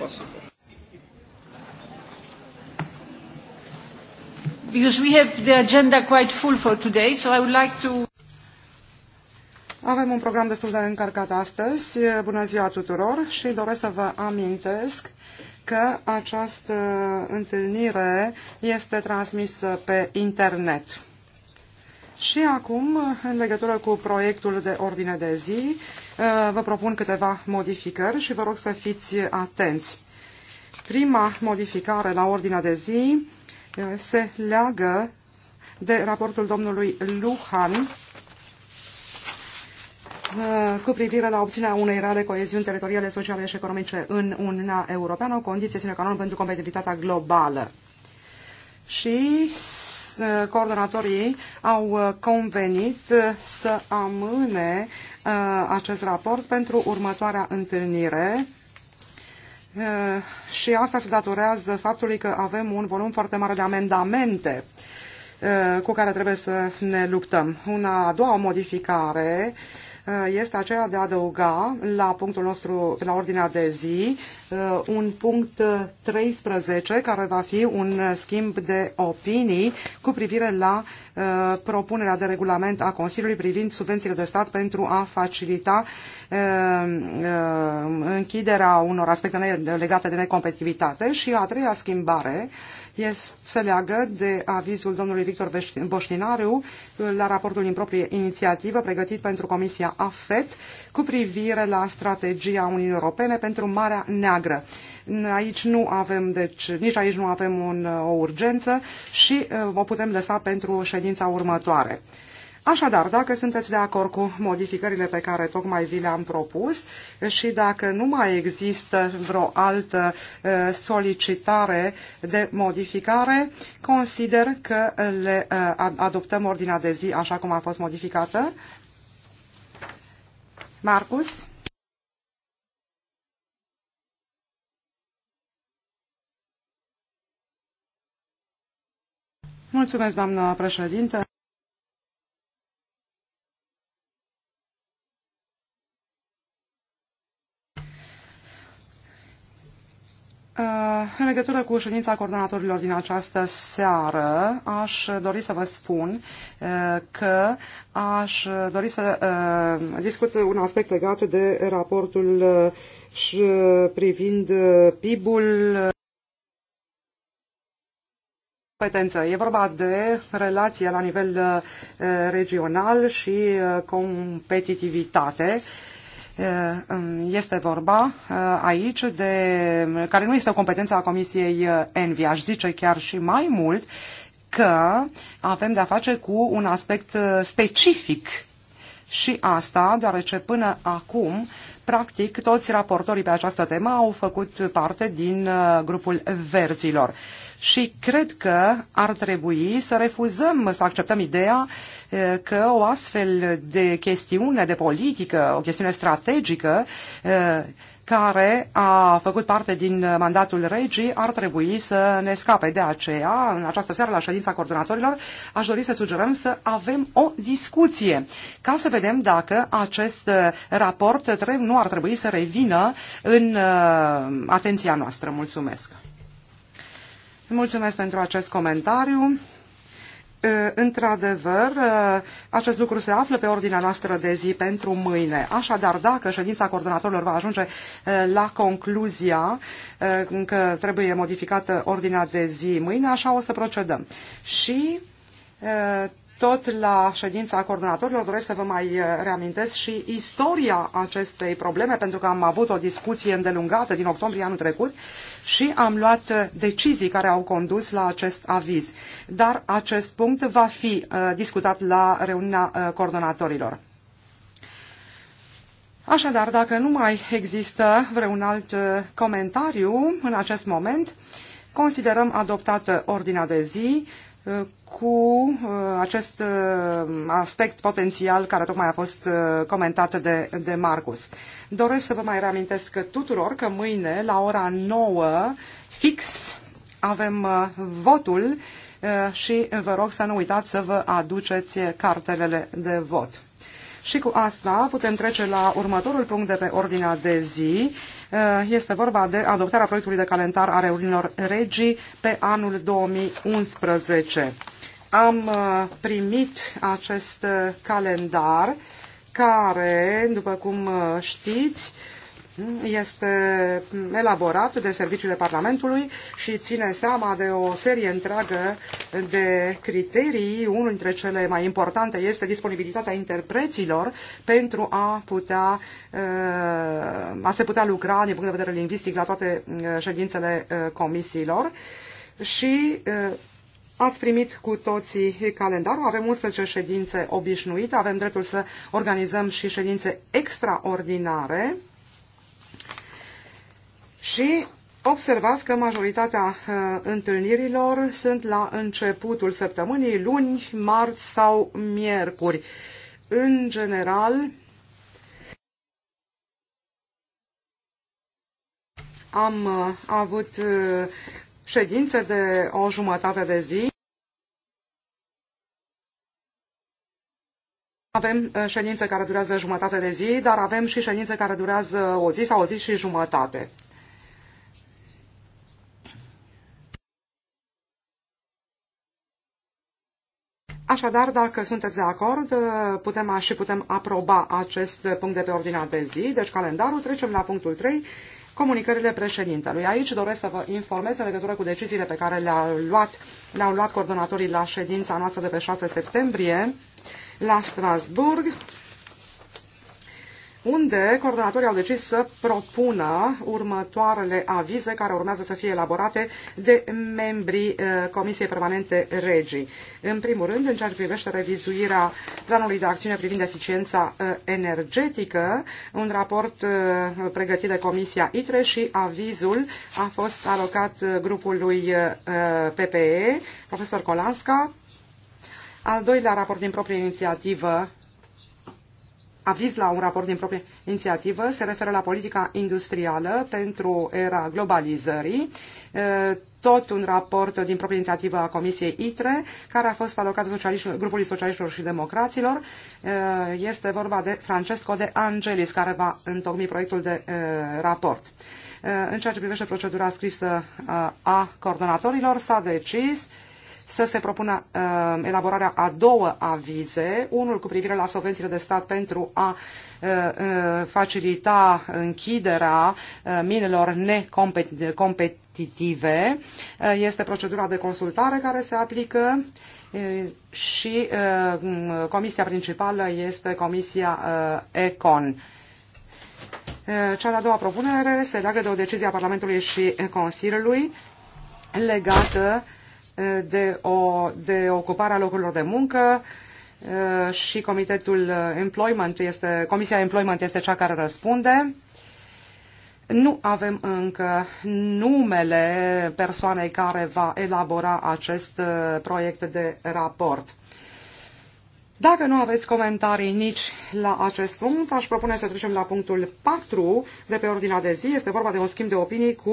possible. Because we have the agenda quite full for today, so I would like to... Avem un program destul de încărcat astăzi. Bună ziua tuturor și doresc să vă amintesc că această întâlnire este transmisă pe internet. Și acum, în legătură cu proiectul de ordine de zi, Uh, vă propun câteva modificări și vă rog să fiți atenți. Prima modificare la ordinea de zi uh, se leagă de raportul domnului Luhan uh, cu privire la obținerea unei reale coeziuni teritoriale, sociale și economice în Uniunea Europeană, o condiție sine canon pentru competitivitatea globală. Și Uh, coordonatorii ei au uh, convenit uh, să amâne acest raport pentru următoarea întâlnire și asta se datorează faptului că avem un volum foarte mare de amendamente cu care trebuie să ne luptăm. Una a doua modificare uh, Eh, este aceea de a adăuga la punctul nostru, la ordinea de zi, eh, un punct 13, care va fi un schimb de opinii cu privire la eh, propunerea de regulament a Consiliului privind subvențiile de stat pentru a facilita închiderea unor aspecte legate de necompetitivitate și a treia schimbare este, se leagă de avizul domnului Victor Boșninariu la raportul din proprie inițiativă pregătit pentru Comisia AFET cu privire la strategia Uniunii Europene pentru Marea Neagră. Aici nu avem, deci, nici aici nu avem un, uh, o urgență și uh, o putem lăsa pentru ședința următoare. Așadar, dacă sunteți de acord cu modificările pe care tocmai vi le-am propus și dacă nu mai există vreo altă uh, solicitare de modificare, consider că le uh, adoptăm ordinea de zi așa cum a fost modificată. Marcus? Mulțumesc, doamnă președinte. Eh, în legătură cu ședința coordonatorilor din această seară, aș dori să vă spun eh, că aș dori să eh, discut un aspect legat de raportul și privind PIB-ul competență. E vorba de relație la nivel regional și competitivitate Eh, um, este vorba eh, aici de, care nu este o competență a Comisiei eh, Envi, aș zice chiar și mai mult, că avem de-a face cu un aspect specific și asta deoarece până acum practic, toți raportorii pe această temă au făcut parte din uh, grupul verzilor. Și cred că ar trebui să refuzăm să acceptăm ideea uh, că o astfel de chestiune de politică, o chestiune strategică, uh, care a făcut parte din mandatul regii ar trebui să ne scape. De aceea, în această seară, la ședința coordonatorilor, aș dori să sugerăm să avem o discuție ca să vedem dacă acest raport nu ar trebui să revină în uh, atenția noastră. Mulțumesc! Mulțumesc pentru acest comentariu. Într-adevăr, acest lucru se află pe ordinea noastră de zi pentru mâine. Așadar, dacă ședința coordonatorilor va ajunge la concluzia că trebuie modificată ordinea de zi mâine, așa o să procedăm. Și tot la ședința coordonatorilor doresc să vă mai reamintesc și istoria acestei probleme, pentru că am avut o discuție îndelungată din octombrie anul trecut și am luat uh, decizii care au condus la acest aviz. Dar acest punct va fi uh, discutat la reuniunea uh, coordonatorilor. Așadar, dacă nu mai există vreun alt comentariu în acest moment, considerăm adoptată ordinea de zi cu uh, acest uh, aspect potențial care tocmai a fost uh, comentat de, de Marcus. Doresc să vă mai reamintesc tuturor că mâine la ora 9 fix avem votul și vă rog să nu uitați să vă aduceți cartelele de vot. Și cu asta putem trece la următorul punct de pe ordinea de zi. Este vorba de adoptarea proiectului de calendar a reuniunilor regii pe anul 2011 am uh, primit acest uh, calendar care, după cum uh, știți, este elaborat de serviciile Parlamentului și ține seama de o serie întreagă de criterii. Unul dintre cele mai importante este disponibilitatea interpreților pentru a putea a se putea lucra din punct de vedere lingvistic la toate ședințele comisiilor și Ați primit cu toții calendarul, avem 11 ședințe obișnuite, avem dreptul să organizăm și ședințe extraordinare și observați că majoritatea uh, întâlnirilor sunt la începutul săptămânii, luni, marți sau miercuri. În general, am uh, avut uh, ședințe de o jumătate de zi. Avem uh, ședințe care durează jumătate de zi, dar avem și ședințe care durează o zi sau o zi și jumătate. Așadar, dacă sunteți de acord, uh, putem și putem aproba acest punct de pe ordinea de zi. Deci calendarul, trecem la punctul 3, comunicările președintelui. Aici doresc să vă informez în legătură cu deciziile pe care le-au luat, le luat coordonatorii la ședința noastră de pe 6 septembrie la Strasburg unde coordonatorii au decis să propună următoarele avize care urmează să fie elaborate de membrii eh, Comisiei Permanente Regii. În primul rând, în ceea ce privește revizuirea planului de acțiune privind eficiența eh, energetică, un raport eh, pregătit de Comisia ITRE și avizul a fost alocat grupului PPE, profesor Colanska, al doilea raport din proprie inițiativă aviz la un raport din proprie inițiativă se referă la politica industrială pentru era globalizării, tot un raport din proprie inițiativă a Comisiei ITRE, care a fost alocat grupului socialiștilor și democraților. Este vorba de Francesco de Angelis, care va întocmi proiectul de raport. În ceea ce privește procedura scrisă a coordonatorilor, s-a decis să se propună uh, elaborarea a două avize, unul cu privire la subvențiile de stat pentru a uh, uh, facilita închiderea uh, minelor necompetitive. Uh, este procedura de consultare care se aplică uh, și uh, comisia principală este comisia uh, ECON. Uh, cea de-a doua propunere se leagă de o decizie a Parlamentului și Consiliului legată uh, de, o, de ocuparea locurilor de muncă uh, și Comitetul Employment este, Comisia Employment este cea care răspunde. Nu avem încă numele persoanei care va elabora acest uh, proiect de raport. Dacă nu aveți comentarii nici la acest punct, aș propune să trecem la punctul 4 de pe ordinea de zi. Este vorba de un schimb de opinii cu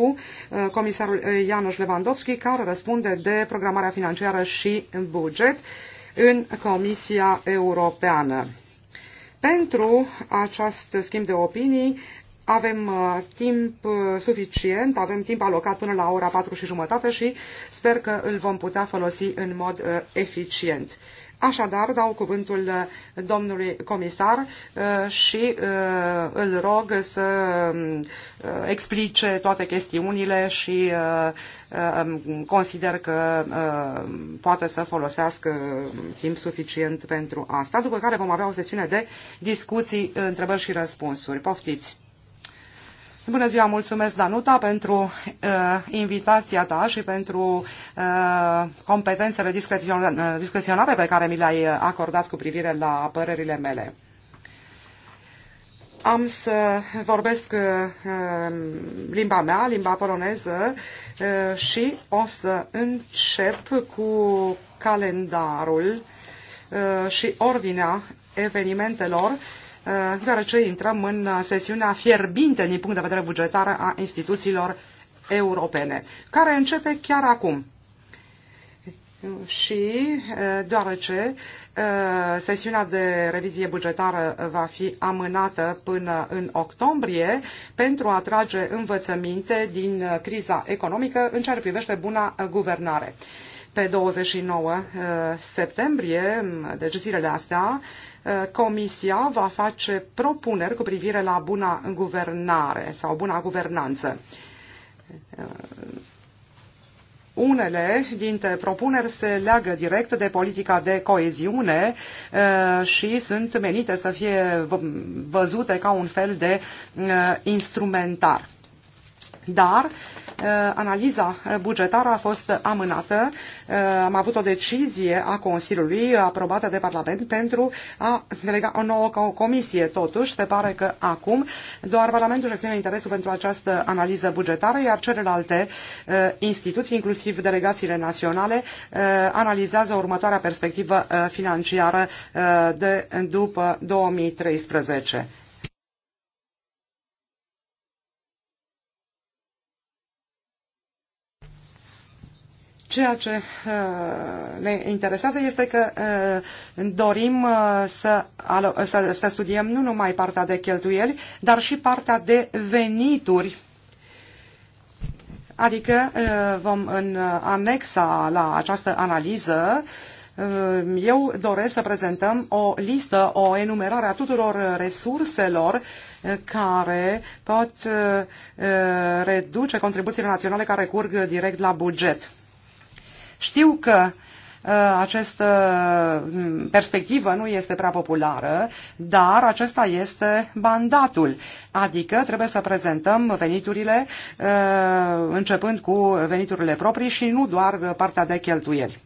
uh, comisarul uh, Ianoș Lewandowski, care răspunde de programarea financiară și buget în Comisia Europeană. Pentru acest schimb de opinii avem uh, timp suficient, avem timp alocat până la ora 4 și jumătate și sper că îl vom putea folosi în mod eficient. Așadar, dau cuvântul uh, domnului comisar uh, și uh, îl rog să um, explice toate chestiunile și um, consider că poate să folosească um, timp suficient pentru asta, după care vom avea o sesiune de discuții, întrebări și răspunsuri. Poftiți! Bună ziua, mulțumesc, Danuta, pentru uh, invitația ta și pentru uh, competențele discreționare pe care mi le-ai uh, acordat cu privire la părerile mele. Am să vorbesc uh, limba mea, limba poloneză, uh, și o să încep cu calendarul uh, și ordinea evenimentelor uh, Eh, deoarece intrăm în eh, sesiunea fierbinte din punct de vedere bugetar a instituțiilor europene, care începe chiar acum. Și eh, deoarece sesiunea de revizie bugetară va fi amânată până în octombrie pentru a trage învățăminte din criza economică în ceea ce privește buna guvernare. Pe 29 septembrie, mm, deci zilele astea, Eh, Comisia va face propuneri cu privire la buna guvernare sau buna guvernanță. Eh, unele dintre propuneri se leagă direct de politica de coeziune eh, și sunt menite să fie văzute ca un fel de instrumentar. Dar uh, Eh, analiza eh, bugetară a fost amânată. Eh, am avut o decizie a Consiliului aprobată de Parlament pentru a delega o nouă comisie. Totuși, se pare că acum doar Parlamentul exprimă interesul pentru această analiză bugetară, iar celelalte instituții, inclusiv delegațiile naționale, analizează următoarea perspectivă financiară de după 2013. Ceea ce uh, ne interesează este că uh, dorim uh, să, să, să studiem nu numai partea de cheltuieli, dar și partea de venituri Adică vom în anexa la această analiză eu doresc să prezentăm o listă, o enumerare a tuturor resurselor care pot reduce contribuțiile naționale care curg direct la buget. Știu că uh, această mm, perspectivă nu este prea populară, dar acesta este mandatul, adică trebuie să prezentăm veniturile uh, începând cu veniturile proprii și nu doar partea de cheltuieli.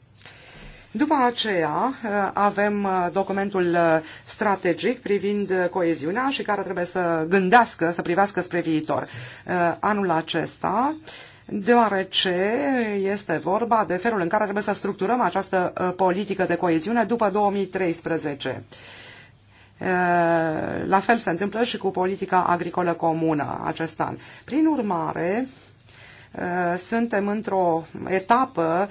După aceea uh, avem documentul strategic privind coeziunea și care trebuie să gândească, să privească spre viitor. Anul acesta deoarece este vorba de felul în care trebuie să structurăm această uh, politică de coeziune după 2013. Uh, la fel se întâmplă și cu politica agricolă comună acest an. Prin urmare, uh, suntem într-o etapă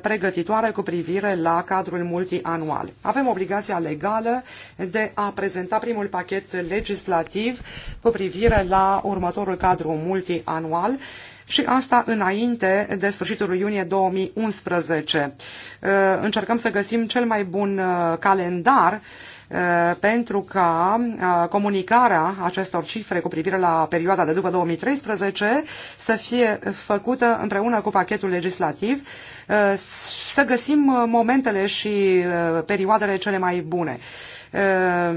pregătitoare cu privire la cadrul multianual. Avem obligația legală de a prezenta primul pachet legislativ cu privire la următorul cadru multianual și asta înainte de sfârșitul iunie 2011. Uh, încercăm să găsim cel mai bun uh, calendar uh, pentru ca comunicarea acestor cifre cu privire la perioada de după 2013 să fie făcută împreună cu pachetul legislativ, să găsim momentele și perioadele cele mai bune. Ehm,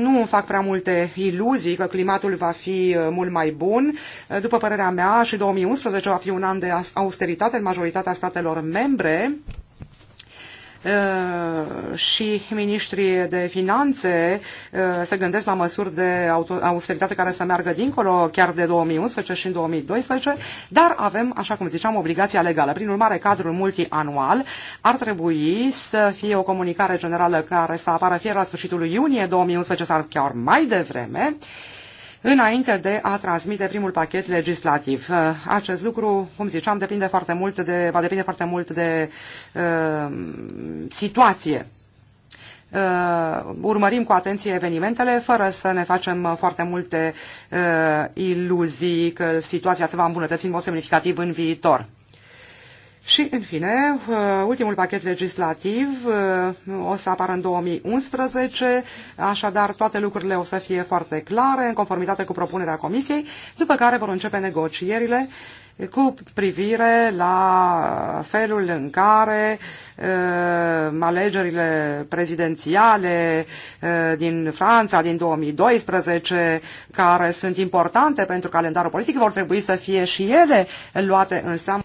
nu fac prea multe iluzii că climatul va fi uh, mult mai bun. Uh, după părerea mea, și 2011 va fi un an de austeritate în majoritatea statelor membre. Uh, și ministrii de finanțe uh, se gândesc la măsuri de austeritate care să meargă dincolo chiar de 2011 și în 2012, dar avem, așa cum ziceam, obligația legală. Prin urmare, cadrul multianual ar trebui să fie o comunicare generală care să apară fie la sfârșitul iunie 2011 sau chiar mai devreme, uh, înainte de a transmite primul pachet legislativ. Uh, acest lucru, cum ziceam, depinde foarte mult de, va depinde foarte mult de uh, situație. Uh, urmărim cu atenție evenimentele fără să ne facem foarte multe uh, iluzii că situația se va îmbunătăți în mod semnificativ în viitor. Și, în fine, uh, ultimul pachet legislativ uh, o să apară în 2011, așadar toate lucrurile o să fie foarte clare, în conformitate cu propunerea Comisiei, după care vor începe negocierile cu privire la felul în care uh, alegerile prezidențiale uh, din Franța din 2012, care sunt importante pentru calendarul politic, vor trebui să fie și ele luate în seamă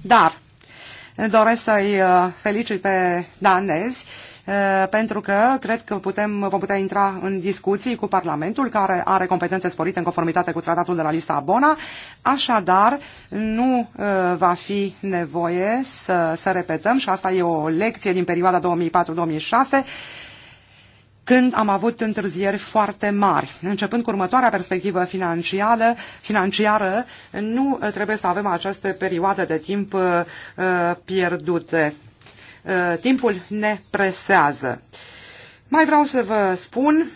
Dar doresc să-i uh, felicit pe danezi uh, pentru că cred că putem, vom putea intra în discuții cu Parlamentul, care are competențe sporite în conformitate cu tratatul de la Lisabona. Așadar, nu uh, va fi nevoie să, să repetăm și asta e o lecție din perioada 2004-2006 când am avut întârzieri foarte mari. Începând cu următoarea perspectivă financiară, financiară nu uh, trebuie să avem această perioadă de timp uh, uh, pierdute. Timpul ne presează. Mai vreau să vă spun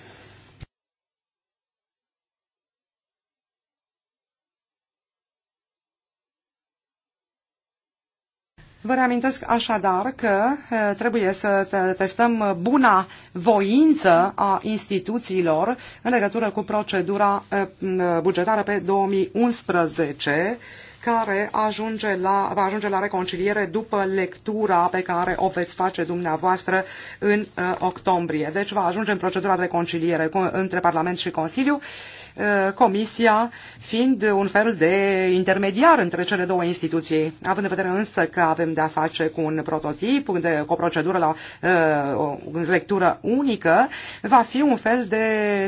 Vă reamintesc așadar că eh, trebuie să testăm buna voință a instituțiilor în legătură cu procedura eh, bugetară pe 2011 care ajunge la, va ajunge la reconciliere după lectura pe care o veți face dumneavoastră în uh, octombrie. Deci va ajunge în procedura de reconciliere cu, între Parlament și Consiliu Uh, comisia fiind un fel de intermediar între cele două instituții, având în vedere însă că avem de-a face cu un prototip, de, cu o procedură la uh, o lectură unică, va fi un fel de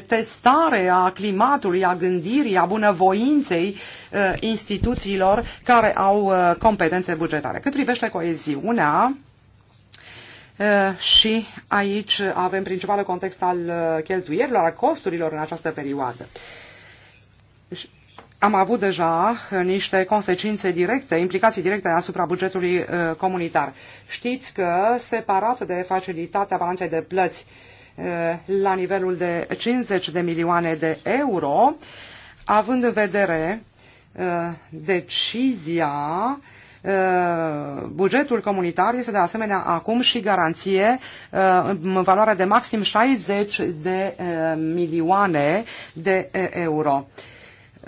testare a climatului, a gândirii, a bunăvoinței uh, instituțiilor care au competențe bugetare. Cât privește coeziunea, și aici avem principalul context al cheltuierilor, al costurilor în această perioadă. Am avut deja niște consecințe directe, implicații directe asupra bugetului comunitar. Știți că, separat de facilitatea balanței de plăți la nivelul de 50 de milioane de euro, având în vedere decizia uh, Uh, bugetul comunitar este de asemenea acum și garanție uh, în valoare de maxim 60 de uh, milioane de euro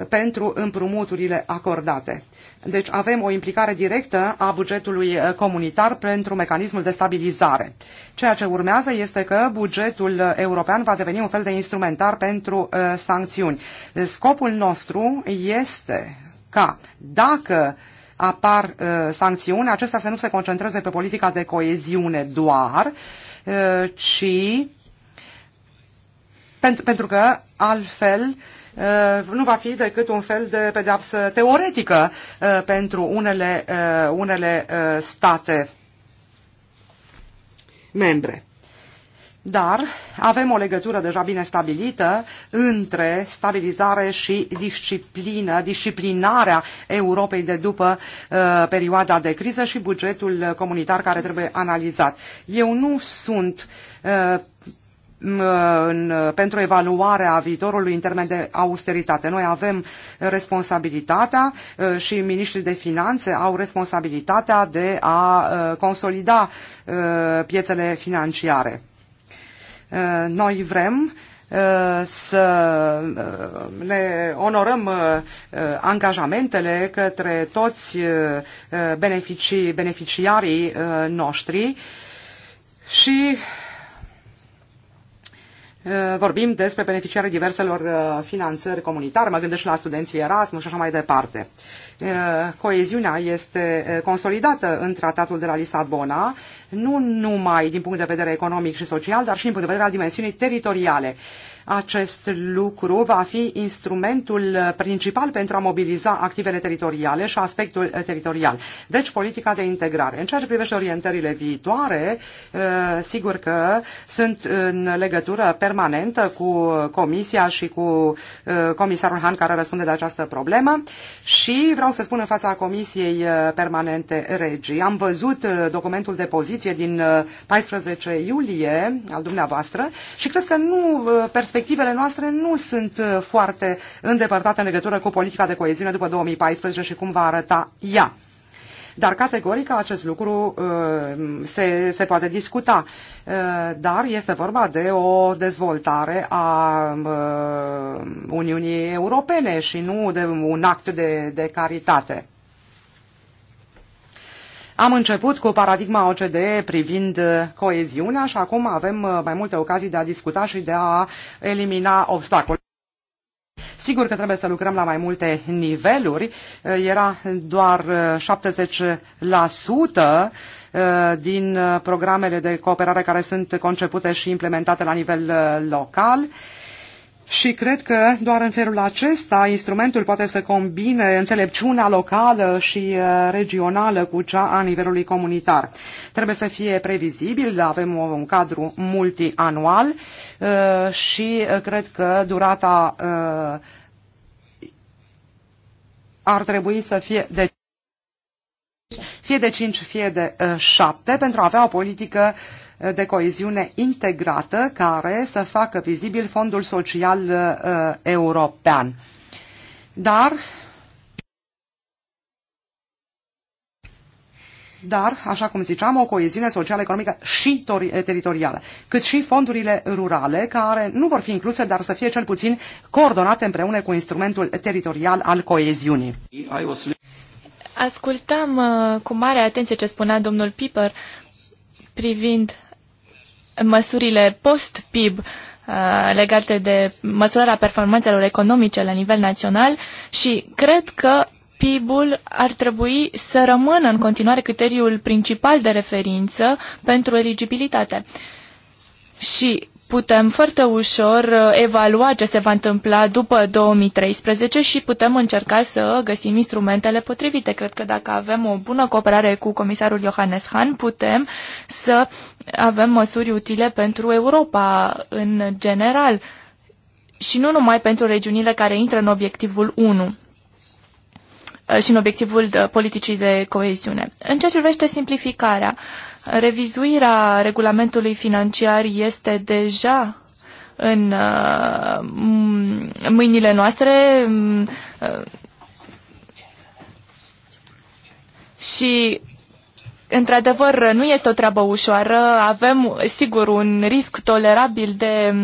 pentru împrumuturile acordate. Deci avem o implicare directă a bugetului comunitar pentru mecanismul de stabilizare. Ceea ce urmează este că bugetul european va deveni un fel de instrumentar pentru uh, sancțiuni. Scopul nostru este ca dacă uh, apar uh, sancțiuni, acestea să nu se concentreze pe politica de coeziune doar, uh, ci pentru, pentru că altfel uh, nu va fi decât un fel de pedeapsă teoretică pentru unele, unele state membre. Dar avem o legătură deja bine stabilită între stabilizare și disciplină, disciplinarea Europei de după uh, perioada de criză și bugetul comunitar care trebuie analizat. Eu nu sunt uh, în, pentru evaluarea viitorului în termen de austeritate. Noi avem responsabilitatea uh, și ministrii de finanțe au responsabilitatea de a uh, consolida uh, piețele financiare. Eh, noi vrem eh, să ne eh, onorăm angajamentele către toți beneficii, beneficiarii noștri și Eh, vorbim despre beneficiarii diverselor eh, finanțări comunitare, mă gândesc și la studenții Erasmus și așa mai departe. Eh, coeziunea este consolidată în tratatul de la Lisabona, nu numai din punct de vedere economic și social, dar și din punct de vedere al dimensiunii teritoriale. Acest lucru va fi instrumentul principal pentru a mobiliza activele teritoriale și aspectul eh, teritorial. Deci politica de integrare. În ceea ce privește orientările viitoare, eh, sigur că sunt în legătură permanentă cu Comisia și cu eh, comisarul Han care răspunde de această problemă și vreau să spun în fața Comisiei Permanente Regii. Am văzut documentul de poziție din 14 iulie al dumneavoastră și cred că nu perspectiva perspectivele noastre nu sunt uh, foarte îndepărtate în legătură cu politica de coeziune după 2014 și cum va arăta ea. Dar categoric acest lucru uh, se, se poate discuta. Uh, dar este vorba de o dezvoltare a Uniunii Europene și nu de un act de, de caritate. Am început cu paradigma OCDE privind uh, coeziunea și acum avem uh, mai multe ocazii de a discuta și de a elimina obstacole. Sigur că trebuie să lucrăm la mai multe niveluri. Uh, era doar 70% din programele de cooperare care sunt concepute și implementate la nivel local și cred că doar în felul acesta instrumentul poate să combine înțelepciunea locală și uh, regională cu cea a nivelului comunitar. Trebuie să fie previzibil, avem un cadru multianual uh, și uh, cred că durata ar trebui să fie de fie de 5, fie de 7, pentru a avea o politică uh, de coeziune integrată care să facă vizibil fondul social uh, uh, european. Dar dar, așa cum ziceam, o coeziune socială, economică și teritorială, cât și fondurile rurale, care nu vor fi incluse, dar să fie cel puțin coordonate împreună cu instrumentul teritorial al coeziunii. Ascultam uh, cu mare atenție ce spunea domnul Piper privind măsurile post-PIB uh, legate de măsurarea performanțelor economice la nivel național și cred că PIB-ul ar trebui să rămână în continuare criteriul principal de referință pentru eligibilitate. Și putem foarte ușor uh, evalua ce se va întâmpla după 2013 și putem încerca să găsim instrumentele potrivite. Cred că dacă avem o bună cooperare cu comisarul Johannes Hahn, putem să avem măsuri utile pentru Europa în general și nu numai pentru regiunile care intră în obiectivul 1 uh, și în obiectivul uh, politicii de coeziune. În ceea ce privește simplificarea, Revizuirea regulamentului financiar este deja în uh, mâinile noastre uh, și Într-adevăr, nu este o treabă ușoară. Avem, sigur, un risc tolerabil de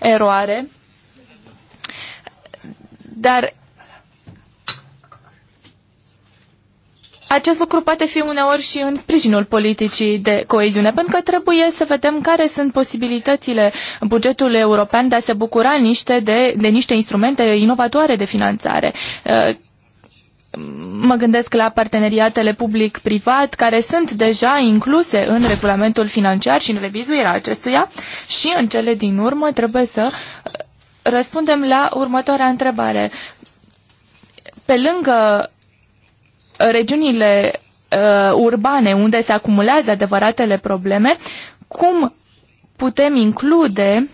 eroare. Dar acest lucru poate fi uneori și în sprijinul politicii de coeziune, pentru că trebuie să vedem care sunt posibilitățile bugetului european de a se bucura niște de, de niște instrumente inovatoare de finanțare. Mă gândesc la parteneriatele public-privat care sunt deja incluse în regulamentul financiar și în revizuirea acestuia și în cele din urmă trebuie să răspundem la următoarea întrebare. Pe lângă regiunile uh, urbane unde se acumulează adevăratele probleme, cum putem include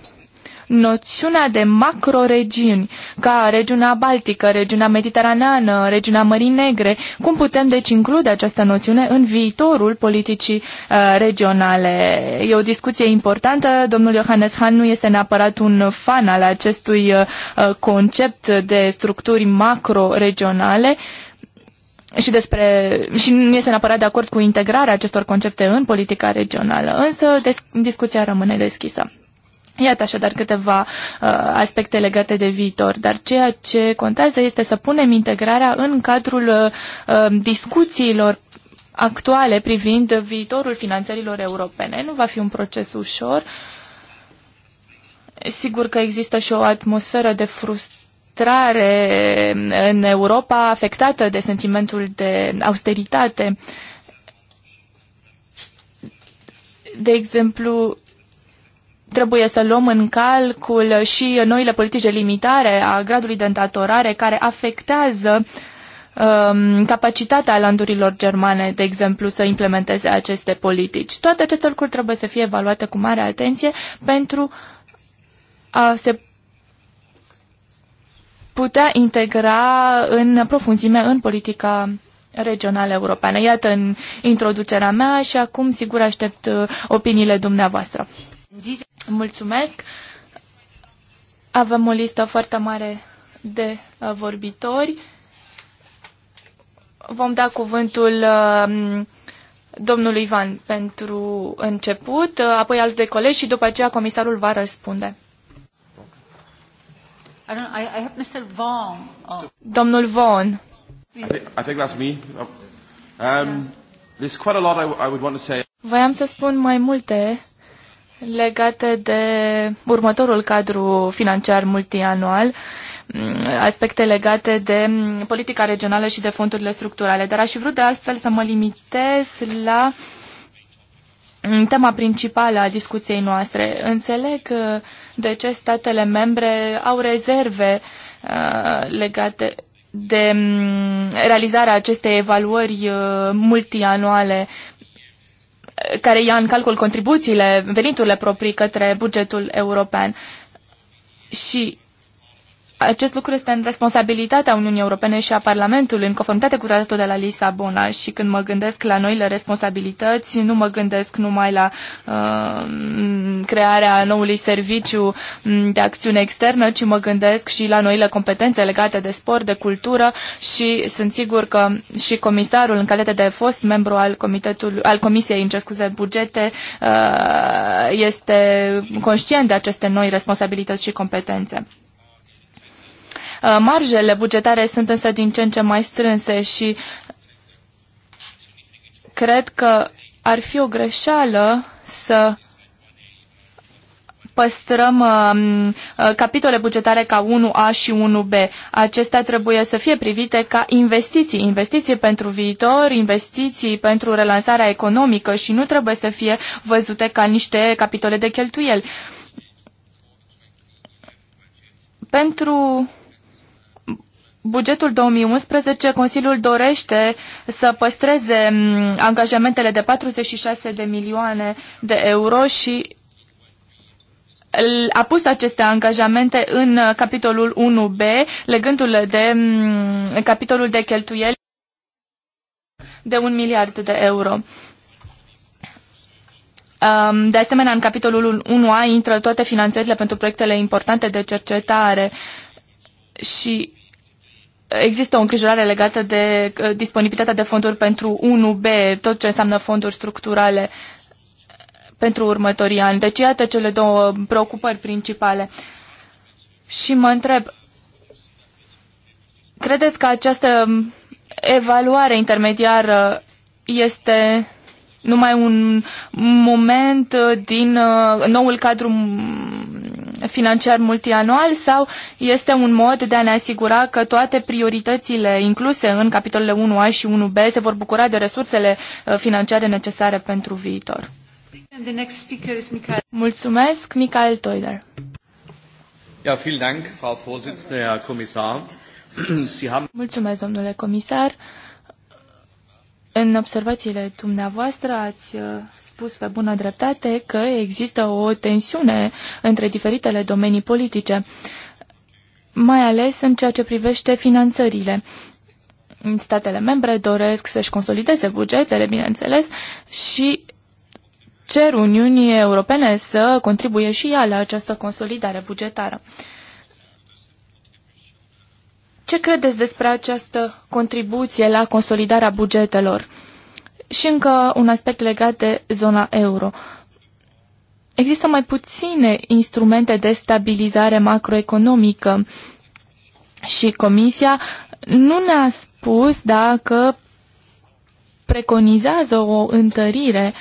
noțiunea de macroregiuni, ca regiunea Baltică, regiunea Mediteraneană, regiunea Mării Negre, cum putem deci include această noțiune în viitorul politicii uh, regionale? E o discuție importantă. Domnul Johannes Han nu este neapărat un fan al acestui uh, uh concept de structuri macroregionale. uh, și despre și nu este neapărat de acord cu integrarea acestor concepte în politica regională, însă des, discuția rămâne deschisă. Iată așadar câteva uh, aspecte legate de viitor, dar ceea ce contează este să punem integrarea în cadrul uh, uh discuțiilor actuale privind viitorul finanțărilor europene. Nu va fi un proces ușor. Sigur că există și o atmosferă de frustrare intrare în Europa afectată de sentimentul de austeritate. De exemplu, trebuie să luăm în calcul și noile politici de limitare a gradului de îndatorare care afectează um, capacitatea landurilor germane, de exemplu, să implementeze aceste politici. Toate aceste lucruri trebuie să fie evaluate cu mare atenție pentru a se putea integra în profunzime în politica regională europeană. Iată în introducerea mea și acum sigur aștept uh, opiniile dumneavoastră. Mulțumesc! Avem o listă foarte mare de uh, vorbitori. Vom da cuvântul um, domnului Ivan pentru început, uh, apoi alți doi colegi și după aceea comisarul va răspunde. I don't, I, I have Mr. Vaughan. Oh. Domnul Vaughan. I think, I think that's me. Oh. Um, there's quite a lot I, I would want to say. Voiam să spun mai multe legate de următorul cadru financiar multianual, mm, aspecte legate de mm, politica regională și de fondurile structurale, dar aș vrea de altfel să mă limitez la mm, tema principală a discuției noastre. Înțeleg că de ce statele membre au rezerve uh, legate de mm, realizarea acestei evaluări uh, multianuale care ia în calcul contribuțiile, veniturile proprii către bugetul european. Și acest lucru este în responsabilitatea Uniunii Europene și a Parlamentului, în conformitate cu tratatul de la Lisabona. Și când mă gândesc la noile responsabilități, nu mă gândesc numai la uh, crearea noului serviciu mm, de acțiune externă, ci mă gândesc și la noile competențe legate de sport, de cultură și sunt sigur că și comisarul, în calitate de fost membru al, comitetului, al Comisiei în scuze, bugete, uh, este conștient de aceste noi responsabilități și competențe. Uh, marjele bugetare sunt însă din ce în ce mai strânse și cred că ar fi o greșeală să păstrăm uh, uh capitole bugetare ca 1A și 1B. Acestea trebuie să fie privite ca investiții, investiții pentru viitor, investiții pentru relansarea economică și nu trebuie să fie văzute ca niște capitole de cheltuieli. Pentru bugetul 2011, Consiliul dorește să păstreze angajamentele de 46 de milioane de euro și a pus aceste angajamente în capitolul 1B, legându-le de capitolul de cheltuieli de un miliard de euro. De asemenea, în capitolul 1A intră toate finanțările pentru proiectele importante de cercetare și există o îngrijorare legată de uh, disponibilitatea de fonduri pentru 1B, tot ce înseamnă fonduri structurale uh, pentru următorii ani. Deci iată cele două preocupări principale. Și mă întreb, credeți că această um, evaluare intermediară este numai un moment uh, din noul cadru financiar multianual sau este un mod de a ne asigura că toate prioritățile incluse în capitolele 1A și 1B se vor bucura de resursele uh, financiare necesare pentru viitor? Michael. Mulțumesc, Michael Toider. Ja, vielen Dank, Frau Vorsitzende, Herr Kommissar. Sie haben... Mulțumesc, domnule comisar. În observațiile dumneavoastră ați uh, spus pe bună dreptate că există o tensiune între diferitele domenii politice, mai ales în ceea ce privește finanțările. Statele membre doresc să-și consolideze bugetele, bineînțeles, și cer Uniunii Europene să contribuie și ea la această consolidare bugetară. Ce credeți despre această contribuție la consolidarea bugetelor? Și încă un aspect legat de zona euro. Există mai puține instrumente de stabilizare macroeconomică și Comisia nu ne-a spus dacă preconizează o întărire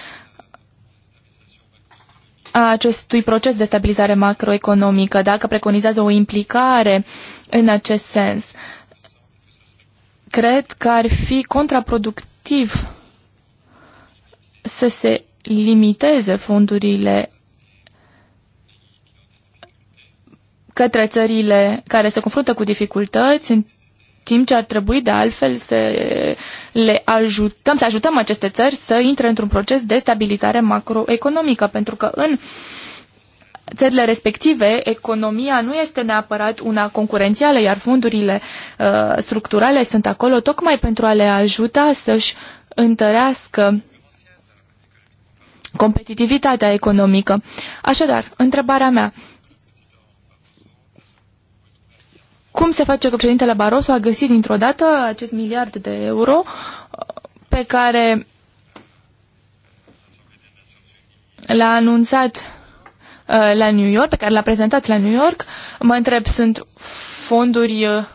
a acestui proces de stabilizare macroeconomică, dacă preconizează o implicare în acest sens. Cred că ar fi contraproductiv să se limiteze fondurile către țările care se confruntă cu dificultăți, timp ce ar trebui de altfel să le ajutăm, să ajutăm aceste țări să intre într-un proces de stabilizare macroeconomică, pentru că în țările respective, economia nu este neapărat una concurențială, iar fondurile uh, structurale sunt acolo tocmai pentru a le ajuta să-și întărească competitivitatea economică. Așadar, întrebarea mea, cum se face că președintele Barroso a găsit dintr-o dată acest miliard de euro uh, pe care l-a anunțat uh, la New York, pe care l-a prezentat la New York. Mă întreb, sunt fonduri uh,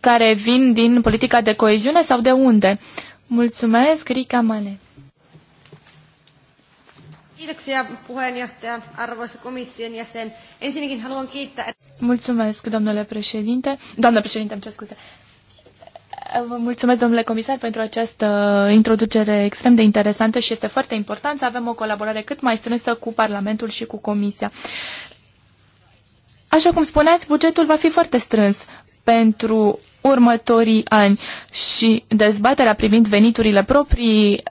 care vin din politica de coeziune sau de unde? Mulțumesc, Rica Mane. Kiitoksia puheenjohtaja, arvoisa komission jäsen. Ensinnäkin haluan kiittää... Mulțumesc, domnule președinte. Doamna președinte, am cer scuze. Vă mulțumesc, domnule comisar, pentru această introducere extrem de interesantă și este foarte important să avem o colaborare cât mai strânsă cu Parlamentul și cu Comisia. Așa cum spuneați, bugetul va fi foarte strâns pentru următorii ani și dezbaterea privind veniturile proprii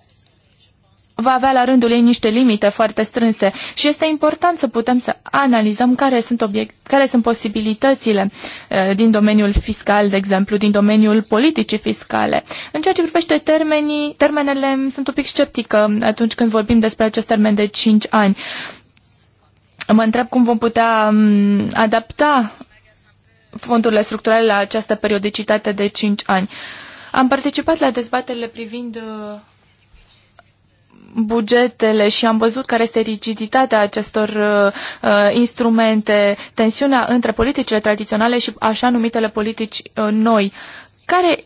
va avea la rândul ei niște limite foarte strânse și este important să putem să analizăm care sunt, obiect, care sunt posibilitățile uh, din domeniul fiscal, de exemplu, din domeniul politicii fiscale. În ceea ce privește termenii, termenele, sunt un pic sceptică atunci când vorbim despre acest termen de 5 ani. Mă întreb cum vom putea um, adapta fondurile structurale la această periodicitate de 5 ani. Am participat la dezbatele privind uh, bugetele și am văzut care este rigiditatea acestor uh, uh, instrumente, tensiunea între politicile tradiționale și așa numitele politici uh, noi. Care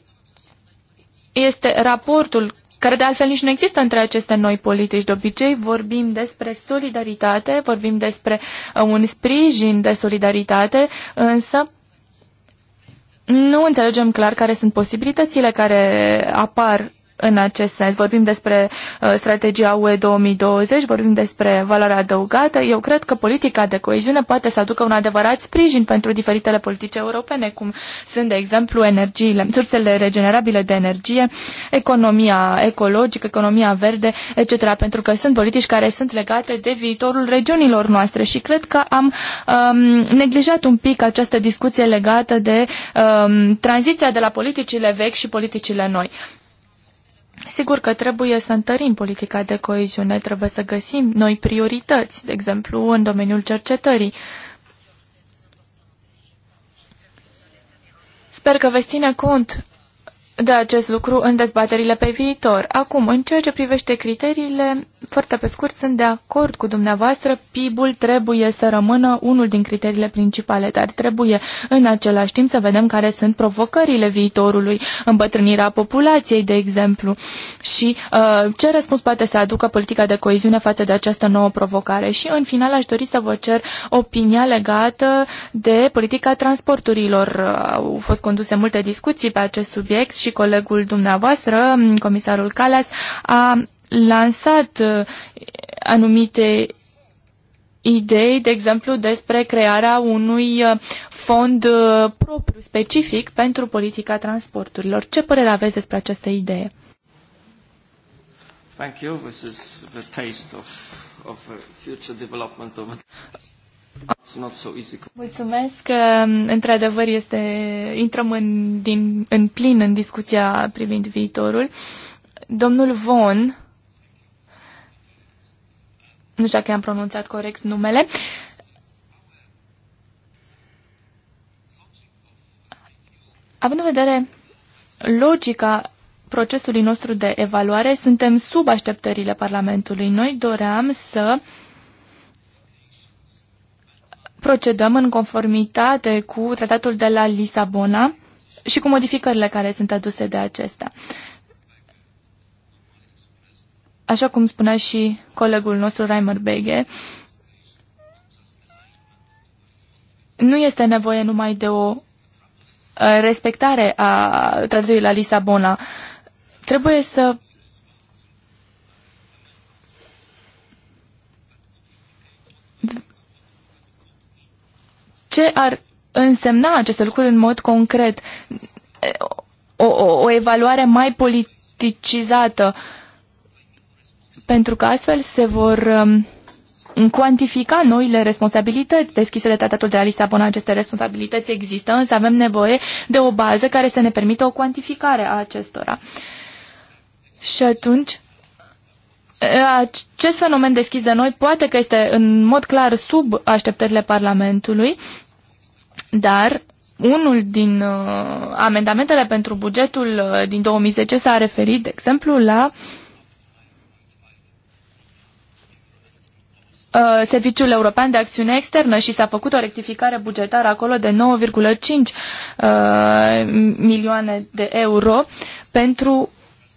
este raportul care de altfel nici nu există între aceste noi politici. De obicei vorbim despre solidaritate, vorbim despre uh, un sprijin de solidaritate, însă nu înțelegem clar care sunt posibilitățile care apar în acest sens. Vorbim despre uh, strategia UE 2020, vorbim despre valoarea adăugată. Eu cred că politica de coeziune poate să aducă un adevărat sprijin pentru diferitele politici europene, cum sunt, de exemplu, energiile, sursele regenerabile de energie, economia ecologică, economia verde, etc., pentru că sunt politici care sunt legate de viitorul regiunilor noastre și cred că am um, neglijat un pic această discuție legată de um, tranziția de la politicile vechi și politicile noi. Sigur că trebuie să întărim politica de coeziune, trebuie să găsim noi priorități, de exemplu în domeniul cercetării. Sper că veți ține cont de acest lucru în dezbaterile pe viitor. Acum, în ceea ce privește criteriile, foarte pe scurt, sunt de acord cu dumneavoastră, PIB-ul trebuie să rămână unul din criteriile principale, dar trebuie în același timp să vedem care sunt provocările viitorului, îmbătrânirea populației, de exemplu, și uh, ce răspuns poate să aducă politica de coeziune față de această nouă provocare. Și în final aș dori să vă cer opinia legată de politica transporturilor. Uh, au fost conduse multe discuții pe acest subiect și și colegul dumneavoastră, comisarul Calas, a lansat uh, anumite idei, de exemplu, despre crearea unui uh, fond uh, propriu, specific, pentru politica transporturilor. Ce părere aveți despre această idee? Thank you. This is the taste of, of future development of not so easy. Mulțumesc. Um, într-adevăr, este, intrăm în, din, în plin în discuția privind viitorul. Domnul Von, nu știu dacă am pronunțat corect numele, având în vedere logica procesului nostru de evaluare, suntem sub așteptările Parlamentului. Noi doream să uh, procedăm în conformitate cu tratatul de la Lisabona și cu modificările care sunt aduse de acesta. Așa cum spunea și colegul nostru Reimer Bege, nu este nevoie numai de o uh, respectare a tratatului la Lisabona. Trebuie să ce ar însemna aceste lucruri în mod concret? O, o, o evaluare mai politicizată, pentru că astfel se vor um, cuantifica noile responsabilități deschise de tratatul de la Lisabona. Aceste responsabilități există, însă avem nevoie de o bază care să ne permită o cuantificare a acestora. Și atunci, acest fenomen deschis de noi poate că este în mod clar sub așteptările Parlamentului, dar unul din uh, amendamentele pentru bugetul uh, din 2010 s-a referit, de exemplu, la uh, Serviciul European de Acțiune Externă și s-a făcut o rectificare bugetară acolo de 9,5 uh, milioane de euro pentru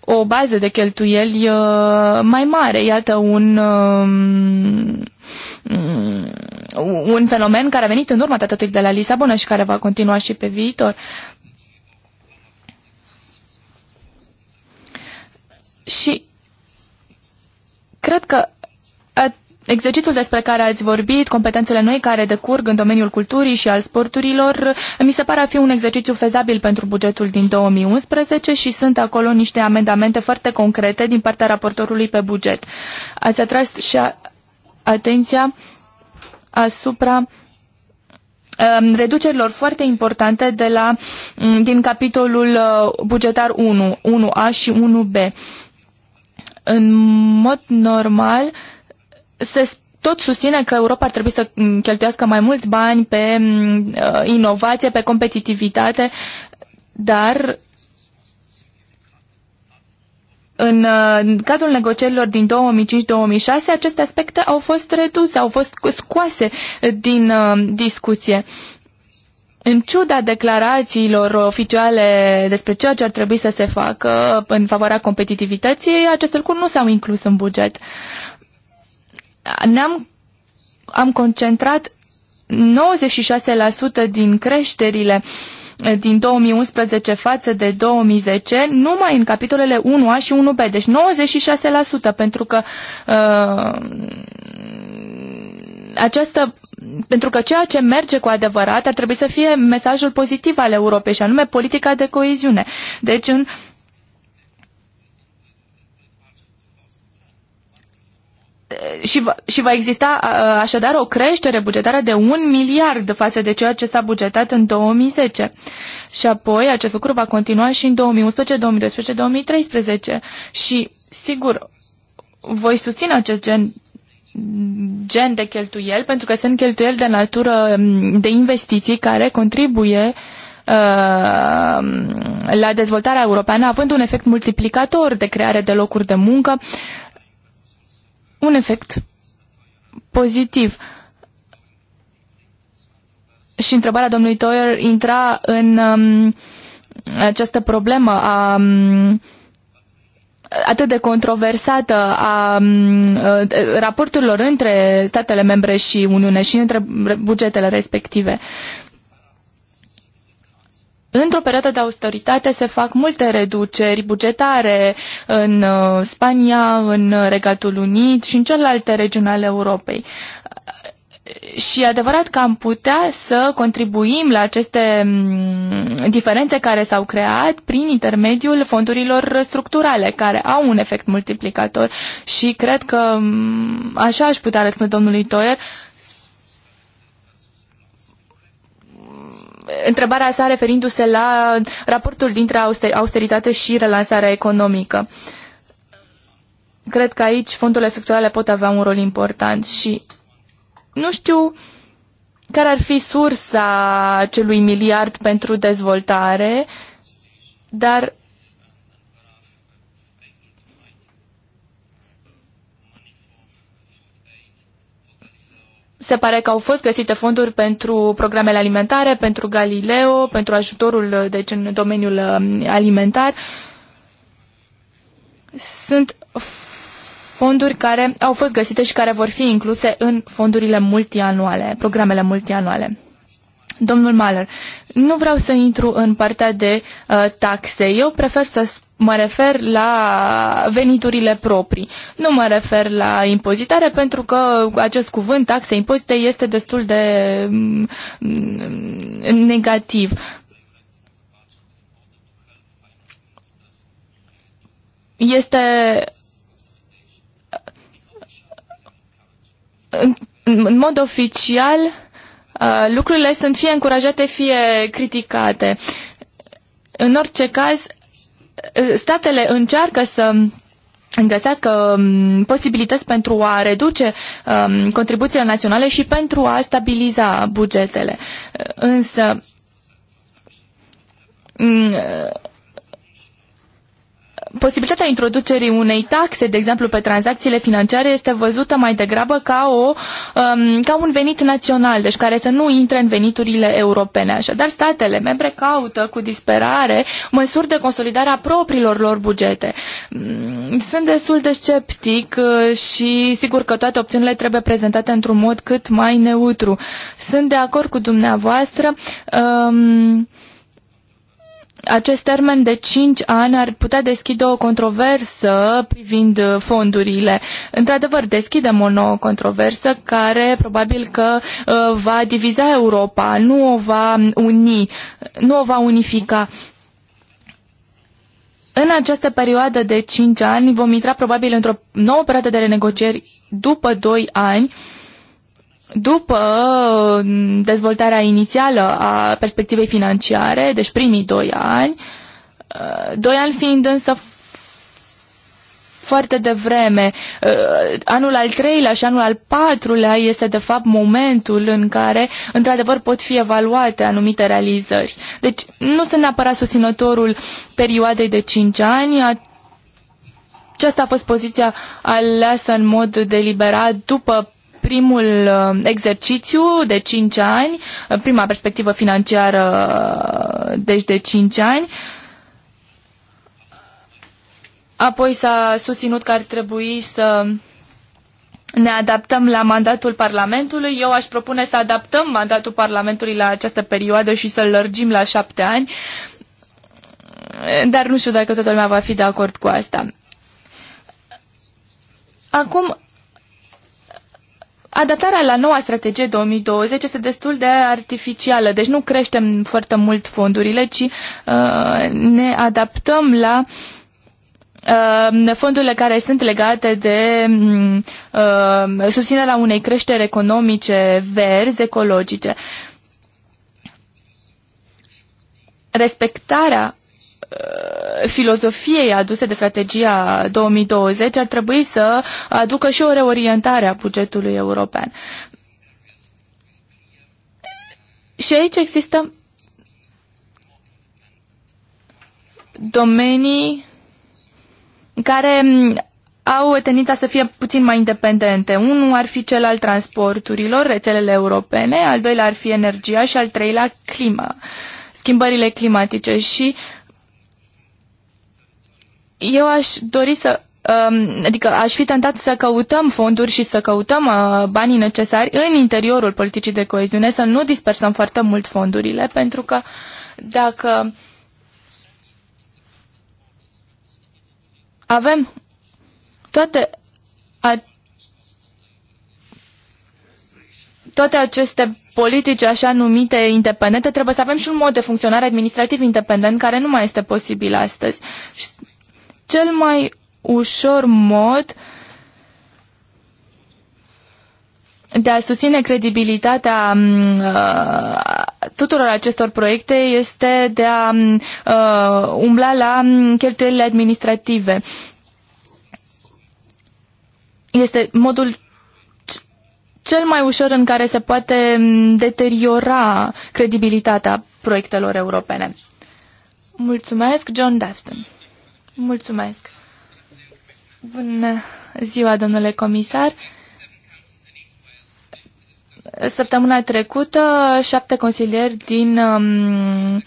o bază de cheltuieli uh, mai mare. Iată un uh, un fenomen care a venit în urma tratatului de la Lisabona și care va continua și pe viitor. Și cred că Exercițiul despre care ați vorbit, competențele noi care decurg în domeniul culturii și al sporturilor, mi se pare a fi un exercițiu fezabil pentru bugetul din 2011 și sunt acolo niște amendamente foarte concrete din partea raportorului pe buget. Ați atras și atenția asupra um, reducerilor foarte importante de la, mm, din capitolul uh, bugetar 1, 1A și 1B. În mod normal, se tot susține că Europa ar trebui să mm, cheltuiască mai mulți bani pe mm, uh, inovație, pe competitivitate, dar Uh, în cadrul negocierilor din 2005-2006, aceste aspecte au fost reduse, au fost scoase din uh, discuție. În ciuda declarațiilor oficiale despre ceea ce ar trebui să se facă în favoarea competitivității, aceste lucruri nu s-au inclus în buget. Ne-am am concentrat 96% din creșterile uh, din 2011 față de 2010 numai în capitolele 1A și 1B, deci 96% pentru că uh, această, pentru că ceea ce merge cu adevărat ar trebui să fie mesajul pozitiv al Europei și anume politica de coeziune. Deci în uh, și va, și va exista așadar o creștere bugetară de un miliard față de ceea ce s-a bugetat în 2010. Și apoi acest lucru va continua și în 2011, 2012, 2013. Și, sigur, voi susține acest gen gen de cheltuieli, pentru că sunt cheltuieli de natură de investiții care contribuie ă, la dezvoltarea europeană, având un efect multiplicator de creare de locuri de muncă un efect pozitiv. Și întrebarea domnului Toyer intra în um, această problemă a um, atât de controversată a um, raporturilor între statele membre și Uniune și între bugetele respective. Uh, Într-o perioadă de austeritate se fac multe reduceri bugetare în uh, Spania, în Regatul Unit și în celelalte regiuni ale Europei. Și e adevărat că am putea să contribuim la aceste mm, diferențe care s-au creat prin intermediul fondurilor structurale, care au un efect multiplicator. Și cred că mm, așa aș putea răspunde domnului Toier, întrebarea sa referindu-se la raportul dintre austeritate și relansarea economică. Cred că aici fondurile structurale pot avea un rol important și nu știu care ar fi sursa acelui miliard pentru dezvoltare, dar Se pare că au fost găsite fonduri pentru programele alimentare, pentru Galileo, pentru ajutorul deci, în domeniul um, alimentar. Sunt fonduri care au fost găsite și care vor fi incluse în fondurile multianuale, programele multianuale. Domnul Mahler, nu vreau să intru în partea de uh, taxe. Eu prefer să spun Mă refer la veniturile proprii. Nu mă refer la impozitare pentru că acest cuvânt, taxe, impozite, este destul de mm, mm, negativ. Este în mod oficial uh, lucrurile sunt fie încurajate, fie criticate. În orice caz, statele încearcă să găsească um, posibilități pentru a reduce um, contribuțiile naționale și pentru a stabiliza bugetele. Însă, mm, posibilitatea introducerii unei taxe, de exemplu, pe tranzacțiile financiare, este văzută mai degrabă ca, o, um, ca un venit național, deci care să nu intre în veniturile europene. Așadar, statele membre caută cu disperare măsuri de consolidare a propriilor lor bugete. Mm, sunt destul de sceptic uh, și sigur că toate opțiunile trebuie prezentate într-un mod cât mai neutru. Sunt de acord cu dumneavoastră. Um, acest termen de 5 ani ar putea deschide o controversă privind fondurile. Într-adevăr, deschidem o nouă controversă care probabil că uh, va diviza Europa, nu o va uni, nu o va unifica. În această perioadă de 5 ani vom intra probabil într-o nouă perioadă de renegocieri după 2 ani după uh, dezvoltarea inițială a perspectivei financiare, deci primii doi ani, uh, doi ani fiind însă foarte devreme. Uh, anul al treilea și anul al patrulea este de fapt momentul în care într-adevăr pot fi evaluate anumite realizări. Deci nu sunt neapărat susținătorul perioadei de 5 ani, aceasta a fost poziția aleasă în mod deliberat după primul uh, exercițiu de 5 ani, uh, prima perspectivă financiară uh, deci de 5 ani. Apoi s-a susținut că ar trebui să ne adaptăm la mandatul Parlamentului. Eu aș propune să adaptăm mandatul Parlamentului la această perioadă și să-l lărgim la șapte ani, dar nu știu dacă toată lumea va fi de acord cu asta. Acum, Adaptarea la noua strategie 2020 este destul de artificială, deci nu creștem foarte mult fondurile, ci uh, ne adaptăm la uh, fondurile care sunt legate de uh, susținerea unei creșteri economice verzi, ecologice. Respectarea Uh, filozofiei aduse de strategia 2020 ar trebui să aducă și o reorientare a bugetului european. Și aici există domenii care mm, au tendința să fie puțin mai independente. Unul ar fi cel al transporturilor, rețelele europene, al doilea ar fi energia și al treilea clima, schimbările climatice și uh, eu aș dori să um, adică aș fi tentat să căutăm fonduri și să căutăm uh, banii necesari în interiorul politicii de coeziune, să nu dispersăm foarte mult fondurile, pentru că dacă avem toate, a, toate aceste politici așa numite independente, trebuie să avem și un mod de funcționare administrativ independent care nu mai este posibil astăzi cel mai ușor mod de a susține credibilitatea mm, uh, tuturor acestor proiecte este de a mm, uh, umbla la mm, cheltuielile administrative. Este modul cel mai ușor în care se poate deteriora credibilitatea proiectelor europene. Mulțumesc, John Dafton. Mulțumesc. Bună ziua, domnule comisar. Săptămâna trecută, șapte consilieri din um, uh,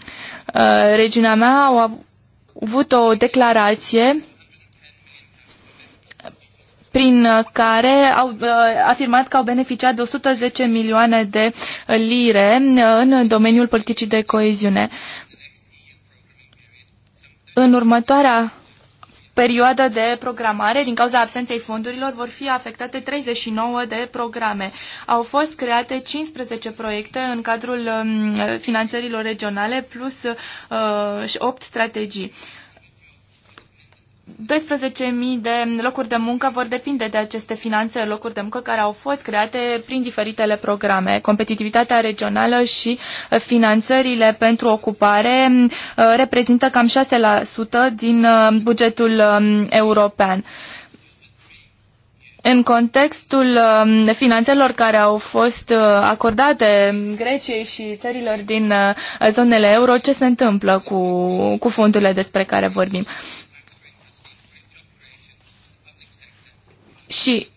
regiunea mea au avut o declarație prin care au uh, afirmat că au beneficiat de 110 milioane de lire în domeniul politicii de coeziune. În următoarea perioadă de programare, din cauza absenței fondurilor, vor fi afectate 39 de programe. Au fost create 15 proiecte în cadrul um, finanțărilor regionale, plus 8 uh, strategii. 12.000 de locuri de muncă vor depinde de aceste finanțe, locuri de muncă care au fost create prin diferitele programe. Competitivitatea regională și uh, finanțările pentru ocupare uh, reprezintă cam 6% din uh, bugetul um, european. În contextul um, finanțelor care au fost acordate Greciei și țărilor din zonele euro, ce se întâmplă cu, cu fondurile despre care vorbim? Și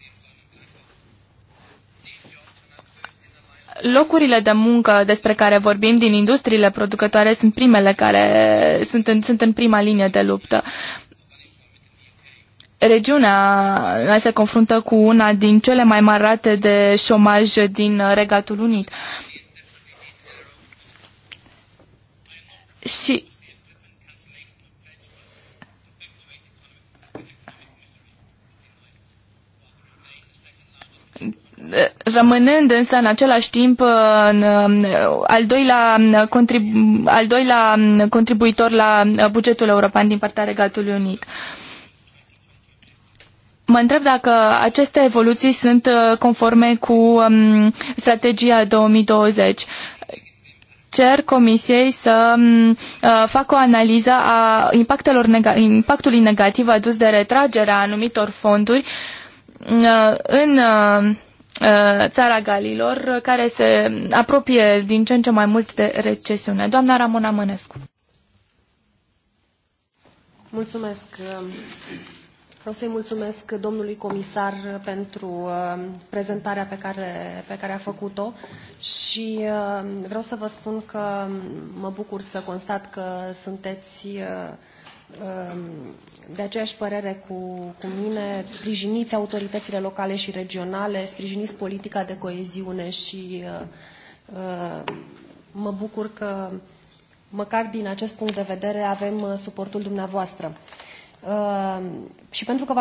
locurile de muncă despre care vorbim din industriile producătoare sunt primele care sunt în, sunt în prima linie de luptă. Regiunea se confruntă cu una din cele mai mari rate de șomaj din Regatul Unit. Și rămânând însă în același timp uh, în, um, al, doilea um, contribu- al doilea um, contribuitor la uh, bugetul european din partea Regatului Unit. Mă întreb dacă aceste evoluții sunt uh, conforme cu strategia 2020 cer Comisiei să facă o analiză a impactelor nega- impactului negativ adus de retragerea anumitor fonduri în Uh, țara Galilor, uh, care se apropie din ce în ce mai mult de recesiune. Doamna Ramona Mănescu. Mulțumesc. Vreau să-i mulțumesc domnului comisar pentru uh, prezentarea pe care, pe care a făcut-o și vreau să vă spun că mă bucur să constat că sunteți um, de aceeași părere cu, cu mine, sprijiniți autoritățile locale și regionale, sprijiniți politica de coeziune și uh, uh mă bucur că măcar din acest punct de vedere avem uh, suportul dumneavoastră. Uh, și pentru că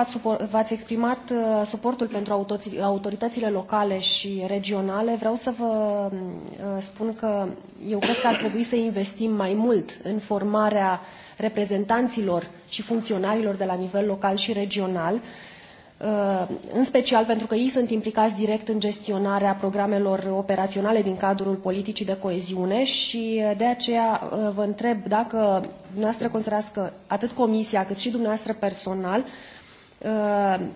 v-ați exprimat uh, suportul pentru autoritățile locale și regionale, vreau să vă uh, spun că eu cred că ar trebui să investim mai mult în formarea uh, reprezentanților și funcționarilor de la nivel local și regional, uh, în special pentru că ei sunt implicați direct în gestionarea programelor operaționale din cadrul politicii de coeziune și uh, de aceea uh, vă întreb dacă dumneavoastră considerați că atât Comisia cât și dumneavoastră personal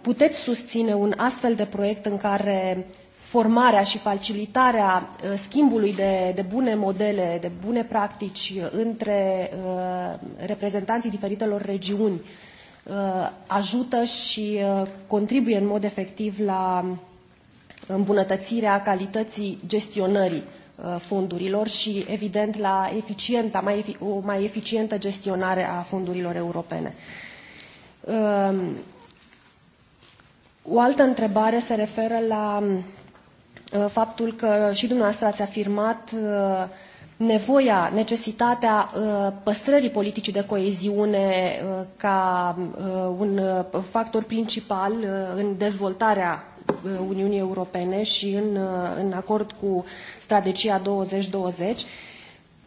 puteți susține un astfel de proiect în care formarea și facilitarea uh, schimbului de, de bune modele, de bune practici uh, între uh, reprezentanții diferitelor regiuni ajută și contribuie în mod efectiv la îmbunătățirea calității gestionării fondurilor și, evident, la eficientă, mai, o mai eficientă gestionare a fondurilor europene. Um, o altă întrebare se referă la Uh, faptul că și dumneavoastră ați afirmat uh, nevoia, necesitatea uh, păstrării politicii de coeziune ca un factor principal în dezvoltarea Uniunii Europene și în, în acord cu strategia 2020.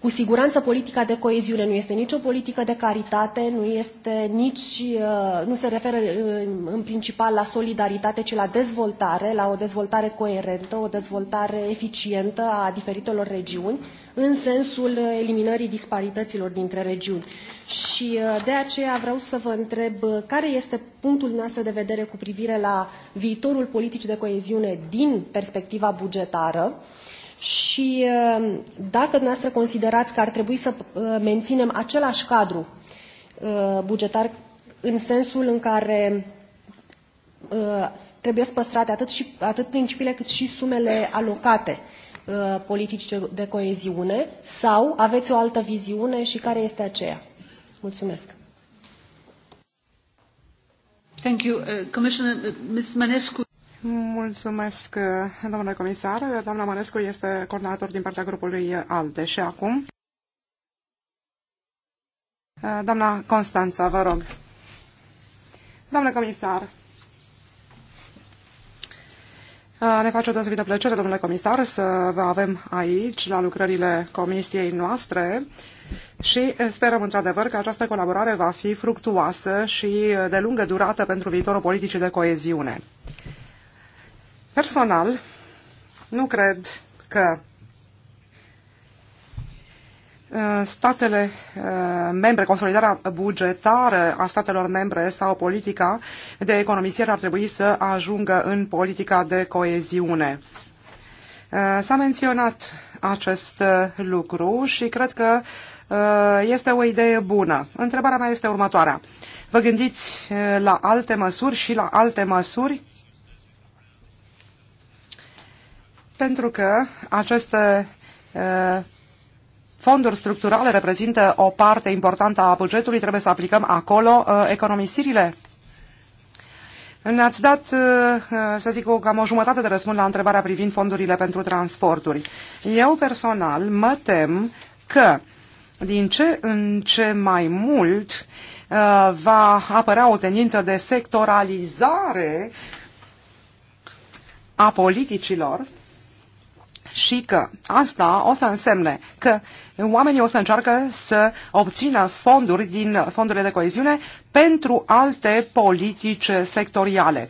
Cu siguranță politica de coeziune nu este nicio politică de caritate, nu, este nici, uh, nu se referă uh, în principal la solidaritate, ci la dezvoltare, la o dezvoltare coerentă, o dezvoltare eficientă a diferitelor regiuni, în sensul uh, eliminării disparităților dintre regiuni. Și de aceea vreau să vă întreb care este punctul noastră de vedere cu privire la viitorul politicii de coeziune din perspectiva bugetară, și uh, dacă dumneavoastră considerați că ar trebui să uh, menținem același cadru uh, bugetar în sensul în care trebuie păstrate atât, și, atât principiile cât și sumele alocate politicii de coeziune sau aveți o altă viziune și care este aceea? Mulțumesc. Thank you. Uh, Commissioner, uh, Ms. Manescu. Mulțumesc, domnule comisar. Doamna Mănescu este coordonator din partea grupului ALDE și acum. Doamna Constanța, vă rog. Doamne comisar, ne face o deosebită plăcere, domnule comisar, să vă avem aici, la lucrările comisiei noastre și sperăm într-adevăr că această colaborare va fi fructuoasă și de lungă durată pentru viitorul politicii de coeziune. Personal, nu cred că uh, statele uh, membre, consolidarea bugetară a statelor membre sau politica de economisire ar trebui să ajungă în politica de coeziune. Uh, s-a menționat acest lucru și cred că este o idee bună. Întrebarea mea este următoarea. Vă gândiți la alte măsuri și la alte măsuri pentru că aceste fonduri structurale reprezintă o parte importantă a bugetului, trebuie să aplicăm acolo economisirile. Ne-ați dat, să zic, o, cam o jumătate de răspuns la întrebarea privind fondurile pentru transporturi. Eu personal mă tem că din ce în ce mai mult va apărea o tendință de sectoralizare a politicilor și că asta o să însemne că oamenii o să încearcă să obțină fonduri din fondurile de coeziune pentru alte politici sectoriale.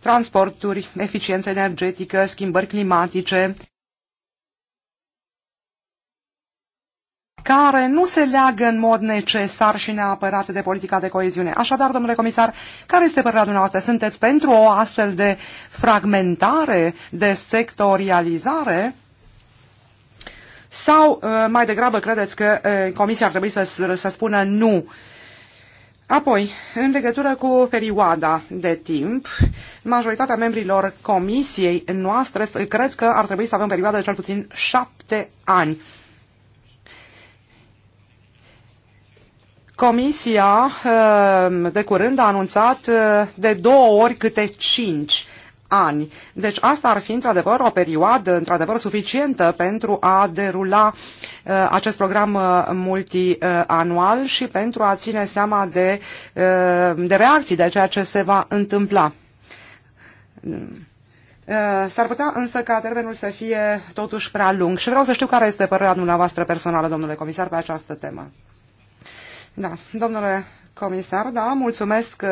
Transporturi, eficiență energetică, schimbări climatice, care nu se leagă în mod necesar și neapărat de politica de coeziune. Așadar, domnule comisar, care este părerea dumneavoastră? Sunteți pentru o astfel de fragmentare, de sectorializare? Sau uh, mai degrabă credeți că uh, Comisia ar trebui să, să spună nu? Apoi, în legătură cu perioada de timp, majoritatea membrilor comisiei noastre cred că ar trebui să avem perioada de cel puțin șapte ani. Comisia uh, de curând a anunțat de două ori câte cinci ani. Deci asta ar fi într-adevăr o perioadă într-adevăr suficientă pentru a derula uh, acest program uh, multianual și pentru a ține seama de, uh, de reacții, de ceea ce se va întâmpla. S-ar putea însă ca termenul să fie totuși prea lung și vreau să știu care este părerea dumneavoastră personală, domnule comisar, pe această temă. Da, domnule comisar, da, mulțumesc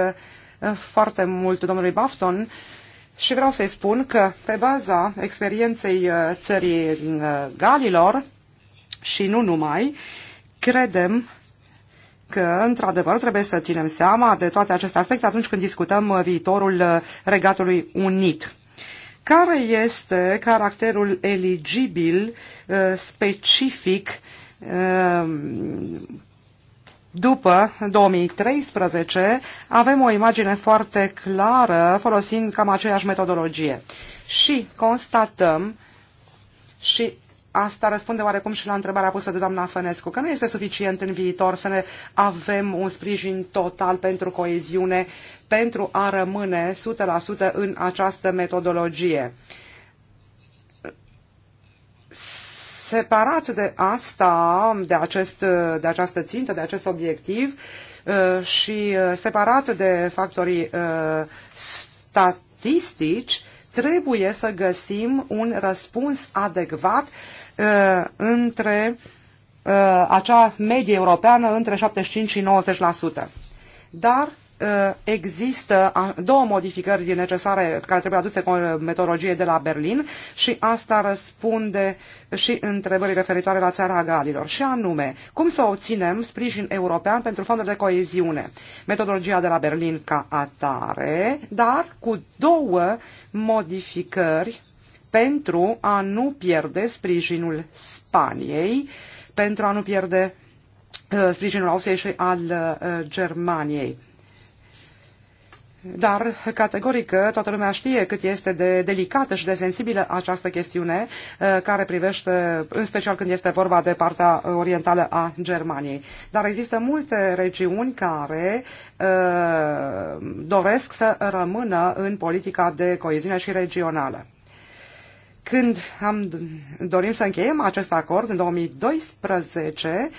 foarte mult domnului Bafton și vreau să-i spun că pe baza experienței uh, țării uh, Galilor și nu numai, credem că, într-adevăr, trebuie să ținem seama de toate aceste aspecte atunci când discutăm uh, viitorul Regatului Unit. Care este caracterul eligibil, specific, după 2013 avem o imagine foarte clară folosind cam aceeași metodologie. Și constatăm și asta răspunde oarecum și la întrebarea pusă de doamna Fănescu, că nu este suficient în viitor să ne avem un sprijin total pentru coeziune, pentru a rămâne 100% în această metodologie. separat de asta, de, acest, de această țintă, de acest obiectiv uh, și uh, separat de factorii uh, statistici, trebuie să găsim un răspuns adecvat între acea medie europeană între 75 și 90%. Dar Uh, există uh, două modificări necesare care trebuie aduse metodologie de la Berlin și asta răspunde și întrebării referitoare la țara Galilor. Și anume, cum să obținem sprijin european pentru fonduri de coeziune? Metodologia de la Berlin ca atare, dar cu două modificări pentru a nu pierde sprijinul Spaniei, pentru a nu pierde uh, sprijinul Austriei și al Germaniei. Dar, categoric, toată lumea știe cât este de delicată și de sensibilă această chestiune uh, care privește, în special când este vorba de partea orientală a Germaniei. Dar există multe regiuni care uh, doresc să rămână în politica de coeziune și regională. Când am, dorim să încheiem acest acord în 2012,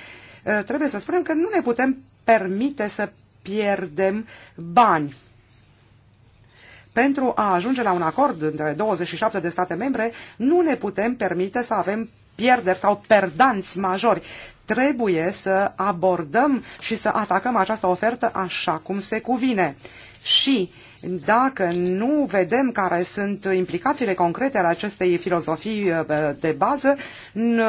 uh, trebuie să spunem că nu ne putem permite să pierdem bani pentru a ajunge la un acord între 27 de state membre, nu ne putem permite să avem pierderi sau perdanți majori. Trebuie să abordăm și să atacăm această ofertă așa cum se cuvine. Și uh, dacă nu vedem care sunt implicațiile concrete ale acestei filozofii uh, de bază,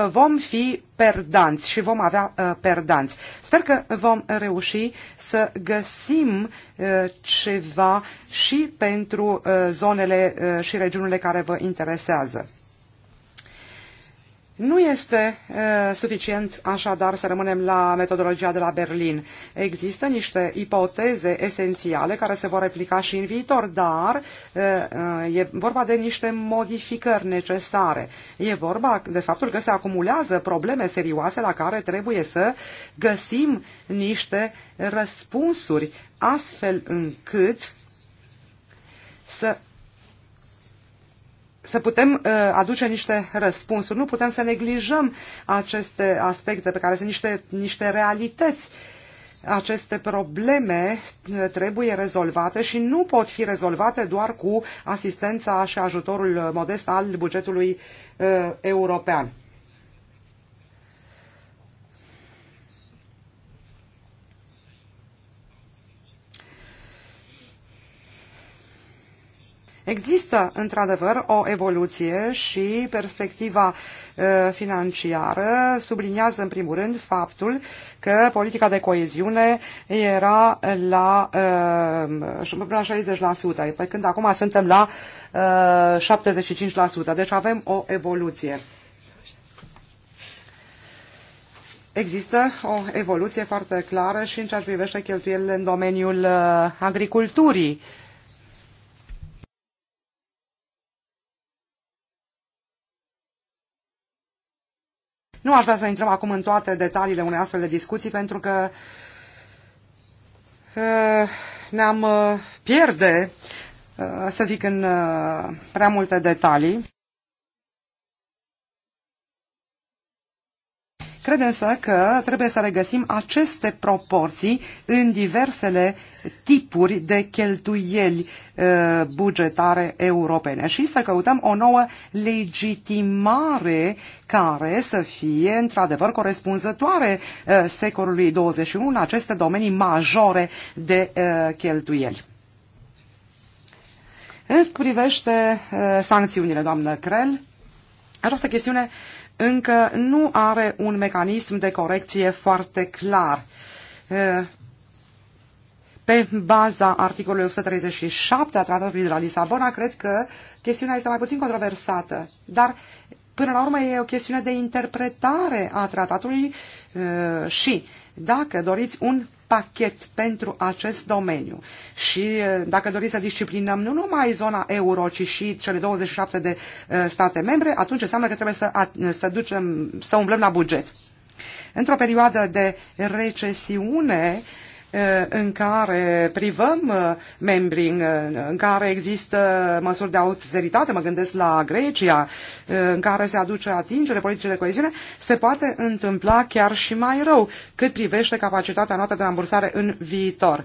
vom fi perdanți și vom avea uh, perdanți. Sper că vom reuși să găsim uh, ceva și pentru zonele și regiunile care vă interesează. Nu este uh, suficient așadar să rămânem la metodologia de la Berlin. Există niște ipoteze esențiale care se vor replica și în viitor, dar uh, e vorba de niște modificări necesare. E vorba de faptul că se acumulează probleme serioase la care trebuie să găsim niște răspunsuri astfel încât să să putem uh, aduce niște răspunsuri. Nu putem să neglijăm aceste aspecte pe care sunt niște, niște realități. Aceste probleme uh, trebuie rezolvate și nu pot fi rezolvate doar cu asistența și ajutorul modest al bugetului uh, european. Există, într-adevăr, o evoluție și perspectiva uh, financiară subliniază, în primul rând, faptul că politica de coeziune era la, uh, la 60%, pe când acum suntem la 75%, uh, deci avem o evoluție. Există o evoluție foarte clară și în ceea ce privește cheltuielile în domeniul agriculturii. Uh, Nu aș vrea să intrăm acum în toate detaliile unei astfel de discuții, pentru că uh, ne-am uh, pierde, uh, să zic, în prea multe detalii. Cred însă că trebuie să regăsim aceste proporții în diversele tipuri de cheltuieli uh, bugetare europene și să căutăm o nouă legitimare care să fie într-adevăr corespunzătoare uh, secolului 21 în aceste domenii majore de uh, cheltuieli. În privește sancțiunile, doamnă Crel, această chestiune încă nu are un mecanism de corecție foarte clar pe baza articolului 137 a Tratatului de la Lisabona, cred că chestiunea este mai puțin controversată, dar până la urmă e o chestiune de interpretare a tratatului uh, și dacă doriți un pachet pentru acest domeniu și uh, dacă doriți să disciplinăm nu numai zona euro, ci și cele 27 de uh, state membre, atunci înseamnă că trebuie să, să, ducem, să umblăm la buget. Într-o perioadă de recesiune, uh, Eh, în care privăm eh, membrii, eh, în care există măsuri de austeritate, mă gândesc la Grecia, în care se aduce atingere politice de coeziune, se poate întâmpla chiar și mai rău cât privește capacitatea noastră de rambursare în viitor.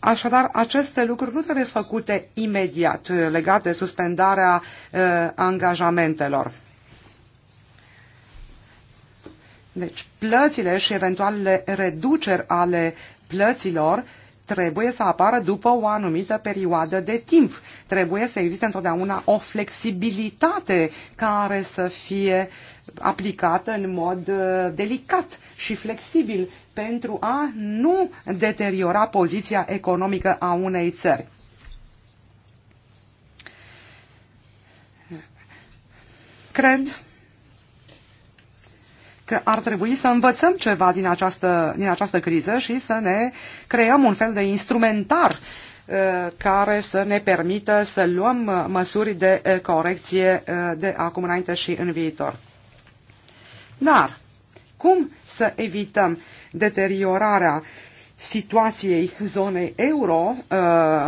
Așadar, aceste lucruri nu trebuie făcute imediat legate de suspendarea uh, angajamentelor. Deci, plățile și eventualele reduceri ale plăților trebuie să apară după o anumită perioadă de timp. Trebuie să existe întotdeauna o flexibilitate care să fie aplicată în mod uh, delicat și flexibil pentru a nu deteriora poziția economică a unei țări. Cred că ar trebui să învățăm ceva din această, din această criză și să ne creăm un fel de instrumentar uh, care să ne permită să luăm uh, măsuri de uh, corecție de acum înainte și în viitor. Dar cum să evităm deteriorarea situației zonei euro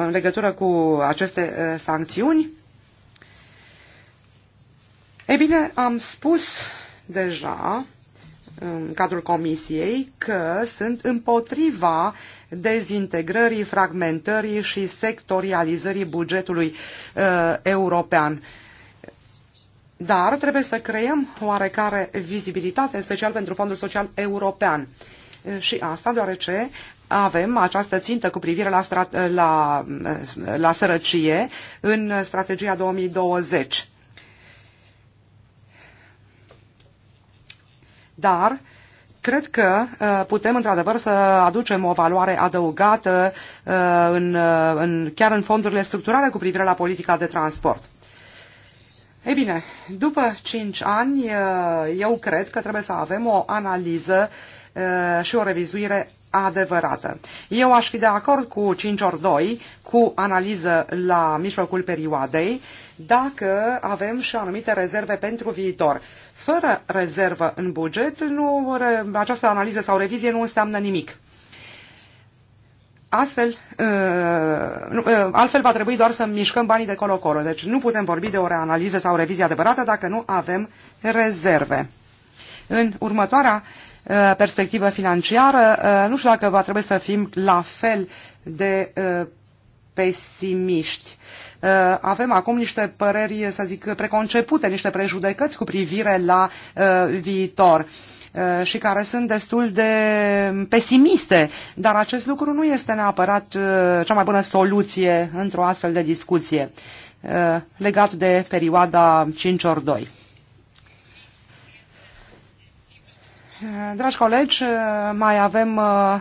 în legătură cu aceste sancțiuni? Ei bine, am spus deja în cadrul Comisiei că sunt împotriva dezintegrării, fragmentării și sectorializării bugetului uh, european. Dar trebuie să creăm oarecare vizibilitate, în special pentru Fondul Social European. Și asta deoarece avem această țintă cu privire la, la, la sărăcie în strategia 2020 dar cred că uh, putem într-adevăr să aducem o valoare adăugată uh, în, uh, în, chiar în fondurile structurale cu privire la politica de transport. Ei bine, după 5 ani, eu cred că trebuie să avem o analiză și o revizuire adevărată. Eu aș fi de acord cu 5 ori 2, cu analiză la mijlocul perioadei, dacă avem și anumite rezerve pentru viitor. Fără rezervă în buget, nu, această analiză sau revizie nu înseamnă nimic. Astfel, uh, uh, altfel va trebui doar să mișcăm banii de colo-colo. Deci nu putem vorbi de o reanaliză sau o revizie adevărată dacă nu avem rezerve. În următoarea Uh, perspectivă financiară. Uh, nu știu dacă va trebui să fim la fel de uh, pesimiști. Avem acum niște păreri, să zic, preconcepute, niște prejudecăți cu privire la viitor și care sunt destul de pesimiste, dar acest lucru nu este neapărat cea mai bună soluție într-o astfel de discuție legat de perioada 5 ori 2. Dragi colegi, mai avem uh,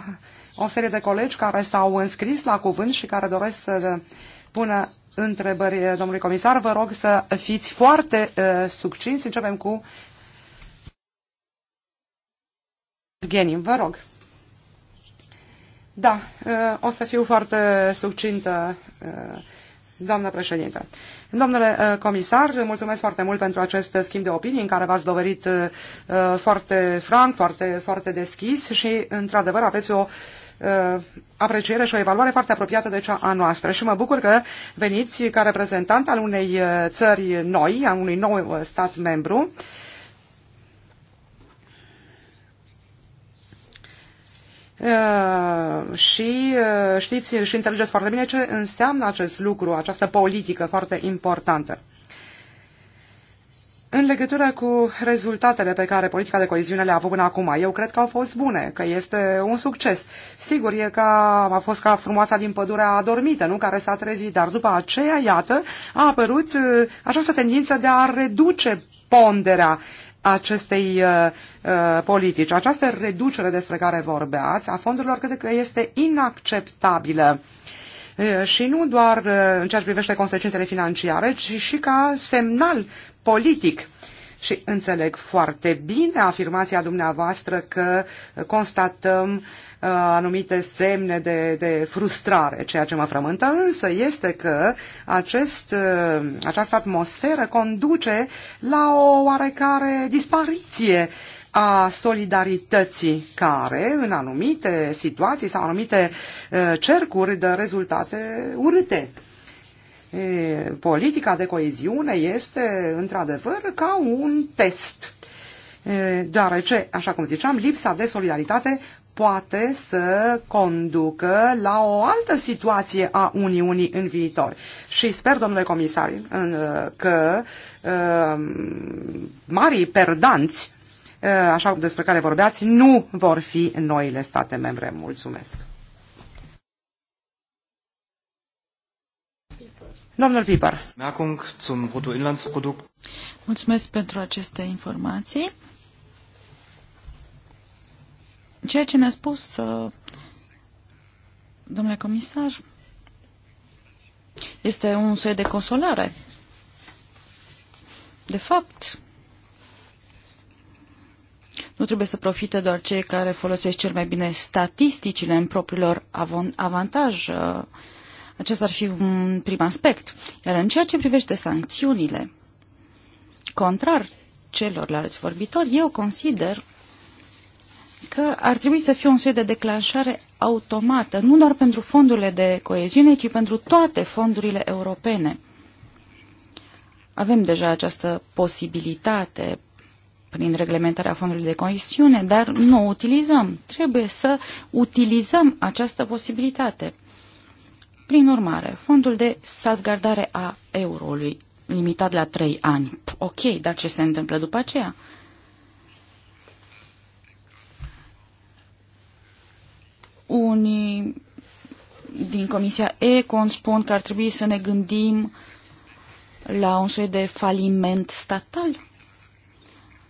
o serie de colegi care s-au înscris la cuvânt și care doresc să pună întrebări domnului comisar. Vă rog să fiți foarte uh, succinți. Începem cu Evgeni, vă rog. Da, uh, o să fiu foarte succintă, doamnă președintă. Domnule uh, comisar, mulțumesc foarte mult pentru acest schimb de opinii în care v-ați dovedit uh, foarte franc, foarte, foarte deschis și, într-adevăr, aveți o uh, apreciere și o evaluare foarte apropiată de cea a noastră și mă bucur că veniți ca reprezentant al unei țări noi, a unui nou stat membru Uh, și uh, știți și înțelegeți foarte bine ce înseamnă acest lucru, această politică foarte importantă. În legătură cu rezultatele pe care politica de coeziune le-a avut până acum, eu cred că au fost bune, că este un succes. Sigur, e ca, a fost ca frumoasa din pădurea adormită, nu care s-a trezit, dar după aceea, iată, a apărut uh, această tendință de a reduce ponderea acestei uh, uh, politici. Această reducere despre care vorbeați a fondurilor cred că este inacceptabilă uh, și nu doar uh, în ceea ce privește consecințele financiare, ci și ca semnal politic. Și înțeleg foarte bine afirmația dumneavoastră că constatăm uh, Uh, anumite semne de, de frustrare. Ceea ce mă frământă însă este că acest, uh, această atmosferă conduce la o oarecare dispariție a solidarității care, în anumite situații sau anumite uh, cercuri, dă rezultate urâte. Politica de coeziune este, într-adevăr, ca un test deoarece, așa cum ziceam, lipsa de solidaritate poate să conducă la o altă situație a Uniunii în viitor. Și sper, domnule comisar, că um, marii perdanți, uh, așa despre care vorbeați, nu vor fi noile state membre. Mulțumesc! Domnul Piper. Mulțumesc pentru aceste informații. Ceea ce ne-a spus, uh, domnule comisar, este un soi de consolare. De fapt, nu trebuie să profite doar cei care folosesc cel mai bine statisticile în propriilor avantaj. Uh, acesta ar fi un prim aspect. Iar în ceea ce privește sancțiunile, contrar celorlalți vorbitori, eu consider că ar trebui să fie un soi de declanșare automată, nu doar pentru fondurile de coeziune, ci pentru toate fondurile europene. Avem deja această posibilitate prin reglementarea fondului de coeziune, dar nu o utilizăm. Trebuie să utilizăm această posibilitate. Prin urmare, fondul de salvgardare a euroului, limitat la 3 ani. Ok, dar ce se întâmplă după aceea? Unii din Comisia Econ spun că ar trebui să ne gândim la un soi de faliment statal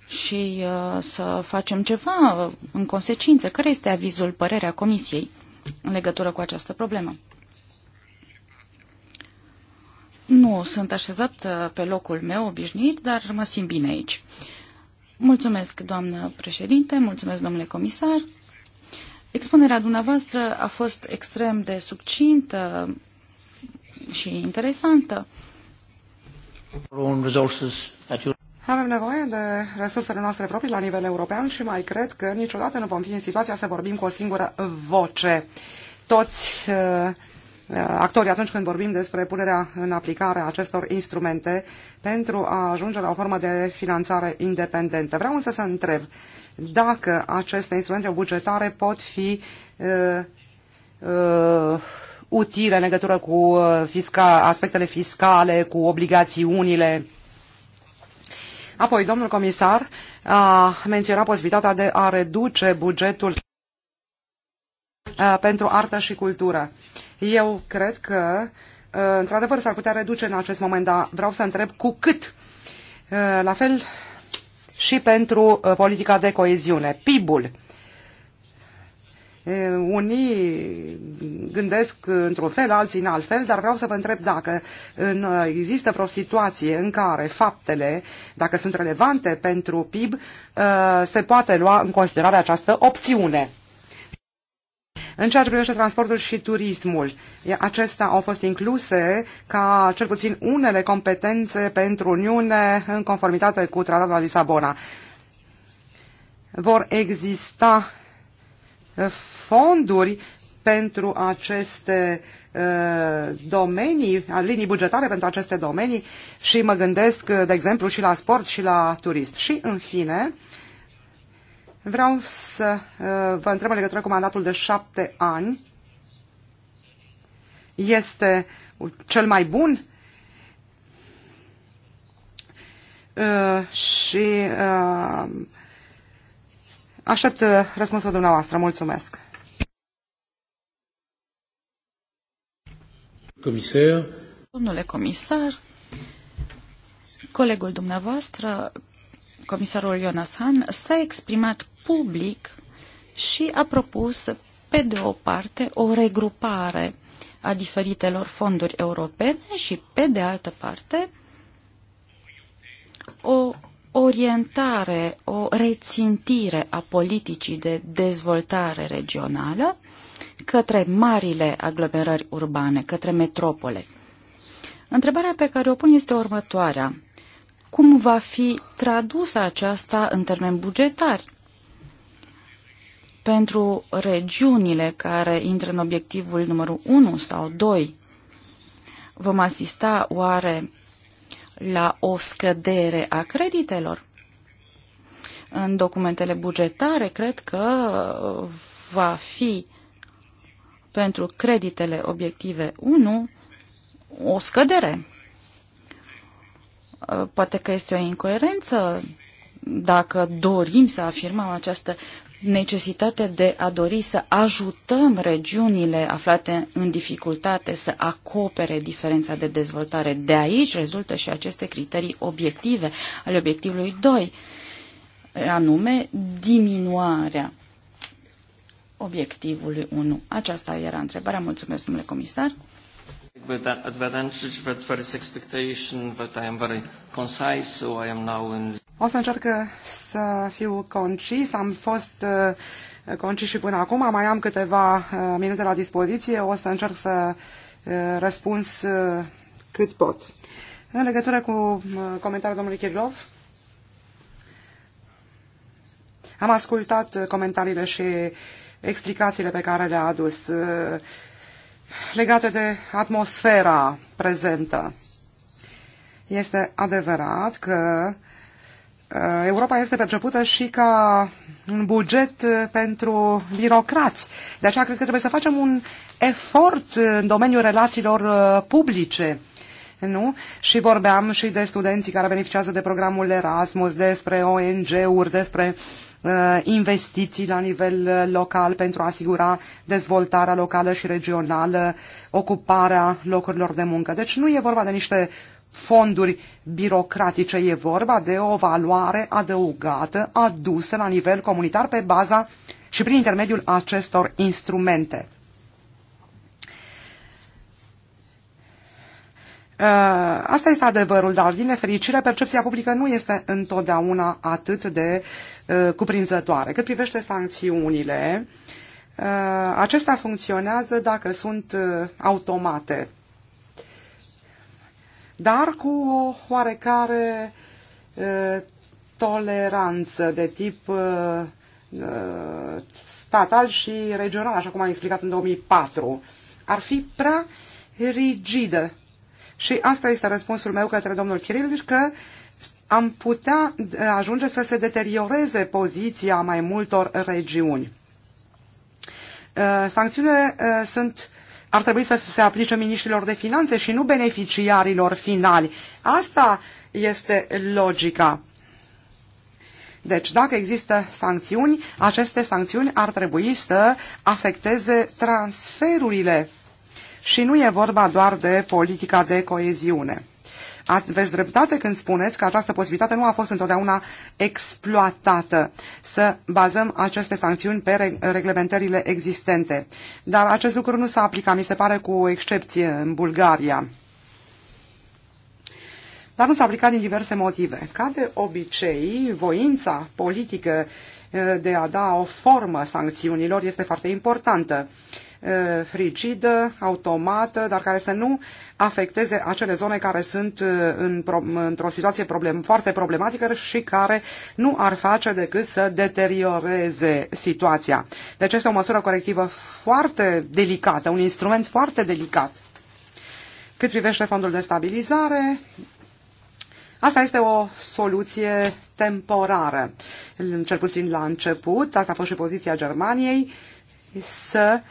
și uh, să facem ceva în consecință. Care este avizul, părerea Comisiei în legătură cu această problemă? Nu sunt așezat uh, pe locul meu obișnuit, dar mă simt bine aici. Mulțumesc, doamnă președinte, mulțumesc, domnule comisar. Expunerea dumneavoastră a fost extrem de succintă și interesantă. Avem nevoie de resursele noastre proprii la nivel european și mai cred că niciodată nu vom fi în situația să vorbim cu o singură voce. Toți uh, uh actorii atunci când vorbim despre punerea în aplicare a acestor instrumente pentru a ajunge la o formă de finanțare independentă. Vreau însă să întreb, dacă aceste instrumente bugetare pot fi uh, uh, utile în legătură cu fisca, aspectele fiscale, cu obligațiunile. Apoi, domnul comisar a menționat posibilitatea de a reduce bugetul pentru artă și cultură. Eu cred că, într-adevăr, s-ar putea reduce în acest moment, dar vreau să întreb cu cât. La fel, și pentru uh, politica de coeziune. PIB-ul. Unii gândesc într-un fel, alții în alt fel, dar vreau să vă întreb dacă în, uh, există vreo situație în care faptele, dacă sunt relevante pentru PIB, uh, se poate lua în considerare această opțiune. În ceea ce privește transportul și turismul, acestea au fost incluse ca cel puțin unele competențe pentru Uniune în conformitate cu Tratatul la Lisabona. Vor exista fonduri pentru aceste domenii, linii bugetare pentru aceste domenii și mă gândesc, de exemplu, și la sport și la turism. Și, în fine, uh, Vreau să uh, vă întreb în legătură cu mandatul de șapte ani. Este cel mai bun? Uh, și uh, aștept răspunsul dumneavoastră. Mulțumesc. Comisar. Domnule comisar, colegul dumneavoastră comisarul Jonas Hahn s-a exprimat public și a propus, pe de o parte, o regrupare a diferitelor fonduri europene și, pe de altă parte, o orientare, o rețintire a politicii de dezvoltare regională către marile aglomerări urbane, către metropole. Întrebarea pe care o pun este următoarea cum va fi tradusă aceasta în termeni bugetari pentru regiunile care intră în obiectivul numărul 1 sau 2? Vom asista oare la o scădere a creditelor? În documentele bugetare cred că va fi pentru creditele obiective 1 o scădere Uh, poate că este o incoerență dacă dorim să afirmăm această necesitate de a dori să ajutăm regiunile aflate în dificultate să acopere diferența de dezvoltare. De aici rezultă și aceste criterii obiective ale obiectivului 2, anume diminuarea obiectivului 1. Aceasta era întrebarea. Mulțumesc, domnule comisar. With that advantage that there is expectation that I am very concise, so I am now in... O să încerc să fiu concis. Am fost uh, concis și până acum. Mai am câteva uh, minute la dispoziție. O să încerc să uh, răspuns uh, cât pot. În legătură cu uh, comentariul domnului Kirilov, am ascultat uh, comentariile și explicațiile pe care le-a adus. Uh, legate de atmosfera prezentă. Este adevărat că uh, Europa este percepută și ca un buget uh, pentru birocrați. De aceea cred că trebuie să facem un efort în domeniul relațiilor uh, publice. Nu? Și vorbeam și de studenții care beneficiază de programul Erasmus, despre ONG-uri, despre uh, Uh, investiții la nivel uh, local pentru a asigura dezvoltarea locală și regională, ocuparea locurilor de muncă. Deci nu e vorba de niște fonduri birocratice, e vorba de o valoare adăugată adusă la nivel comunitar pe baza și prin intermediul acestor instrumente. Uh, asta este adevărul, dar din nefericire percepția publică nu este întotdeauna atât de uh, cuprinzătoare. Cât privește sancțiunile, uh, acestea funcționează dacă sunt automate, dar cu o oarecare toleranță de tip statal și regional, așa cum am explicat în 2004. Ar fi prea rigidă și asta este răspunsul meu către domnul Kiril, că am putea eh, ajunge să se deterioreze poziția mai multor regiuni. Eh, sancțiunile eh, sunt, ar trebui să se aplice miniștrilor de finanțe și nu beneficiarilor finali. Asta este logica. Deci, dacă există sancțiuni, aceste sancțiuni ar trebui să afecteze transferurile și nu e vorba doar de politica de coeziune. Ați, veți dreptate când spuneți că această posibilitate nu a fost întotdeauna exploatată, să bazăm aceste sancțiuni pe reglementările existente. Dar acest lucru nu s-a aplicat, mi se pare, cu o excepție în Bulgaria. Dar nu s-a aplicat din diverse motive. Ca de obicei, voința politică eh, de a da o formă sancțiunilor este foarte importantă frigidă, automată, dar care să nu afecteze acele zone care sunt în, într-o situație problem, foarte problematică și care nu ar face decât să deterioreze situația. Deci este o măsură corectivă foarte delicată, un instrument foarte delicat. Cât privește fondul de stabilizare, Asta este o soluție temporară, cel puțin la început, asta a fost și poziția Germaniei, să uh,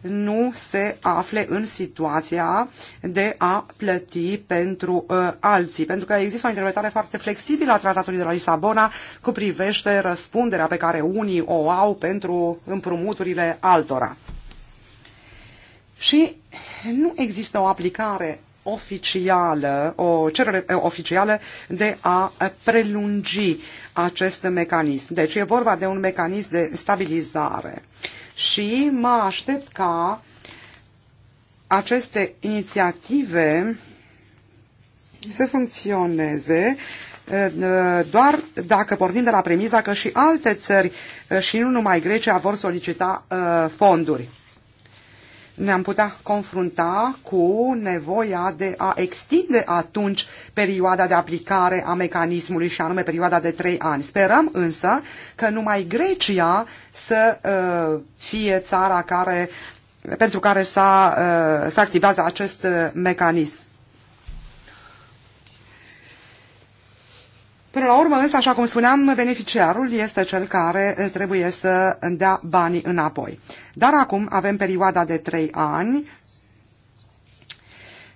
nu se afle în situația de a plăti pentru uh, alții. Pentru că există o interpretare foarte flexibilă a tratatului de la Lisabona cu privește răspunderea pe care unii o au pentru împrumuturile altora. Și nu există o aplicare oficială, o cerere eh, oficială de a prelungi acest mecanism. Deci e vorba de un mecanism de stabilizare. Uh, și mă aștept ca aceste inițiative să funcționeze uh, uh, doar dacă pornim de la premiza că și alte țări uh, și nu numai Grecia vor solicita fonduri ne-am putea confrunta cu nevoia de a extinde atunci perioada de aplicare a mecanismului și anume perioada de trei ani. Sperăm însă că numai Grecia să uh, fie țara care, pentru care să uh, activează acest uh, mecanism. Până la urmă, însă, așa cum spuneam, beneficiarul este cel care eh, trebuie să dea banii înapoi. Dar acum avem perioada de 3 ani.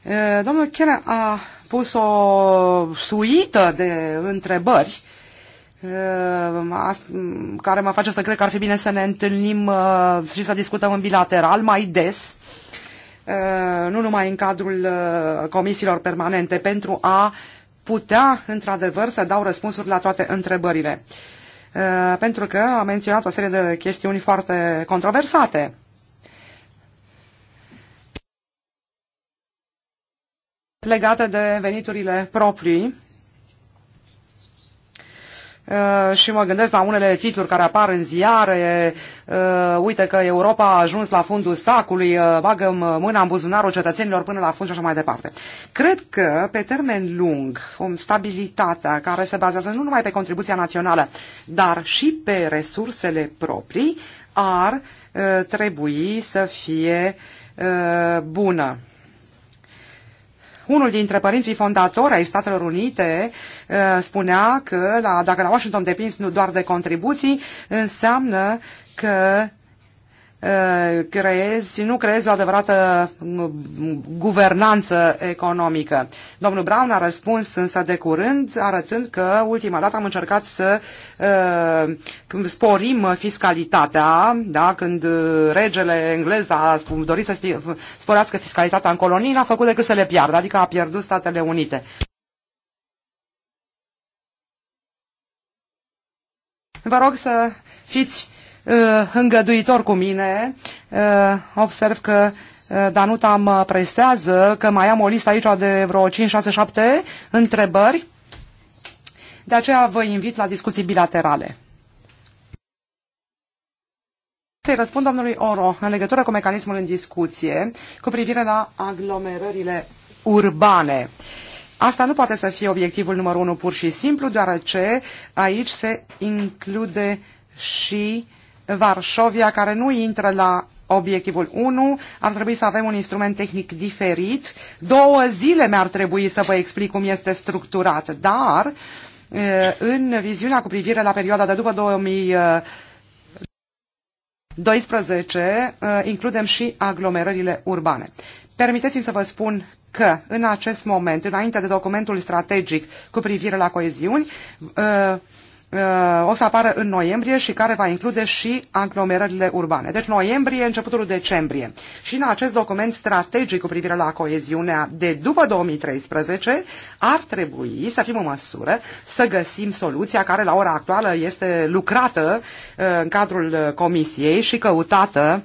Eh, domnul Chere a pus o suită de întrebări eh, care mă face să cred că ar fi bine să ne întâlnim și să discutăm în bilateral mai des, nu numai în cadrul comisiilor permanente, pentru a putea, într-adevăr, să dau răspunsuri la toate întrebările. Uh, pentru că a menționat o serie de chestiuni foarte controversate. legate de veniturile proprii Uh, și mă gândesc la unele titluri care apar în ziare, uh, uite că Europa a ajuns la fundul sacului, uh, bagă mâna în buzunarul cetățenilor până la fund și așa mai departe. Cred că, pe termen lung, stabilitatea care se bazează nu numai pe contribuția națională, dar și pe resursele proprii, ar trebui să fie bună. Unul dintre părinții fondatori ai Statelor Unite uh, spunea că la, dacă la Washington depinzi nu doar de contribuții, înseamnă că Uh, creezi, nu creezi o adevărată guvernanță economică. Domnul Brown a răspuns însă de curând, arătând că ultima dată am încercat să uh, sporim fiscalitatea, da? când uh, regele englez a dorit să sporească fiscalitatea în colonii, n-a făcut decât să le piardă, adică a pierdut Statele Unite. Vă rog să fiți Uh, îngăduitor cu mine. Uh, observ că uh, Danuta mă presează că mai am o listă aici de vreo 5, 6, 7 întrebări. De aceea vă invit la discuții bilaterale. Să-i răspund domnului Oro în legătură cu mecanismul în discuție cu privire la aglomerările urbane. Asta nu poate să fie obiectivul numărul unu pur și simplu, deoarece aici se include și uh, Varșovia, care nu intră la obiectivul 1, ar trebui să avem un instrument tehnic diferit. Două zile mi-ar trebui să vă explic cum este structurat, dar în viziunea cu privire la perioada de după 2012 includem și aglomerările urbane. Permiteți-mi să vă spun că în acest moment, înainte de documentul strategic cu privire la coeziuni, Uh, o să apară în noiembrie și care va include și aglomerările urbane. Deci noiembrie, începutul decembrie. Și în acest document strategic cu privire la coeziunea de după 2013 ar trebui să fim în măsură să găsim soluția care la ora actuală este lucrată uh, în cadrul uh, comisiei și căutată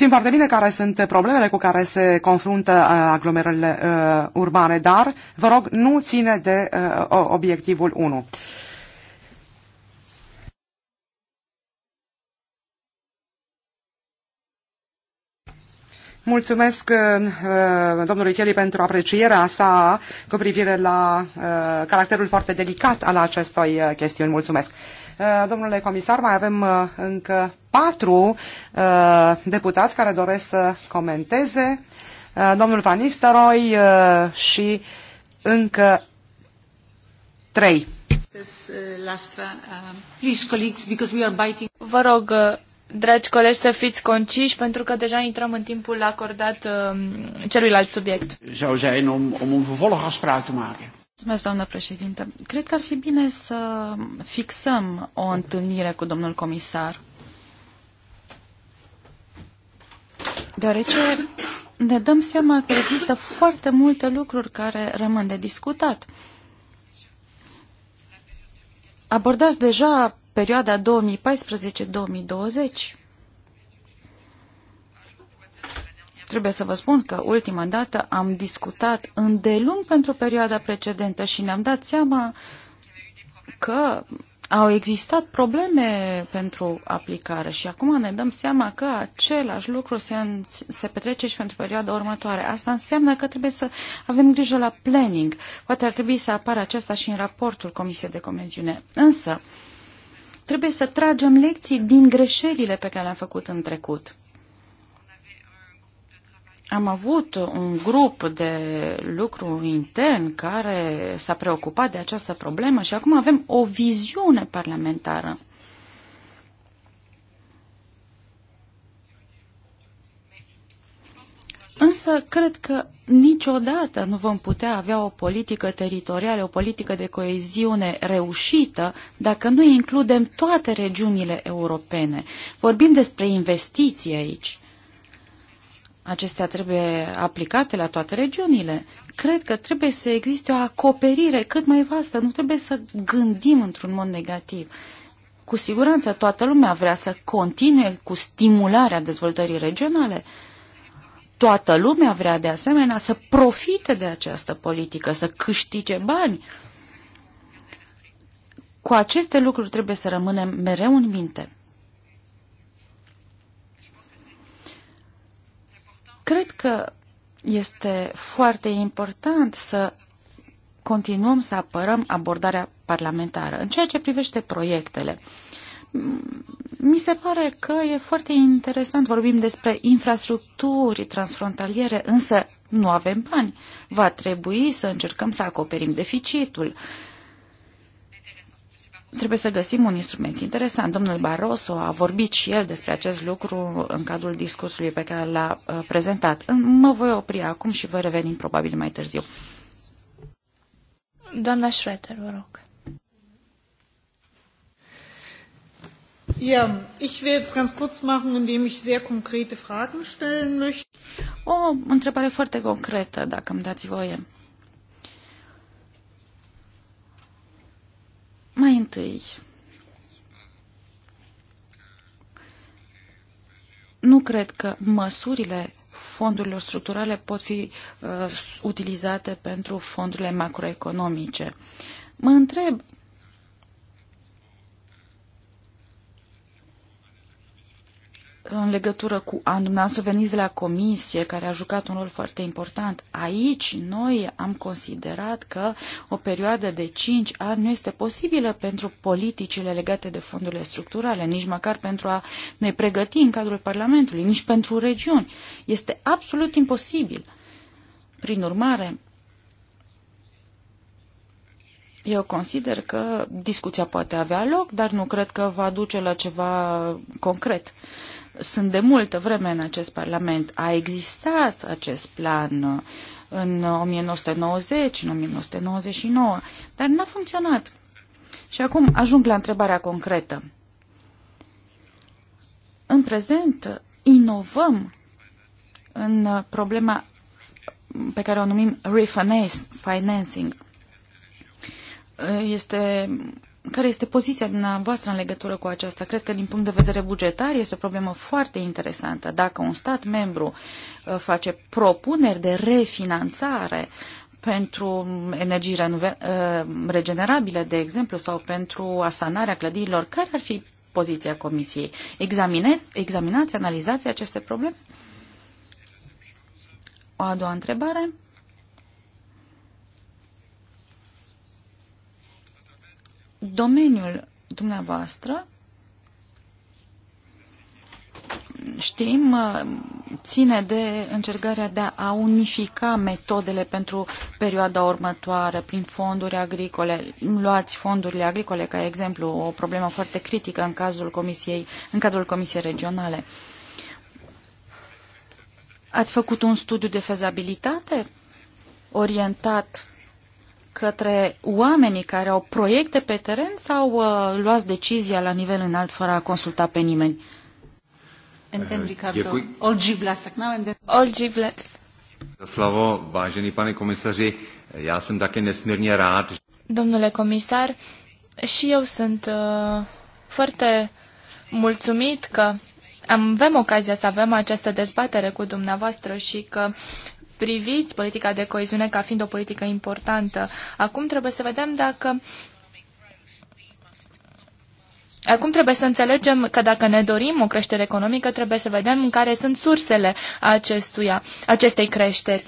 Știm foarte bine care sunt problemele cu care se confruntă uh, aglomerările uh, urbane, dar, vă rog, nu ține de uh, obiectivul 1. Mulțumesc domnului Kelly pentru aprecierea sa cu privire la caracterul foarte delicat al acestei chestiuni. Mulțumesc. Uh, domnule comisar, mai avem uh, încă patru uh, deputați care doresc să comenteze. Domnul Van Nistelrooy și încă trei. Vă rog, dragi colegi, să fiți conciși pentru că deja intrăm în timpul acordat celuilalt subiect. Zou zijn om, om een vervolgafspraak te maken. Mulțumesc, doamnă președinte. Cred că ar fi bine să fixăm o întâlnire cu domnul comisar. Deoarece ne dăm seama că există foarte multe lucruri care rămân de discutat. Abordați deja perioada 2014-2020. Trebuie să vă spun că ultima dată am discutat îndelung pentru perioada precedentă și ne-am dat seama că au existat probleme pentru aplicare și acum ne dăm seama că același lucru se, în, se petrece și pentru perioada următoare. Asta înseamnă că trebuie să avem grijă la planning. Poate ar trebui să apară aceasta și în raportul Comisiei de Comenziune. Însă, trebuie să tragem lecții din greșelile pe care le-am făcut în trecut. Am avut un grup de lucru intern care s-a preocupat de această problemă și acum avem o viziune parlamentară. Însă cred că niciodată nu vom putea avea o politică teritorială, o politică de coeziune reușită dacă nu includem toate regiunile europene. Vorbim despre investiții aici acestea trebuie aplicate la toate regiunile. Cred că trebuie să existe o acoperire cât mai vastă, nu trebuie să gândim într-un mod negativ. Cu siguranță toată lumea vrea să continue cu stimularea dezvoltării regionale. Toată lumea vrea de asemenea să profite de această politică, să câștige bani. Cu aceste lucruri trebuie să rămânem mereu în minte. Cred că este foarte important să continuăm să apărăm abordarea parlamentară. În ceea ce privește proiectele, mi se pare că e foarte interesant, vorbim despre infrastructuri transfrontaliere, însă nu avem bani. Va trebui să încercăm să acoperim deficitul. Uh, trebuie să găsim un instrument interesant. Domnul Barroso a vorbit și el despre acest lucru în cadrul discursului pe care l-a uh, prezentat. Mă voi opri acum și voi reveni probabil mai târziu. Doamna Schroeter, vă rog. Ja, ich will jetzt ganz kurz machen, indem ich sehr konkrete Fragen stellen möchte. O întrebare foarte concretă, dacă îmi dați voie. Mai întâi, nu cred că măsurile fondurilor structurale pot fi uh, utilizate pentru fondurile macroeconomice. Mă întreb în legătură cu a dumneavoastră veniți de la comisie, care a jucat un rol foarte important. Aici noi am considerat că o perioadă de 5 ani nu este posibilă pentru politicile legate de fondurile structurale, nici măcar pentru a ne pregăti în cadrul Parlamentului, nici pentru regiuni. Este absolut imposibil. Prin urmare, eu consider că discuția poate avea loc, dar nu cred că va duce la ceva concret. Uh, sunt de multă vreme în acest Parlament. A existat acest plan uh, în 1990, uh, în 1999, dar n-a funcționat. Și acum ajung la întrebarea concretă. În prezent, inovăm în uh, problema pe care o numim refinancing. Este care este poziția dumneavoastră în legătură cu aceasta? Cred că din punct de vedere bugetar este o problemă foarte interesantă. Dacă un stat membru uh, face propuneri de refinanțare pentru energii uh, regenerabile, de exemplu, sau pentru asanarea clădirilor, care ar fi poziția Comisiei? Examine, examinați, analizați aceste probleme? O a doua întrebare. domeniul dumneavoastră, știm, ține de încercarea de a unifica metodele pentru perioada următoare prin fonduri agricole. Luați fondurile agricole ca exemplu, o problemă foarte critică în, cazul comisiei, în cadrul Comisiei Regionale. Ați făcut un studiu de fezabilitate orientat către oamenii care au proiecte pe teren sau uh, luați decizia la nivel înalt fără a consulta pe nimeni? Olgi Vlasak. Slavo, vážený pane komisaři, já jsem také nesmírně rád. Domnule comisar, și eu sunt uh, foarte mulțumit că avem ocazia să avem această dezbatere cu dumneavoastră și că priviți politica de coeziune ca fiind o politică importantă. Acum trebuie să vedem dacă Acum trebuie să înțelegem că dacă ne dorim o creștere economică, trebuie să vedem care sunt sursele acestuia, acestei creșteri.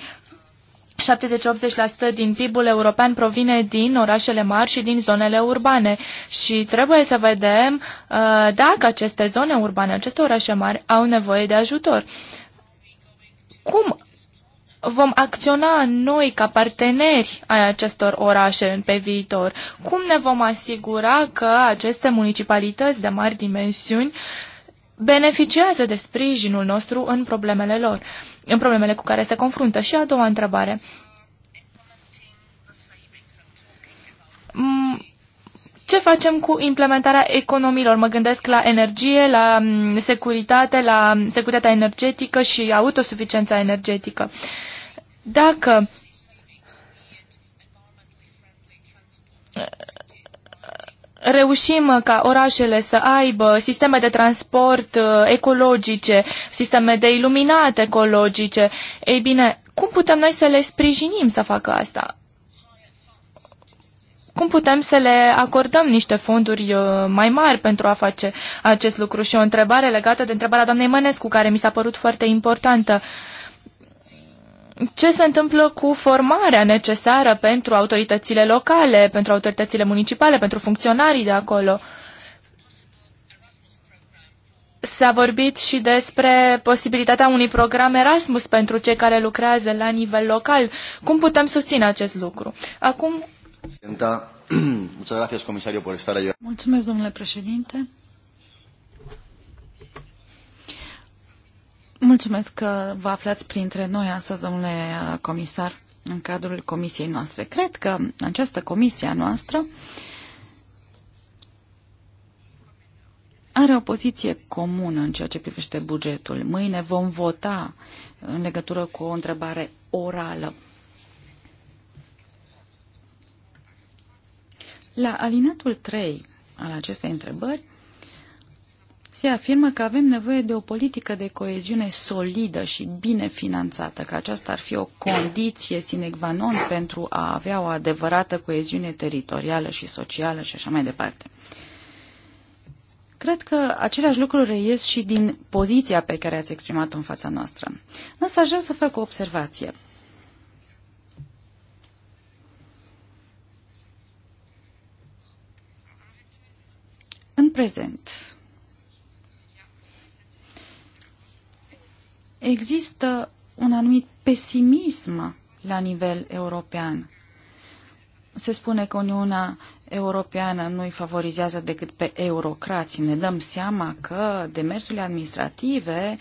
70-80% din PIB-ul european provine din orașele mari și din zonele urbane și trebuie să vedem uh, dacă aceste zone urbane, aceste orașe mari au nevoie de ajutor. Cum vom acționa noi ca parteneri ai acestor orașe pe viitor? Cum ne vom asigura că aceste municipalități de mari dimensiuni beneficiază de sprijinul nostru în problemele lor, în problemele cu care se confruntă? Și a doua întrebare. Mm, ce facem cu implementarea economiilor? Mă gândesc la energie, la mm, securitate, la mm, securitatea energetică și autosuficiența energetică. Uh, dacă uh, reușim ca orașele să aibă sisteme de transport uh, ecologice, sisteme de iluminat ecologice, ei bine, cum putem noi să le sprijinim să facă asta? Cum putem să le acordăm niște fonduri uh, mai mari pentru a face acest lucru? Și o întrebare legată de întrebarea doamnei Mănescu, care mi s-a părut foarte importantă. Uh, ce se întâmplă cu formarea necesară pentru autoritățile locale, pentru autoritățile municipale, pentru funcționarii de acolo? S-a vorbit și despre posibilitatea unui program Erasmus pentru cei care lucrează la nivel local. Cum putem susține acest lucru? Acum... Mulțumesc, domnule președinte. Mulțumesc că vă aflați printre noi astăzi, domnule uh, comisar, în cadrul comisiei noastre. Cred că această comisie a noastră are o poziție comună în ceea ce privește bugetul. Mâine vom vota în legătură cu o întrebare orală. La alinatul 3 al acestei întrebări se afirmă că avem nevoie de o politică de coeziune solidă și bine finanțată, că aceasta ar fi o condiție sine qua non pentru a avea o adevărată coeziune teritorială și socială și așa mai departe. Cred că aceleași lucruri reies și din poziția pe care ați exprimat-o în fața noastră. Însă aș vrea să fac o observație. În prezent, există un anumit pesimism la nivel european. Se spune că Uniunea Europeană nu îi favorizează decât pe eurocrați. Ne dăm seama că demersurile administrative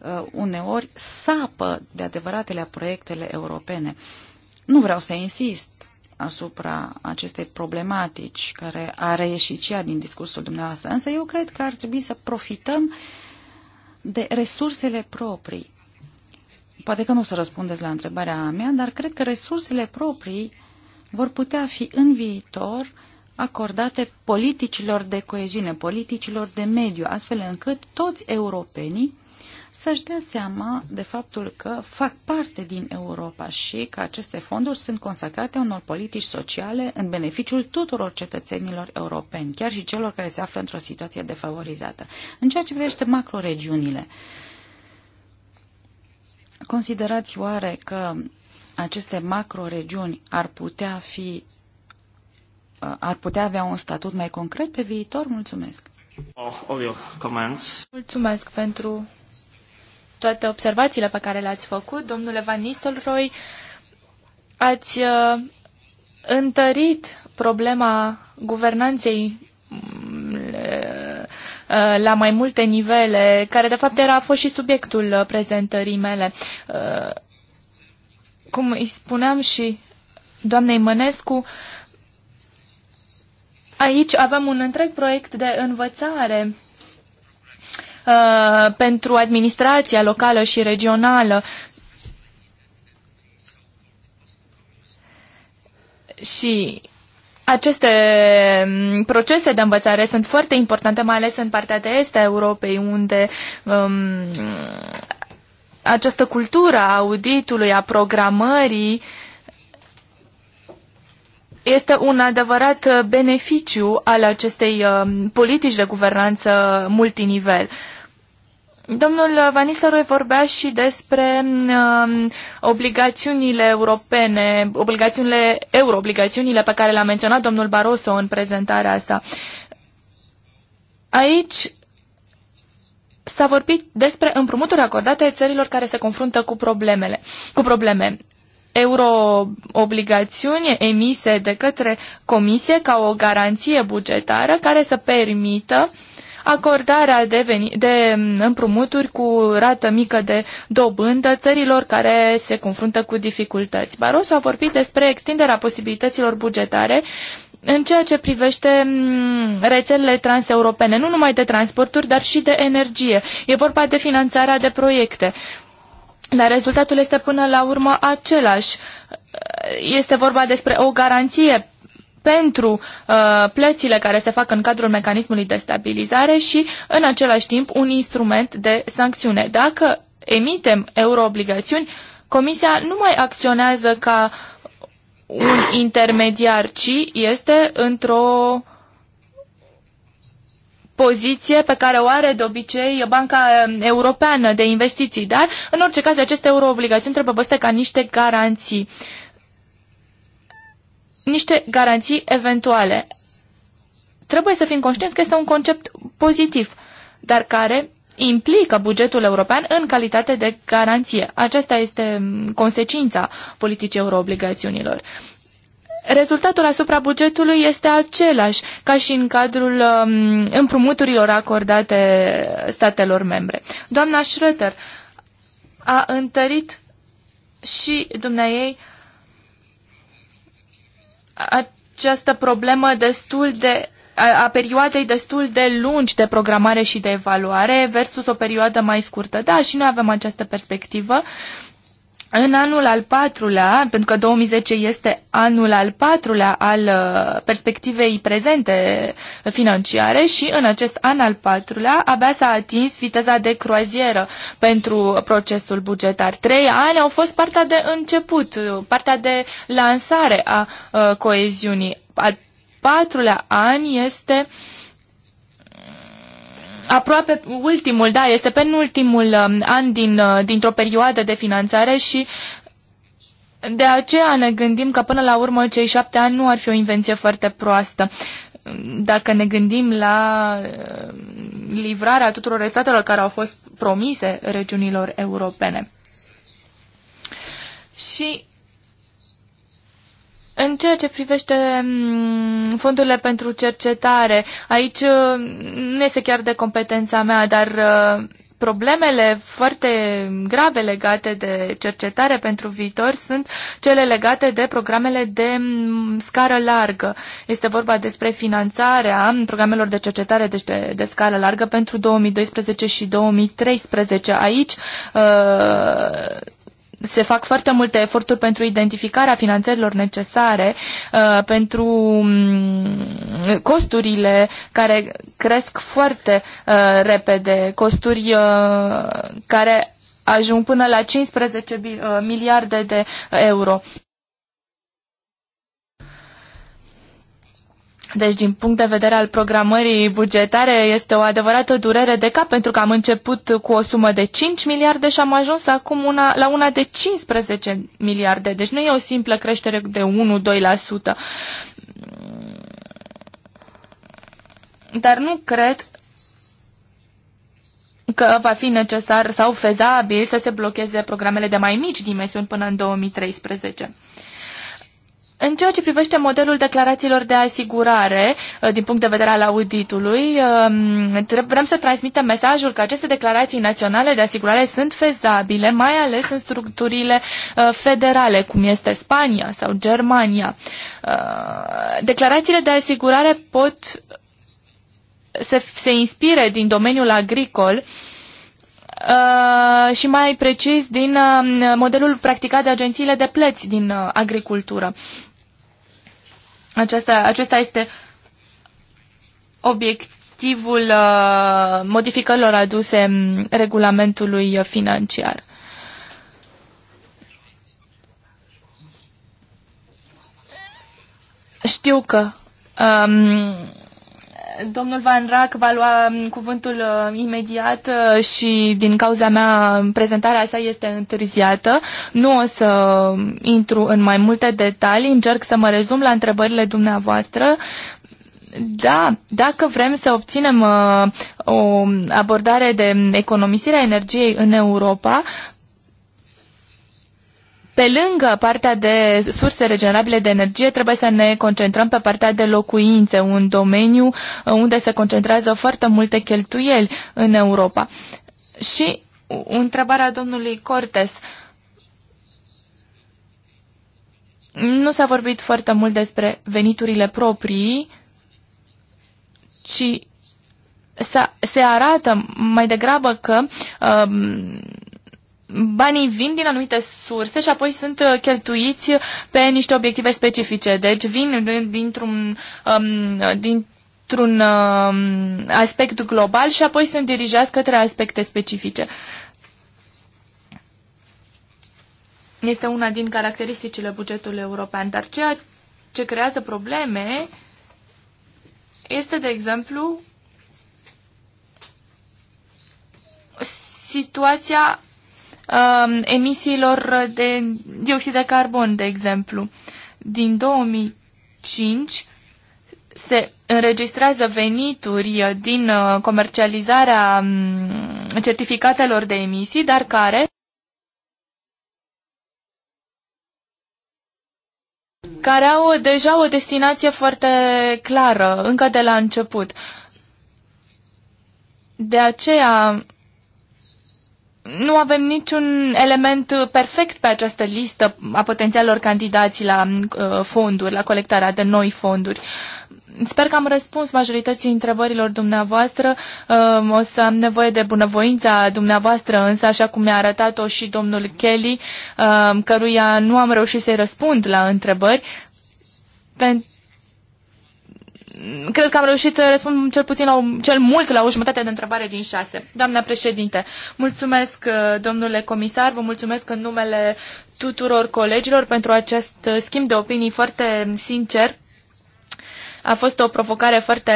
uh, uneori sapă de adevăratele proiectele europene. Nu vreau să insist asupra acestei problematici care a reieșit ea din discursul dumneavoastră, însă eu cred că ar trebui să profităm uh, de resursele proprii. Poate că nu o să răspundeți la întrebarea mea, dar cred că resursele proprii vor putea fi în viitor acordate politicilor de coeziune, politicilor de mediu, astfel încât toți europenii să-și dea seama de faptul că fac parte din Europa și că aceste fonduri sunt consacrate unor politici sociale în beneficiul tuturor cetățenilor europeni, chiar și celor care se află într-o situație defavorizată. În ceea ce privește macroregiunile, considerați oare că aceste macroregiuni ar putea fi uh, ar putea avea un statut mai concret pe viitor? Mulțumesc! Mulțumesc pentru toate observațiile pe care le-ați făcut. Domnule Van Nistelrooy, ați uh, întărit problema guvernanței mm, uh, uh, la mai multe nivele, care de fapt era a fost și subiectul prezentării mele. Cum îi spuneam și doamnei Mănescu, aici avem un întreg proiect de învățare Uh, pentru administrația locală și regională. Și aceste mm, procese de învățare sunt foarte importante, mai ales în partea de est a Europei, unde um, această cultură a auditului, a programării este un adevărat uh, beneficiu al acestei um, politici de guvernanță multinivel. Uh, Domnul Van Nistelrooy vorbea și despre uh, obligațiunile europene, obligațiunile, euro, obligațiunile pe care le-a menționat domnul Barroso în prezentarea asta. Aici s-a vorbit despre împrumuturi acordate țărilor care se confruntă cu, problemele, cu probleme euroobligațiuni emise de către Comisie ca o garanție bugetară care să permită uh, acordarea de, veni, de împrumuturi cu rată mică de dobândă țărilor care se confruntă cu dificultăți. Barroso a vorbit despre extinderea posibilităților bugetare în ceea ce privește mm, rețelele transeuropene, nu numai de transporturi, dar și de energie. E vorba de finanțarea de proiecte. Dar rezultatul este până la urmă același. Este vorba despre o garanție pentru uh, plățile care se fac în cadrul mecanismului de stabilizare și, în același timp, un instrument de sancțiune. Dacă emitem euroobligațiuni, Comisia nu mai acționează ca un intermediar, ci este într-o poziție pe care o are de obicei Banca um, Europeană de Investiții, dar în orice caz aceste euroobligațiuni trebuie văzute ca niște garanții. Uh, niște garanții eventuale. Trebuie să fim conștienți că este un concept pozitiv, dar care implică bugetul european în calitate de garanție. Aceasta este mm, consecința politicii euroobligațiunilor. Rezultatul asupra bugetului este același ca și în cadrul um, împrumuturilor acordate statelor membre. Doamna Schröter a întărit și dumneaei uh, această problemă destul de a, perioadei destul de lungi de programare și de evaluare versus o perioadă mai scurtă. Da, și noi avem această perspectivă. Uh, în anul al patrulea, pentru că 2010 este anul al patrulea al uh, perspectivei prezente financiare și în acest an al patrulea abia s-a atins viteza de croazieră pentru procesul bugetar. Trei ani au fost partea de început, partea de lansare a uh, coeziunii. Al patrulea an este uh, aproape ultimul, da, este penultimul um, an din, uh, dintr-o perioadă de finanțare și de aceea ne gândim că până la urmă cei șapte ani nu ar fi o invenție foarte proastă. Dacă ne gândim la uh, livrarea tuturor statelor care au fost promise regiunilor europene. Și în ceea ce privește mm, fondurile pentru cercetare, aici mm, nu este chiar de competența mea, dar uh, problemele foarte grave legate de cercetare pentru viitor sunt cele legate de programele de mm, scară largă. Este vorba despre finanțarea programelor de cercetare deci de, de scară largă pentru 2012 și 2013. Aici uh, se fac foarte multe eforturi pentru identificarea finanțărilor necesare, uh, pentru um, costurile care cresc foarte uh, repede, costuri uh, care ajung până la 15 uh, miliarde de euro. Deci, din punct de vedere al programării bugetare, este o adevărată durere de cap, pentru că am început cu o sumă de 5 miliarde și am ajuns acum una, la una de 15 miliarde. Deci nu e o simplă creștere de 1-2%. Dar nu cred că va fi necesar sau fezabil să se blocheze programele de mai mici dimensiuni până în 2013. În ceea ce privește modelul declarațiilor de asigurare, uh, din punct de vedere al auditului, um, vrem să transmitem mesajul că aceste declarații naționale de asigurare sunt fezabile, mai ales în structurile uh, federale, cum este Spania sau Germania. Uh, declarațiile de asigurare pot să se inspire din domeniul agricol și mai precis din um, modelul practicat de agențiile de plăți din agricultură. Aceasta, acesta este obiectivul uh, modificărilor aduse mm, regulamentului financiar. Știu că um, Domnul Van Rack va lua um, cuvântul uh, imediat uh, și din cauza mea um, prezentarea sa este întârziată. Nu o să um, intru în mai multe detalii, încerc să mă rezum la întrebările dumneavoastră. Da, dacă vrem să obținem uh, o abordare de economisire a energiei în Europa, pe lângă partea de surse regenerabile de energie, trebuie să ne concentrăm pe partea de locuințe, un domeniu uh, unde se concentrează foarte multe cheltuieli în Europa. Și întrebarea domnului Cortes. Nu s-a vorbit foarte mult despre veniturile proprii, ci se arată mai degrabă că um, banii vin din anumite surse și apoi sunt uh, cheltuiți pe niște obiective specifice. Deci vin dintr-un, um, dintr-un um, aspect global și apoi sunt dirijați către aspecte specifice. Este una din caracteristicile bugetului european, dar ceea ce creează probleme este, de exemplu, situația uh, emisiilor de dioxid de carbon, de exemplu. Din 2005 se înregistrează venituri din uh, comercializarea um, certificatelor de emisii, dar care care au deja o destinație foarte clară, încă de la început. De aceea nu avem niciun element perfect pe această listă a potențialor candidați la uh, fonduri, la colectarea de noi fonduri. Sper că am răspuns majorității întrebărilor dumneavoastră. Um, o să am nevoie de bunăvoința dumneavoastră, însă, așa cum mi-a arătat-o și domnul Kelly, um, căruia nu am reușit să-i răspund la întrebări, pentru cred că am reușit să uh, răspund cel puțin la, cel mult la o jumătate de întrebare din șase. Doamna președinte, mulțumesc, uh, domnule comisar, vă mulțumesc în numele tuturor colegilor pentru acest uh, schimb de opinii foarte sincer a fost o provocare foarte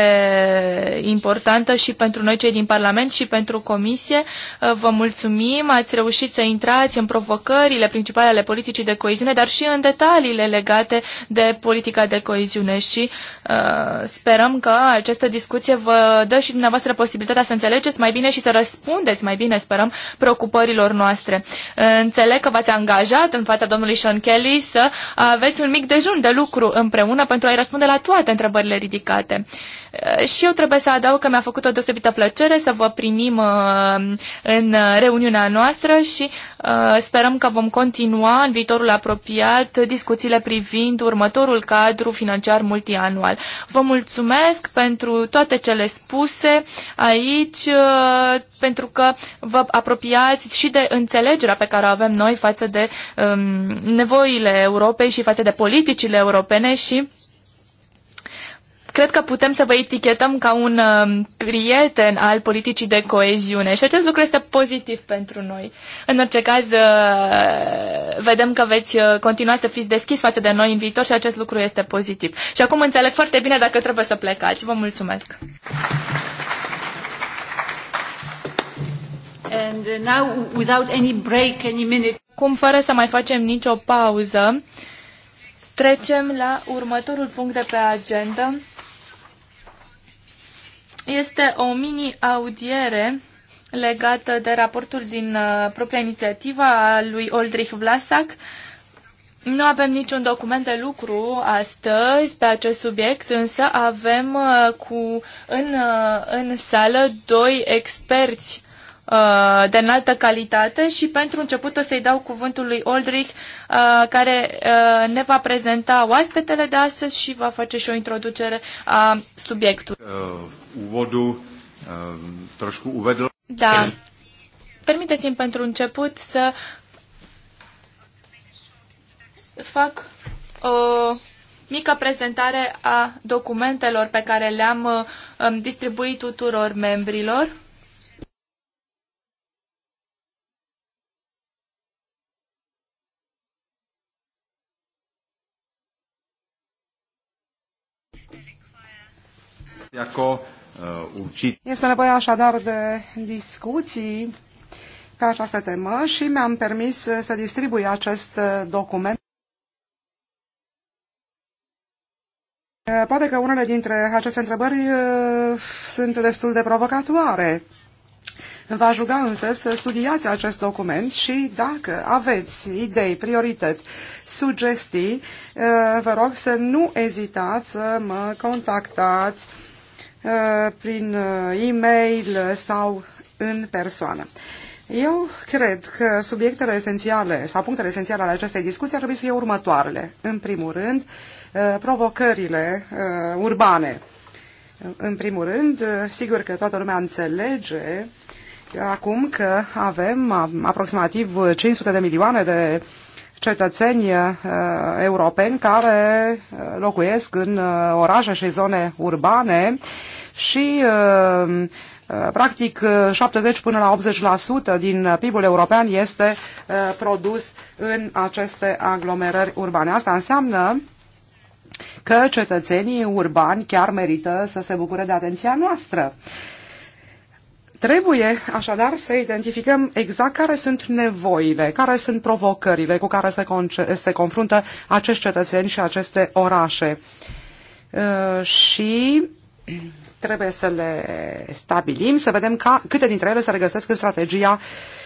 importantă și pentru noi cei din Parlament și pentru Comisie. Uh, vă mulțumim, ați reușit să intrați în provocările principale ale politicii de coeziune, dar și în detaliile legate de politica de coeziune și uh, sperăm că această discuție vă dă și dumneavoastră posibilitatea să înțelegeți mai bine și să răspundeți mai bine, sperăm, preocupărilor noastre. Uh, înțeleg că v-ați angajat în fața domnului Sean Kelly să aveți un mic dejun de lucru împreună pentru a-i răspunde la toate întrebările întrebările ridicate. Uh, și eu trebuie să adaug că mi-a făcut o deosebită plăcere să vă primim uh, în uh, reuniunea noastră și sperăm că vom continua în viitorul apropiat discuțiile privind următorul cadru financiar multianual. Vă mulțumesc pentru toate cele spuse aici, pentru că vă apropiați și de înțelegerea pe care o avem noi față de um, nevoile Europei și față de politicile europene și cred că putem să vă etichetăm ca un um, prieten al politicii de coeziune și acest lucru este pozitiv pentru noi. În orice caz, uh, vedem că veți uh, continua să fiți deschis față de noi în viitor și acest lucru este pozitiv. Și acum înțeleg foarte bine dacă trebuie să plecați. Vă mulțumesc! And uh, now, without any break, any minute... Cum fără să mai facem nicio pauză, Trecem la următorul punct de pe agenda este o mini-audiere legată de raportul din uh, propria inițiativă a lui Oldrich Vlasak. Nu avem niciun document de lucru astăzi pe acest subiect, însă avem uh, cu în, uh, în sală doi experți de înaltă calitate și pentru început o să-i dau cuvântul lui Oldrich care ne va prezenta oaspetele de astăzi și va face și o introducere a subiectului úvodu eh, trošku uvedl. Da. Permiteți-mi pentru început să fac o mică prezentare a documentelor pe care le-am eh, distribuit tuturor membrilor. jako urgit. Uh, este nevoie așadar de discuții pe această temă și mi-am permis să distribui acest document. Poate că unele dintre aceste întrebări uh, sunt destul de provocatoare. V-aș ruga însă să studiați acest document și dacă aveți idei, priorități, sugestii, uh, vă rog să nu ezitați să mă contactați Uh, prin uh, e-mail sau în persoană. Eu cred că subiectele esențiale sau punctele esențiale ale acestei discuții ar trebui să fie următoarele. În primul rând, uh, provocările urbane. În primul rând, sigur că toată lumea înțelege acum că avem aproximativ 500 de milioane de cetățeni eh, europeni care eh, locuiesc în eh, orașe și zone urbane și practic 70 până la 80% din PIB-ul european este produs în aceste aglomerări urbane. Asta înseamnă că cetățenii urbani chiar merită să se bucure de atenția noastră. Uh, Trebuie așadar să identificăm exact care sunt nevoile, care sunt provocările cu care se, con- se confruntă acești cetățeni și aceste orașe. Uh, și trebuie să le stabilim, să vedem ca, câte dintre ele se regăsesc în strategia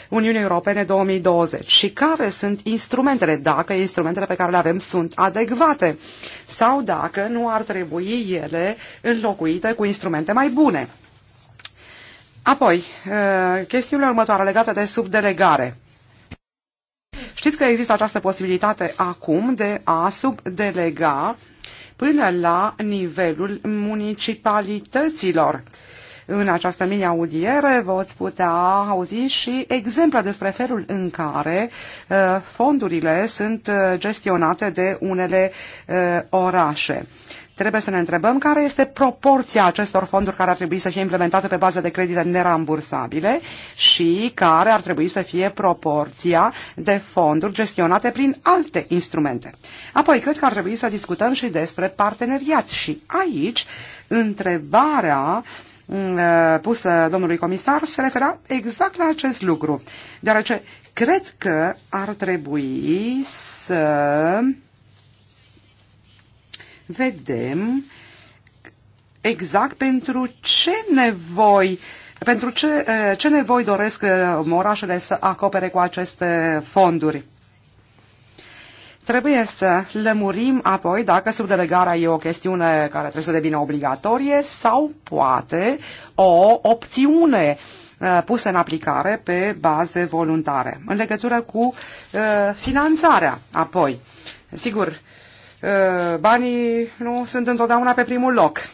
Uniunii Europene 2020 și care sunt instrumentele, dacă instrumentele pe care le avem sunt adecvate sau dacă nu ar trebui ele înlocuite cu instrumente mai bune. Apoi, uh, chestiunile următoare legate de subdelegare. Știți că există această posibilitate acum de a subdelega până la nivelul municipalităților. În această mini-audiere voți putea auzi și exemple despre felul în care uh, fondurile sunt uh, gestionate de unele orașe. Trebuie să ne întrebăm care este proporția acestor fonduri care ar trebui să fie implementate pe bază de credite nerambursabile și care ar trebui să fie proporția de fonduri gestionate prin alte instrumente. Apoi, cred că ar trebui să discutăm și despre parteneriat și aici întrebarea mm, pusă domnului comisar se referea exact la acest lucru, deoarece cred că ar trebui să vedem exact pentru ce nevoi pentru ce, eh, ce nevoi doresc eh, orașele să acopere cu aceste fonduri. Trebuie să lămurim apoi dacă subdelegarea e o chestiune care trebuie să devină obligatorie sau poate o opțiune eh, pusă în aplicare pe baze voluntare. În legătură cu finanțarea apoi. Sigur, Eh, banii nu sunt întotdeauna pe primul loc. Eh,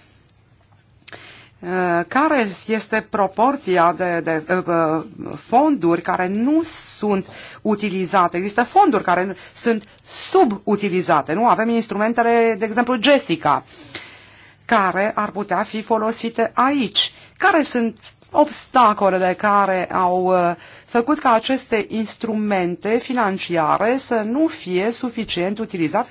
care este proporția de, de, de eh, fonduri care nu sunt utilizate? Există fonduri care sunt subutilizate, nu? Avem instrumentele, de exemplu, Jessica, care ar putea fi folosite aici. Care sunt obstacolele care au făcut ca aceste instrumente financiare să nu fie suficient utilizate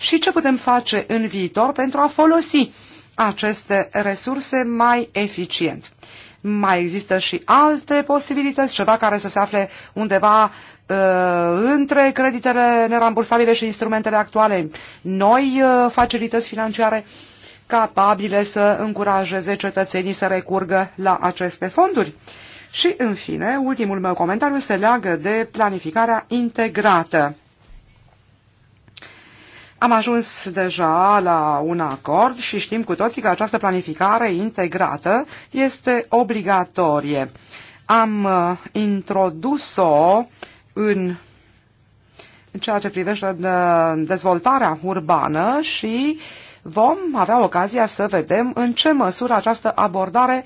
și ce putem face în viitor pentru a folosi aceste resurse mai eficient. Mai există și alte posibilități, ceva care să se afle undeva uh, între creditele nerambursabile și instrumentele actuale, noi uh, facilități financiare capabile să încurajeze cetățenii să recurgă la aceste fonduri. Și, în fine, ultimul meu comentariu se leagă de planificarea integrată. Am ajuns deja la un acord și știm cu toții că această planificare integrată este obligatorie. Am uh, introdus-o în ceea ce privește uh, dezvoltarea urbană și vom avea ocazia să vedem în ce măsură această abordare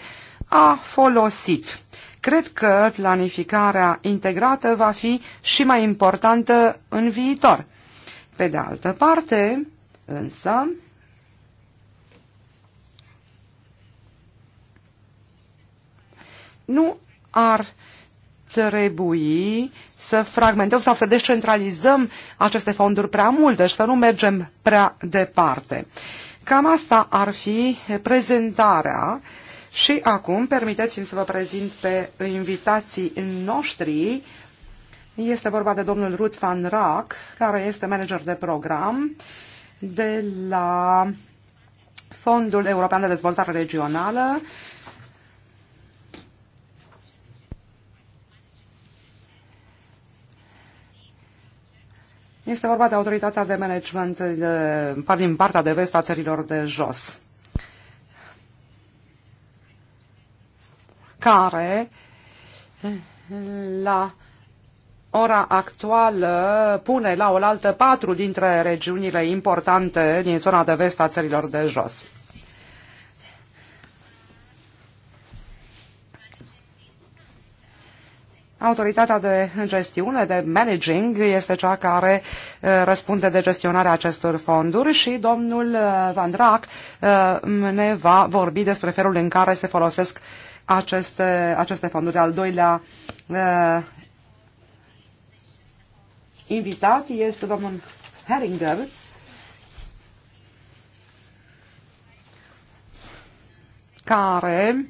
a folosit. Cred că planificarea integrată va fi și mai importantă în viitor pe de altă parte, însă, nu ar trebui să fragmentăm sau să descentralizăm aceste fonduri prea mult, deci să nu mergem prea departe. Cam asta ar fi prezentarea și acum permiteți-mi să vă prezint pe invitații noștri este vorba de domnul Ruth van Raak, care este manager de program de la Fondul European de Dezvoltare Regională Este vorba de autoritatea de management de, din partea de vest a țărilor de jos, care la ora actuală pune la oaltă patru dintre regiunile importante din zona de vest a țărilor de jos. Autoritatea de gestiune, de managing, este cea care uh, răspunde de gestionarea acestor fonduri și domnul uh, Van Drac uh, ne va vorbi despre felul în care se folosesc aceste, aceste fonduri. Al doilea invitat este domnul Heringer. care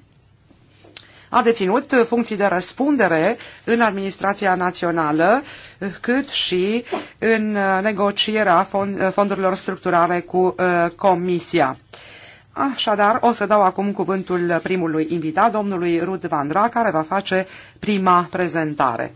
a deținut funcții de răspundere în administrația națională, cât și în negocierea fondurilor structurale cu uh, Comisia. Așadar, o să dau acum cuvântul primului invitat, domnului Rud Vandra, care va face prima prezentare.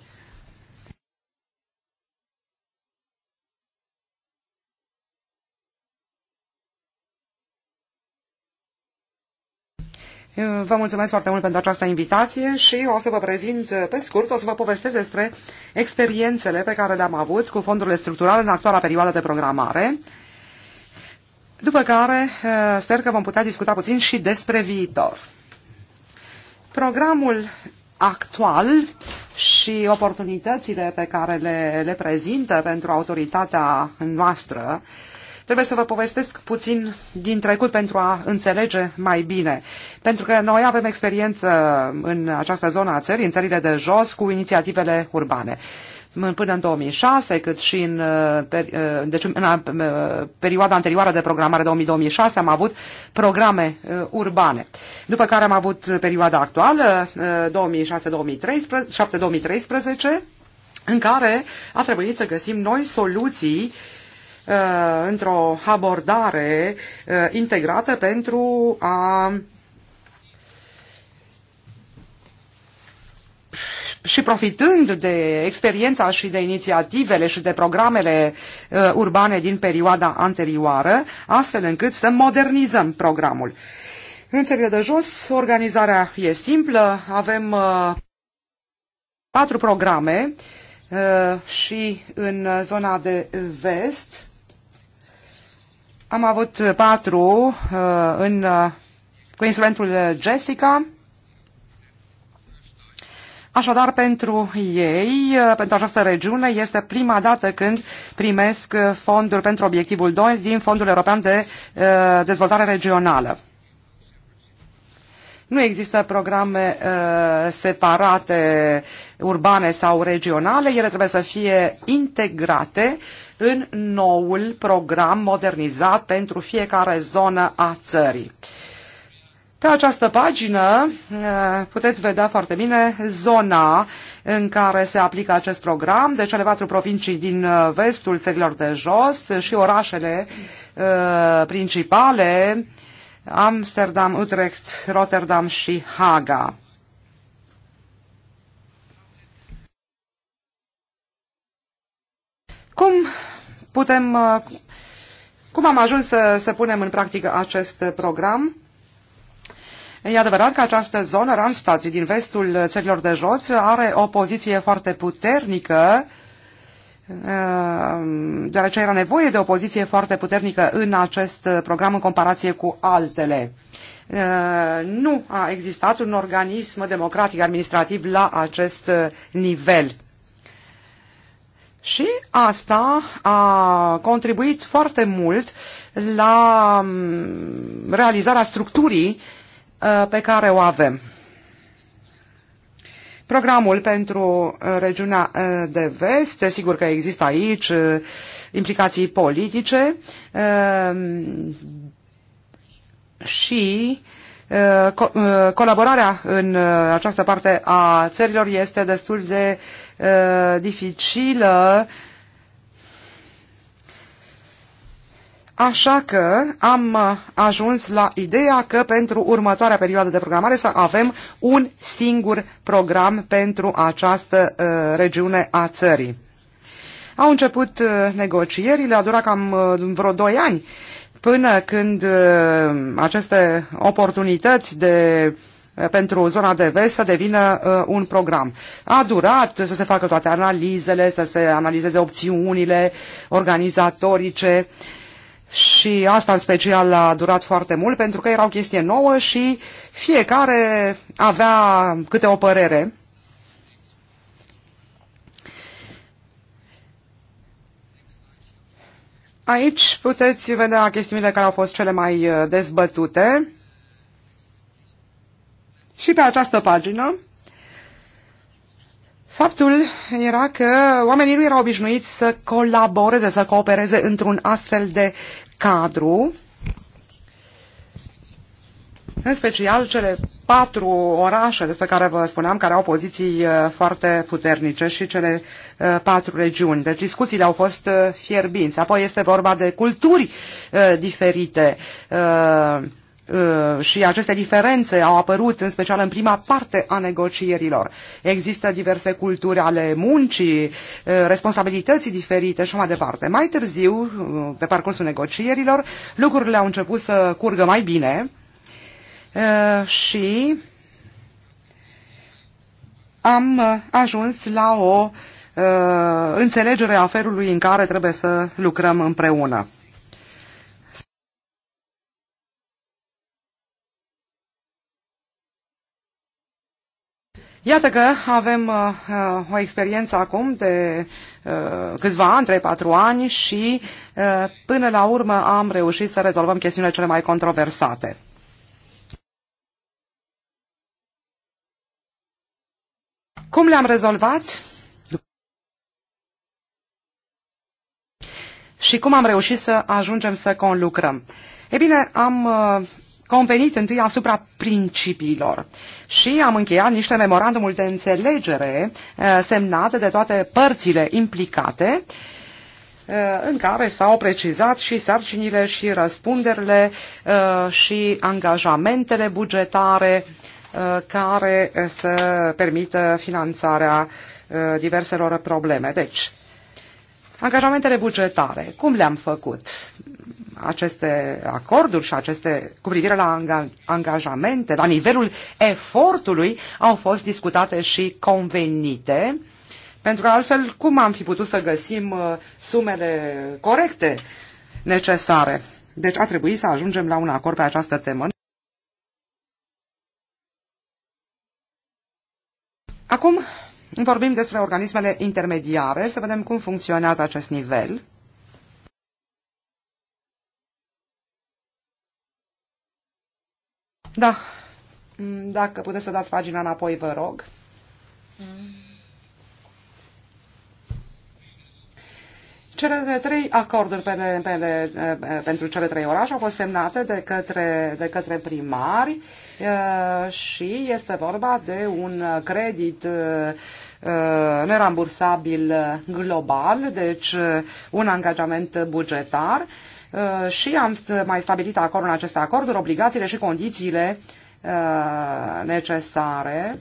Vă mulțumesc foarte mult pentru această invitație și o să vă prezint pe scurt, o să vă povestesc despre experiențele pe care le-am avut cu fondurile structurale în actuala perioadă de programare, după care eh, sper că vom putea discuta puțin și despre viitor. Programul actual și oportunitățile pe care le, le prezintă pentru autoritatea noastră Trebuie să vă povestesc puțin din trecut pentru a înțelege mai bine. Pentru că noi avem experiență în această zonă a țării, în țările de jos, cu inițiativele urbane până în 2006, cât și în, uh, uh, deci în uh, perioada anterioară de programare 2006 am avut programe urbane. După care am avut perioada actuală, 2006-2013, în care a trebuit să găsim noi soluții uh, Uh, într-o abordare uh, integrată pentru a și profitând de experiența și de inițiativele și de programele uh, urbane din perioada anterioară, astfel încât să modernizăm programul. În țările de jos, organizarea e simplă, avem uh, patru programe uh, și în zona de vest am avut uh, patru uh, în, uh, cu instrumentul Jessica. Așadar, pentru ei, pentru această regiune, este prima dată când primesc fonduri pentru obiectivul 2 din Fondul European de Dezvoltare Regională. Nu există programe uh, separate, urbane sau regionale, ele trebuie să fie integrate în noul program modernizat pentru fiecare zonă a țării. Pe această pagină uh, puteți vedea foarte bine zona în care se aplică acest program, de deci, cele patru provincii din uh, vestul țărilor de jos și orașele uh, principale Amsterdam, Utrecht, Rotterdam și Haga. Cum putem, uh, cum am ajuns să, să punem în practică acest program? E adevărat că această zonă, Randstad, din vestul țărilor de jos, are o poziție foarte puternică Ehm, deoarece era nevoie de o poziție foarte puternică în acest program în comparație cu altele. Ehm, nu a existat un organism democratic administrativ la acest nivel. Și asta a contribuit foarte mult la mm, realizarea structurii eh, pe care o avem. Programul pentru uh, regiunea uh, de vest, sigur că există aici uh, implicații politice um, și colaborarea în această parte a țărilor este destul de dificilă Așa că am uh, ajuns la ideea că pentru următoarea perioadă de programare să avem un singur program pentru această uh, regiune a țării. Au început uh, negocierile, a durat cam uh, vreo 2 ani, până când uh, aceste oportunități de uh, pentru zona de vest să devină uh, un program. A durat să se facă toate analizele, să se analizeze opțiunile organizatorice, uh, și asta în special a durat foarte mult pentru că era o chestie nouă și fiecare avea câte o părere. Aici puteți vedea chestiunile care au fost cele mai uh, dezbătute. Și pe această pagină Faptul era că oamenii nu erau obișnuiți să colaboreze, să coopereze într-un astfel de cadru, în special cele patru orașe despre care vă spuneam, care au poziții uh, foarte puternice și cele uh, patru regiuni. Deci discuțiile au fost uh, fierbinți. Apoi este vorba de culturi diferite Uh, și aceste diferențe au apărut în special în prima parte a negocierilor. Există diverse culturi ale muncii, uh, responsabilității diferite și mai departe. Mai târziu, uh, pe parcursul negocierilor, lucrurile au început să curgă mai bine și am ajuns la o înțelegere a felului în care trebuie să lucrăm împreună. Iată că avem uh, uh, o experiență acum de uh, câțiva ani, trei patru ani și uh, până la urmă am reușit să rezolvăm chestiunile cele mai controversate. Cum le-am rezolvat? Și cum am reușit să ajungem să conlucrăm? E bine, am uh, convenit întâi asupra principiilor și am încheiat niște memorandumuri de înțelegere eh, semnate de toate părțile implicate eh, în care s-au precizat și sarcinile și răspunderile eh, și angajamentele bugetare care să permită finanțarea diverselor probleme. Deci, angajamentele bugetare, cum le-am făcut? aceste acorduri și aceste cu privire la angajamente, la nivelul efortului, au fost discutate și convenite, pentru că altfel cum am fi putut să găsim uh, sumele corecte necesare? Deci a trebuit să ajungem la un acord pe această temă. Acum vorbim despre organismele intermediare, să vedem cum funcționează acest nivel. Da, mm, dacă puteți să dați pagina înapoi, vă rog. Cele trei acorduri pe, pe, pentru cele trei orașe au fost semnate de către, de către primari uh, și este vorba de un credit uh, uh, nerambursabil global, deci un angajament bugetar Uh, și am mai stabilit acolo în aceste acorduri obligațiile și condițiile uh, necesare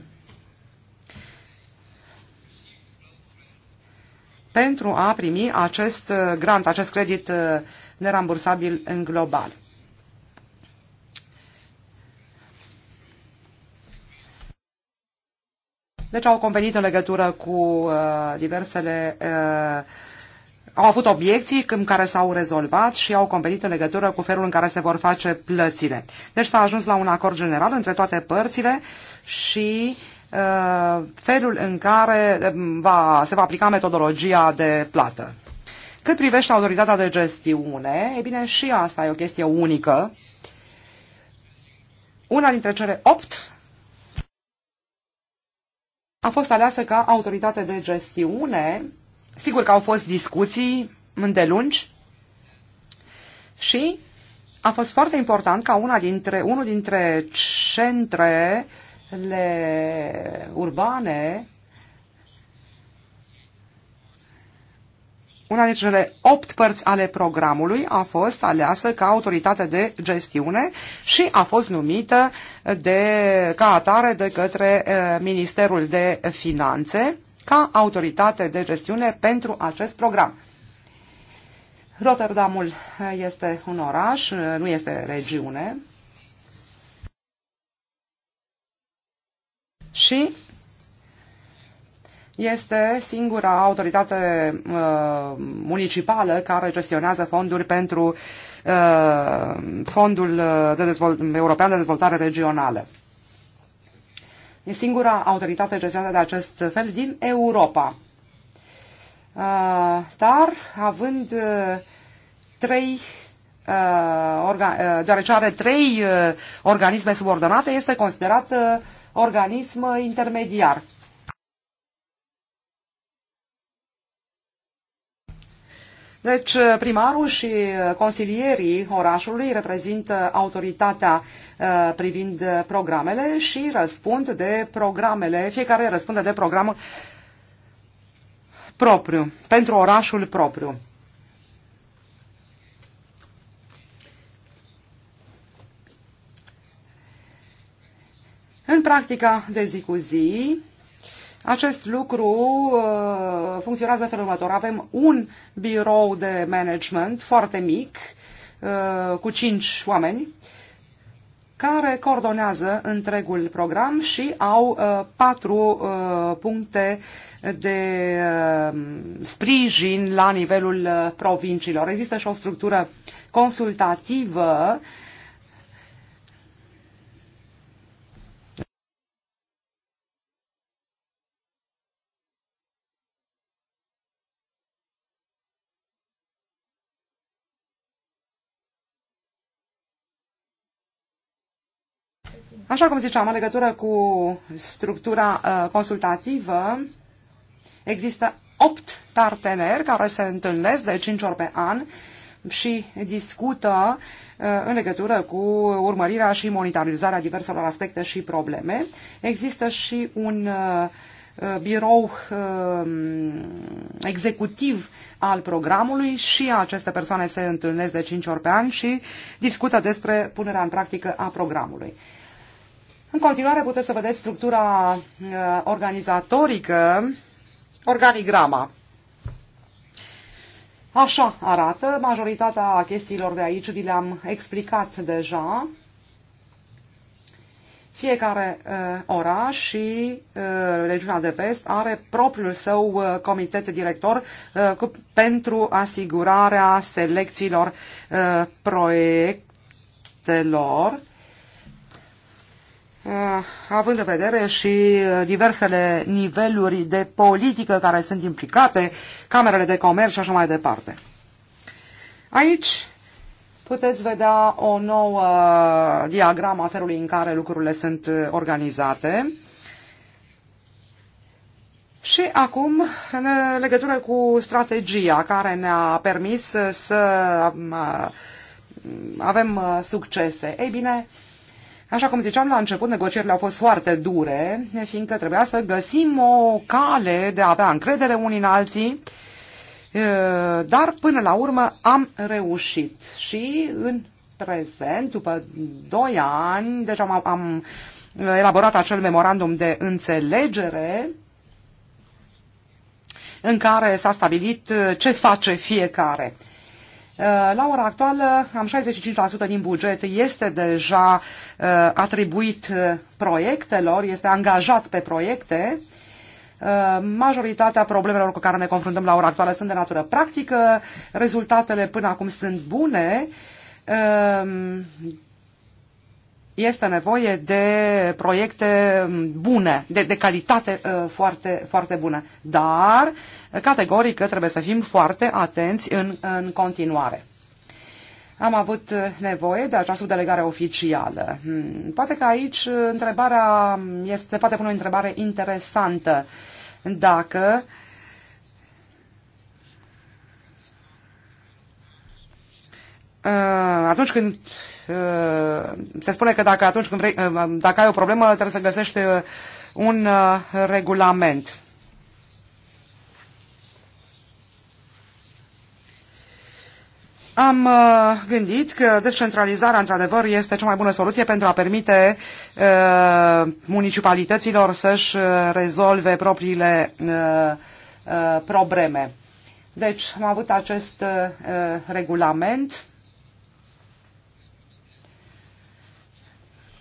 pentru a primi acest uh, grant, acest credit nerambursabil în global. Deci au convenit în legătură cu uh, diversele uh, au avut obiecții în care s-au rezolvat și au convenit în legătură cu felul în care se vor face plățile. Deci s-a ajuns la un acord general între toate părțile și uh, felul în care um, va, se va aplica metodologia de plată. Cât privește autoritatea de gestiune, e bine, și asta e o chestie unică. Una dintre cele opt a fost aleasă ca autoritate de gestiune Sigur că au fost discuții îndelungi și a fost foarte important ca una dintre, unul dintre centrele urbane, una dintre cele opt părți ale programului a fost aleasă ca autoritate de gestiune și a fost numită de, ca atare de către eh, Ministerul de Finanțe ca autoritate de gestiune pentru acest program. Rotterdamul este un oraș, nu este regiune. Și este singura autoritate uh, municipală care gestionează fonduri pentru uh, Fondul de Dezvol- European de Dezvoltare Regională. E singura autoritate gestionată de acest fel din Europa. Uh, dar având uh, trei uh, deoarece are trei organisme subordonate, este considerat organism intermediar. Deci uh, primarul și uh, consilierii orașului reprezintă autoritatea uh, privind programele și răspund de programele, fiecare răspunde de programul propriu, pentru orașul propriu. În practica de zi cu zi, acest lucru uh, funcționează felul următor. Avem un birou de management foarte mic, uh, cu cinci oameni, care coordonează întregul program și au uh, patru uh, puncte de uh, sprijin la nivelul uh, provinciilor. Există și o structură consultativă uh, Așa cum ziceam, în legătură cu structura uh, consultativă, există opt parteneri care se întâlnesc de 5 ori pe an și discută uh, în legătură cu urmărirea și monitorizarea diverselor aspecte și probleme. Există și un uh, birou um, executiv al programului și aceste persoane se întâlnesc de 5 ori pe an și discută despre punerea în practică a programului. În continuare puteți să vedeți structura uh, organizatorică, organigrama. Așa arată. Majoritatea chestiilor de aici vi le-am explicat deja. Fiecare uh, oraș și uh, regiunea de vest are propriul său uh, comitet director uh, cu, pentru asigurarea selecțiilor uh, proiectelor Eh, având în vedere și eh, diversele niveluri de politică care sunt implicate, camerele de comerț și așa mai departe. Aici puteți vedea o nouă eh, diagramă a felului în care lucrurile sunt organizate. Și acum, în legătură cu strategia care ne-a permis să avem succese. Ei bine, Așa cum ziceam la început, negocierile au fost foarte dure, fiindcă trebuia să găsim o cale de a avea încredere unii în alții, dar până la urmă am reușit și în prezent, după 2 ani, deja deci am, am elaborat acel memorandum de înțelegere în care s-a stabilit ce face fiecare. Uh, la ora actuală, am 65% din buget este deja uh, atribuit uh, proiectelor, este angajat pe proiecte. Majoritatea problemelor cu care ne confruntăm la ora actuală sunt de natură practică, rezultatele până acum sunt bune, este nevoie de proiecte bune, de, de calitate foarte, foarte bună. Dar Categoric trebuie să fim foarte atenți în, în continuare. Am avut nevoie de această delegare oficială. Hmm, poate că aici întrebarea este, poate pune o întrebare interesantă. Dacă uh, atunci când uh, se spune că dacă atunci când vrei, uh, dacă ai o problemă trebuie să găsești un regulament. Am uh, gândit că descentralizarea, într-adevăr, este cea mai bună soluție pentru a permite uh, municipalităților să-și uh, rezolve propriile uh, uh, probleme. Deci am avut acest uh, uh, regulament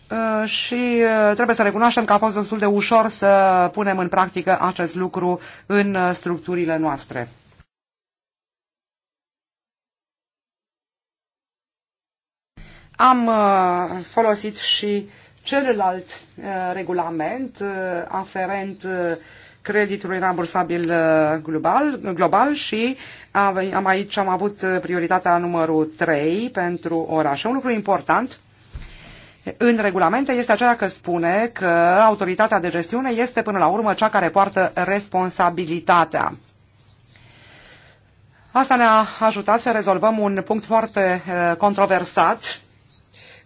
uh, și uh, trebuie să recunoaștem că a fost destul de ușor să punem în practică acest lucru în uh, structurile noastre. Am uh, folosit și celălalt uh, regulament uh, aferent creditului rambursabil global, global și am aici am avut prioritatea numărul 3 pentru orașe. Un lucru important în regulamente este acela că spune că autoritatea de gestiune este până la urmă cea care poartă responsabilitatea. Asta ne-a ajutat să rezolvăm un punct foarte controversat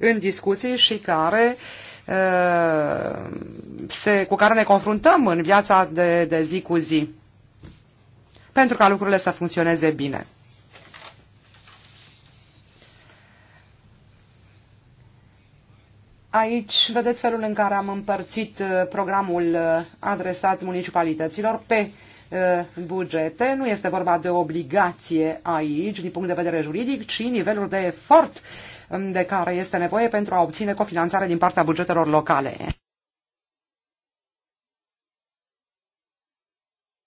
în discuții și care uh, se, cu care ne confruntăm în viața de, de zi cu zi pentru ca lucrurile să funcționeze bine. Aici vedeți felul în care am împărțit uh, programul uh, adresat municipalităților pe bugete. Nu este vorba de obligație aici, din punct de vedere juridic, ci nivelul de efort Um, de care este nevoie pentru a obține cofinanțare din partea bugetelor locale.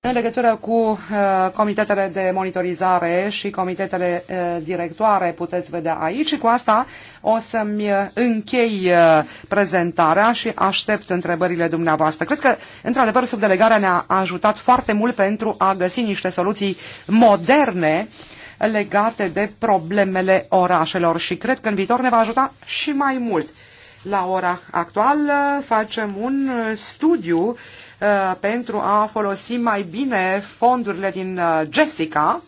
În legătură cu uh, comitetele de monitorizare și comitetele uh, directoare puteți vedea aici și cu asta o să-mi uh, închei uh, prezentarea și aștept întrebările dumneavoastră. Cred că, într-adevăr, subdelegarea ne-a ajutat foarte mult pentru a găsi niște soluții moderne uh, legate de problemele orașelor și cred că în viitor ne va ajuta și mai mult. La ora actuală facem un uh, studiu uh, pentru a folosi mai bine fondurile din uh, Jessica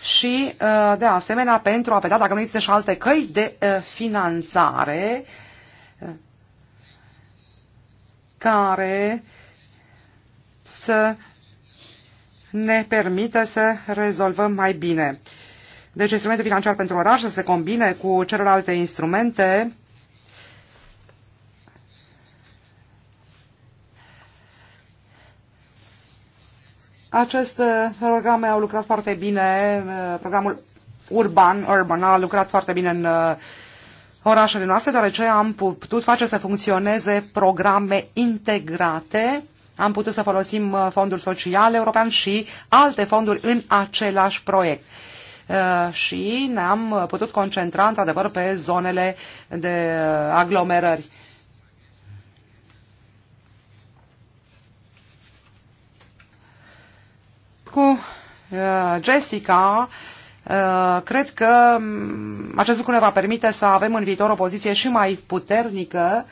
și, de asemenea, pentru a vedea dacă nu există și alte căi de finanțare care să ne permite să rezolvăm mai bine. Deci instrumentul financiar pentru oraș să se combine cu celelalte instrumente Aceste programe au lucrat foarte bine, uh, programul urban, urban, a lucrat foarte bine în uh, orașele noastre, deoarece am putut face să funcționeze programe integrate am putut să folosim uh, fondul social european și alte fonduri în același proiect uh, și ne-am uh, putut concentra într-adevăr pe zonele de aglomerări. Cu Jessica, cred că mm, acest lucru ne va permite să avem în viitor o poziție și mai puternică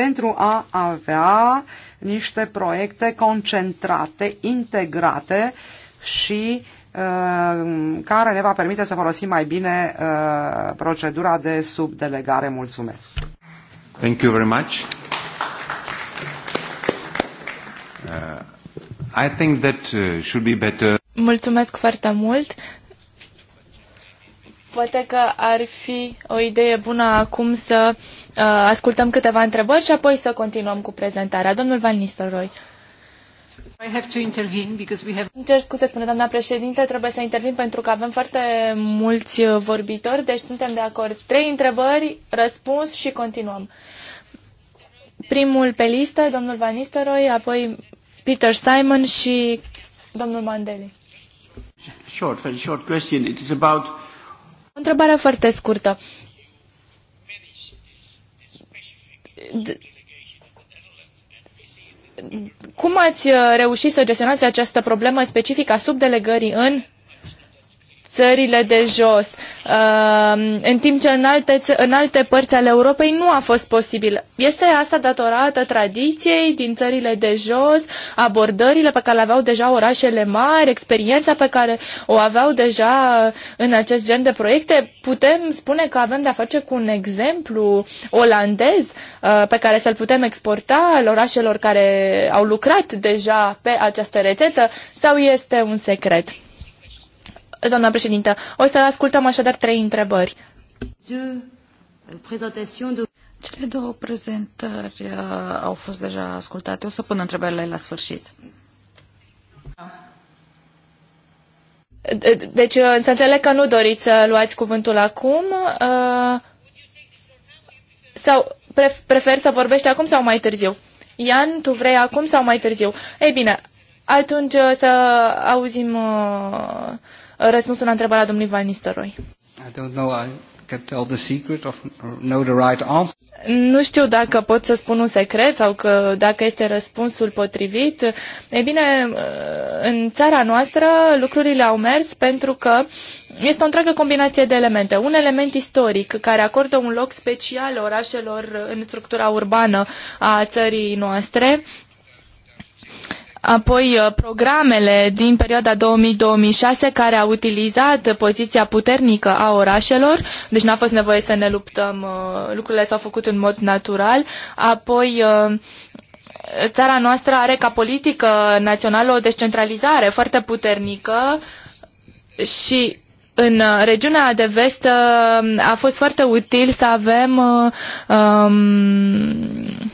pentru a avea niște proiecte concentrate, integrate și uh, care ne va permite să folosim mai bine uh, procedura de subdelegare. Mulțumesc! Thank you very much. Uh, I think that uh, should be better. Mulțumesc foarte mult. Poate că ar fi o idee bună acum să uh, ascultăm câteva întrebări și apoi să continuăm cu prezentarea. Domnul Van Nistelrooy. I have to intervene because we have... Îmi cer scuze, spune doamna președinte, trebuie să intervin pentru că avem foarte mulți uh, vorbitori, deci suntem de acord. Trei întrebări, răspuns și continuăm. Primul pe listă, domnul Van Nistelrooy, apoi Peter Simon și domnul Mandeli. Short, very short question. It is about întrebare foarte scurtă. cum ați uh, reușit să gestionați această problemă specifică a subdelegării în țările de jos, ehm, în timp ce în alte, în alte părți ale Europei nu a fost posibil. Este asta datorată tradiției din țările de jos, abordările pe care le aveau deja orașele mari, experiența pe care o aveau deja în acest gen de proiecte. Putem spune că avem de-a face cu un exemplu olandez eh, pe care să-l putem exporta orașelor care au lucrat deja pe această rețetă sau este un secret? doamna președintă. O să ascultăm așadar trei întrebări. Cele două prezentări uh, au fost deja ascultate. O să pun întrebările la sfârșit. Deci, uh, să înțeleg că nu doriți să luați cuvântul acum. Uh, sau prefer să vorbești acum sau mai târziu? Ian, tu vrei acum sau mai târziu? Ei bine, atunci să auzim Uh, răspunsul la întrebarea domnului Van Nistelrooy. Nu știu dacă pot să spun un secret sau că dacă este răspunsul potrivit. E bine, uh, în țara noastră lucrurile au mers pentru că este o întreagă combinație de elemente. Un element istoric care acordă un loc special orașelor în structura urbană a țării noastre Apoi uh, programele din perioada 2000-2006 care au utilizat poziția puternică a orașelor, deci n-a fost nevoie să ne luptăm, uh, lucrurile s-au făcut în mod natural. Apoi uh, țara noastră are ca politică națională o descentralizare foarte puternică și în regiunea de vest a fost foarte util să avem um,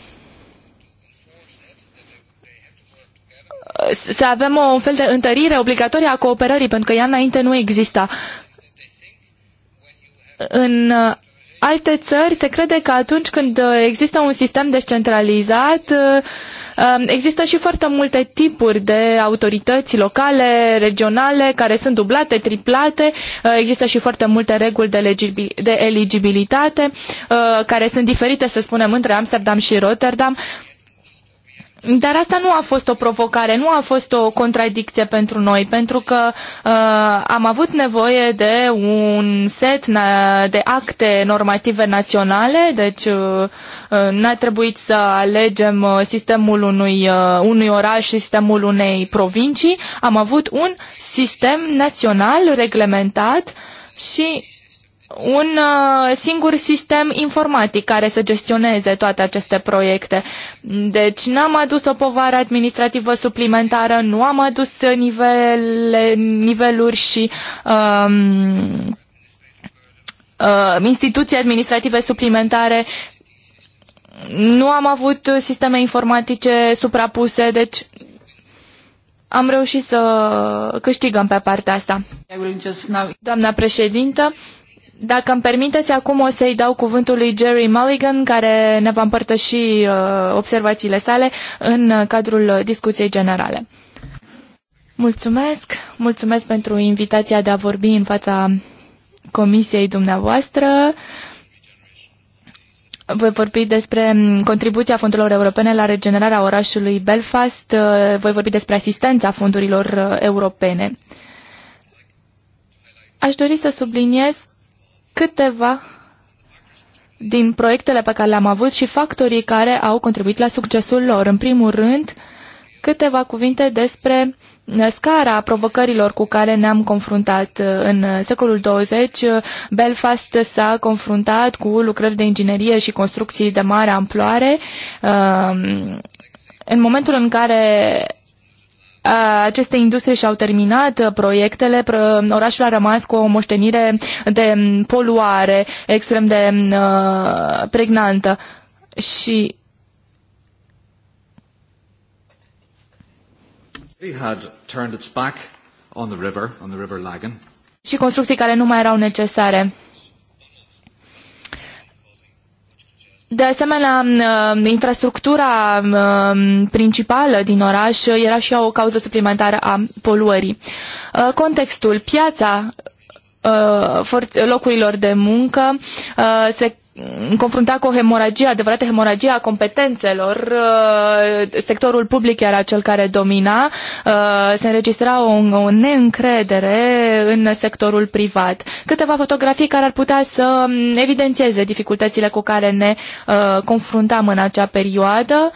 să avem o fel de întărire obligatorie a cooperării, pentru că ea înainte nu exista. În uh, alte țări se crede că atunci când uh, există un sistem descentralizat, uh, um, Există și foarte multe tipuri de autorități locale, regionale, care sunt dublate, triplate. Există și foarte multe reguli de eligibilitate, care sunt diferite, să spunem, între Amsterdam și Rotterdam. Dar asta nu a fost o provocare, nu a fost o contradicție pentru noi, pentru că uh, am avut nevoie de un set de acte normative naționale, deci uh, uh n-a trebuit să alegem uh, sistemul unui, uh, unui oraș, sistemul unei provincii. Am avut un sistem național reglementat și un uh, singur sistem informatic care să gestioneze toate aceste proiecte. Deci n-am adus o povară administrativă suplimentară, nu am adus nivele, niveluri și um, uh, instituții administrative suplimentare, nu am avut sisteme informatice suprapuse, deci am reușit să câștigăm pe partea asta. Doamna președintă, dacă îmi permiteți, acum o să-i dau cuvântul lui Jerry Mulligan, care ne va împărtăși uh, observațiile sale în uh, cadrul uh, discuției generale. Mulțumesc, mulțumesc pentru invitația de a vorbi în fața comisiei dumneavoastră. Voi vorbi despre um, contribuția fondurilor europene la regenerarea orașului Belfast, uh, voi vorbi despre asistența fondurilor europene. Aș dori să subliniez câteva din proiectele pe care le-am avut și factorii care au contribuit la succesul lor. În primul rând, câteva cuvinte despre uh, scara provocărilor cu care ne-am confruntat uh, în uh, secolul 20. Belfast s-a confruntat cu lucrări de inginerie și construcții de mare amploare. În momentul în care aceste industrie și-au terminat uh, proiectele, orașul a rămas cu o moștenire de poluare extrem de uh, pregnantă și had turned its back on the river, on the river Lagan. Și construcții care nu mai erau necesare. De asemenea, infrastructura principală din oraș era și o cauză suplimentară a poluării. Uh, contextul, piața uh, locurilor de muncă, uh, se Mm, confrunta cu o hemoragie, adevărată hemoragie a competențelor. Uh, sectorul public era cel care domina. Uh, se înregistra o, o neîncredere în sectorul privat. Câteva fotografii care ar putea să mm, evidențieze dificultățile cu care ne uh, confruntam în acea perioadă.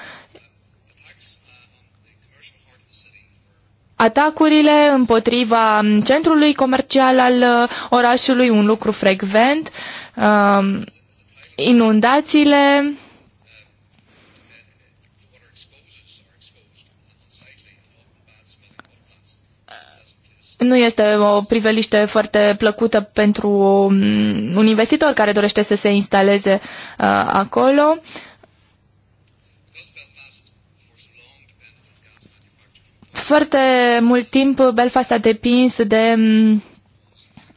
Atacurile împotriva mm, centrului comercial al orașului, un lucru frecvent. Uh inundațiile nu este o priveliște foarte plăcută pentru mm, un investitor care dorește să se instaleze uh, acolo. Foarte mult timp Belfast a depins de um,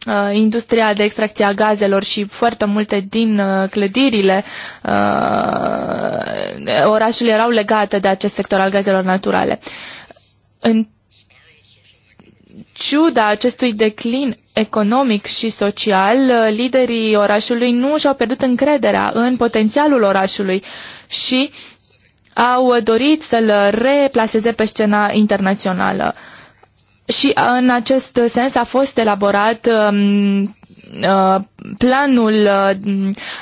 Uh, industria de extracție a gazelor și foarte multe din uh, clădirile uh, orașului erau legate de acest sector al gazelor naturale. În ciuda acestui declin economic și social, liderii orașului nu și-au pierdut încrederea în potențialul orașului și au dorit să-l replaseze pe scena internațională. Și uh, în acest sens a fost elaborat um, uh, planul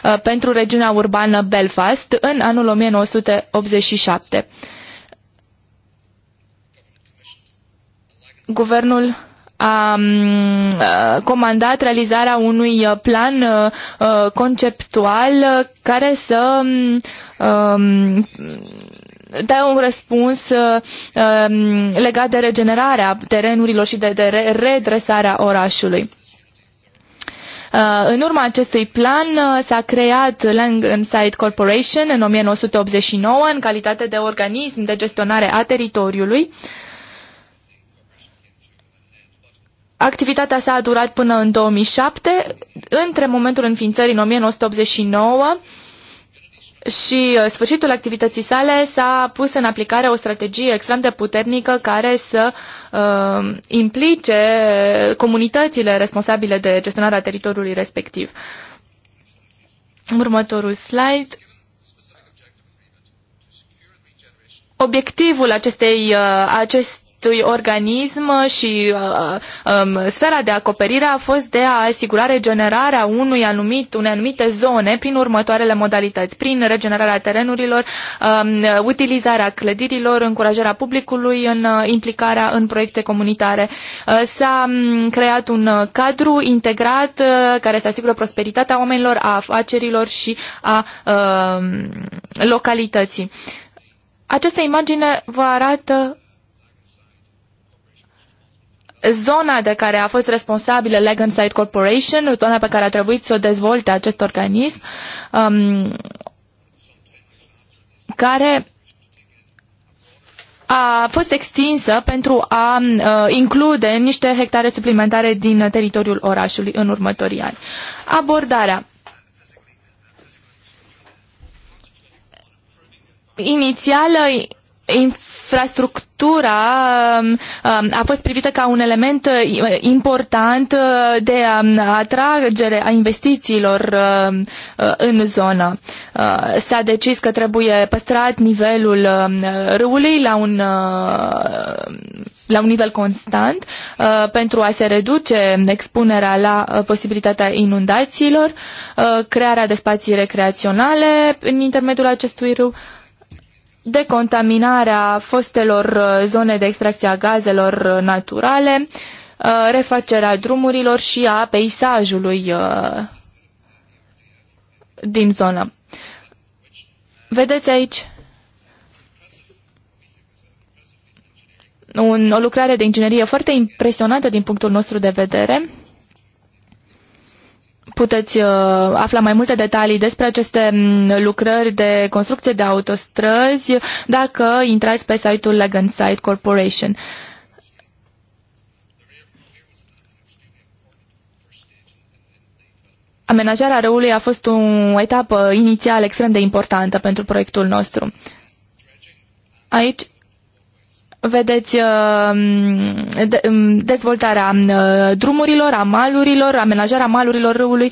uh, pentru regiunea urbană Belfast în anul 1987. Guvernul a um, comandat realizarea unui plan conceptual care să um, dai un răspuns uh, um, legat de regenerarea terenurilor și de, de redresarea orașului. Uh, în urma acestui plan uh, s-a creat Langside Corporation în 1989 în calitate de organism de gestionare a teritoriului. Activitatea sa a durat până în 2007, între momentul înființării în 1989 și uh, sfârșitul activității sale s-a pus în aplicare o strategie extrem de puternică care să uh, implice comunitățile responsabile de gestionarea teritoriului respectiv. Următorul slide. Obiectivul acestei, uh, acest, acestui organism și uh, uh, um, sfera de acoperire a fost de a asigura regenerarea unui anumit, unei anumite zone prin următoarele modalități, prin regenerarea terenurilor, um, uh, utilizarea clădirilor, încurajarea publicului în uh, implicarea în proiecte comunitare. Uh, s-a um, creat un cadru integrat uh, care să asigură prosperitatea oamenilor, a afacerilor și a uh, localității. Această imagine vă arată zona de care a fost responsabilă Leganside Corporation, zona pe care a trebuit să o dezvolte acest organism, um, care a fost extinsă pentru a uh, include niște hectare suplimentare din teritoriul orașului în următorii ani. Abordarea inițială infrastructura um, um, a fost privită ca un element uh, important uh, de um, atragere a investițiilor uh, în zonă. S-a decis că trebuie păstrat nivelul râului la un, la un nivel constant pentru a se reduce expunerea la posibilitatea inundațiilor, crearea de spații recreaționale în intermediul acestui râu, decontaminarea fostelor uh, zone de extracție a gazelor uh, naturale, uh, refacerea drumurilor și a peisajului din zonă. Vedeți aici un, o lucrare de inginerie foarte impresionantă din punctul nostru de vedere puteți uh, afla mai multe detalii despre aceste mm, lucrări de construcție de autostrăzi dacă intrați pe site-ul Legend Site Corporation. Amenajarea râului a fost o etapă inițială extrem de importantă pentru proiectul nostru. Aici vedeți uh, dezvoltarea drumurilor, a malurilor, amenajarea malurilor râului.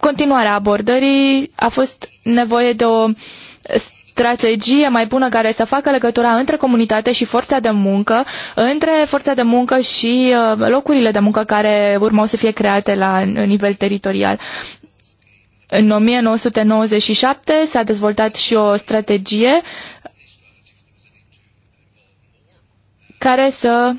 Continuarea abordării a fost nevoie de o strategie mai bună care să facă legătura între comunitate și forța de muncă, între forța de muncă și uh, locurile de muncă care urmau să fie create la nivel teritorial. În 1997 s-a dezvoltat și o strategie uh, care să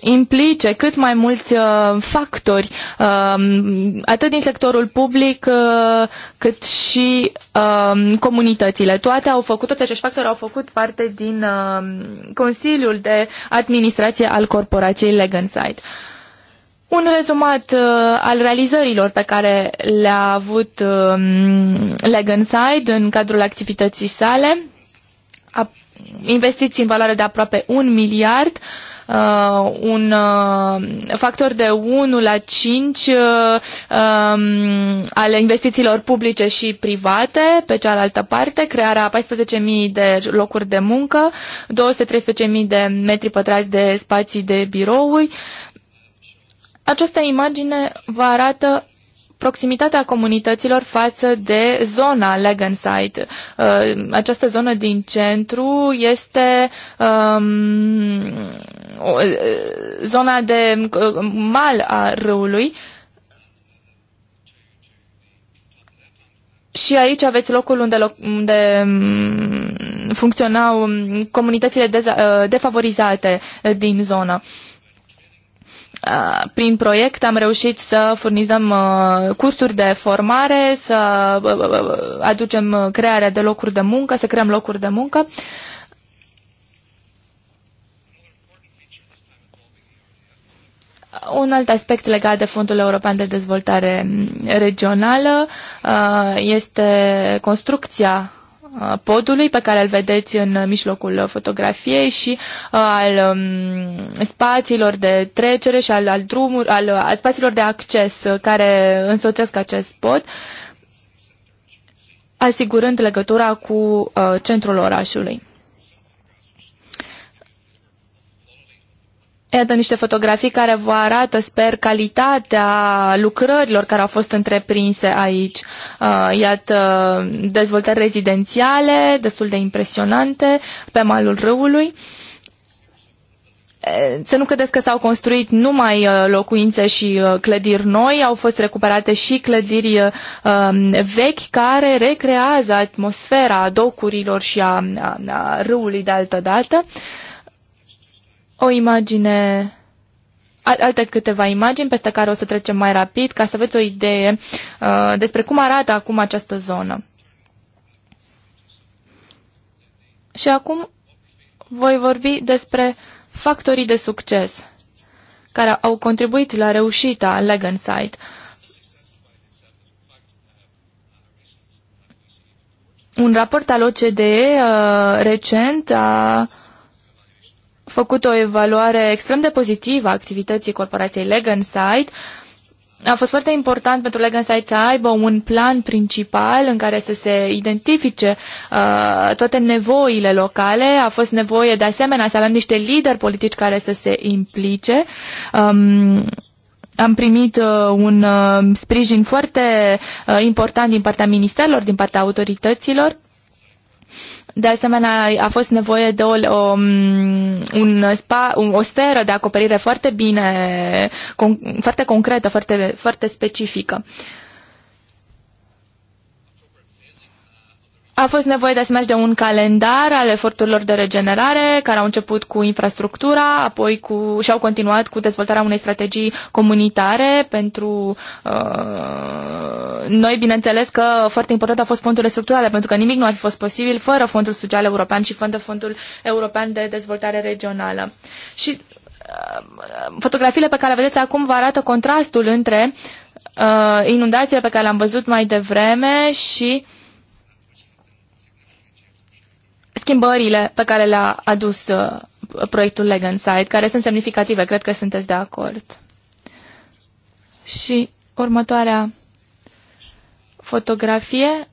implice cât mai mulți uh, factori, uh, atât din sectorul public, uh, cât și uh, comunitățile. Toate au făcut, toți acești factori au făcut parte din uh, Consiliul de Administrație al Corporației Legendside. Un rezumat uh, al realizărilor pe care le-a avut uh, Legenside în cadrul activității sale investiții în valoare de aproape un miliard, uh, un uh, factor de 1 la 5 uh, um, ale investițiilor publice și private, pe cealaltă parte, crearea 14.000 de locuri de muncă, 213.000 de metri pătrați de spații de birouri. Această imagine vă arată proximitatea comunităților față de zona Legenside. Uh, această zonă din centru este um, o, uh, zona de uh, mal a râului și aici aveți locul unde, loc, unde um, funcționau um, comunitățile defavorizate din zonă. Uh, Uh, prin proiect am reușit să furnizăm uh, cursuri de formare, să uh, aducem crearea de locuri de muncă, să creăm locuri de muncă. Un alt aspect legat de Fondul European de Dezvoltare Regională este construcția Uh, podului pe care îl vedeți în uh, mijlocul uh, fotografiei și al um, spațiilor de trecere și al, al, drumur, al, al spațiilor de acces care însoțesc acest pod, asigurând legătura cu centrul orașului. Iată niște fotografii care vă arată, sper, calitatea lucrărilor care au fost întreprinse aici. Uh, iată dezvoltări rezidențiale destul de impresionante pe malul râului eh, să nu credeți că s-au construit numai uh, locuințe și uh, clădiri noi, au fost recuperate și clădiri um, vechi care recrează atmosfera docurilor și a, râului de altă dată o imagine, alte câteva imagini peste care o să trecem mai rapid ca să aveți o idee uh, despre cum arată acum această zonă. Și acum voi vorbi despre factorii de succes care au contribuit la reușita Legensite. Un raport al OCDE uh, recent a făcut o evaluare extrem de pozitivă a activității corporației Legansight. A fost foarte important pentru Legansight să aibă un plan principal în care să se identifice uh, toate nevoile locale. A fost nevoie de asemenea să avem niște lideri politici care să se implice. Um, am primit uh, un uh, sprijin foarte uh, important din partea ministerilor, din partea autorităților. De asemenea, a fost nevoie de o, o, um, un spa, o sferă de acoperire foarte bine, con, foarte concretă, foarte, foarte specifică. Uh, A fost nevoie de asemenea de un calendar al eforturilor de regenerare, care au început cu infrastructura, apoi cu, și au continuat cu dezvoltarea unei strategii comunitare pentru uh, noi, bineînțeles că foarte important au fost fondurile structurale, pentru că nimic nu ar fi fost posibil fără Fondul Social European și fără Fondul European de Dezvoltare Regională. Și uh, fotografiile pe care le vedeți acum vă arată contrastul între uh, inundațiile pe care le-am văzut mai devreme și uh, schimbările pe care le-a adus uh, proiectul Leg care sunt semnificative, cred că sunteți de acord. Și următoarea fotografie.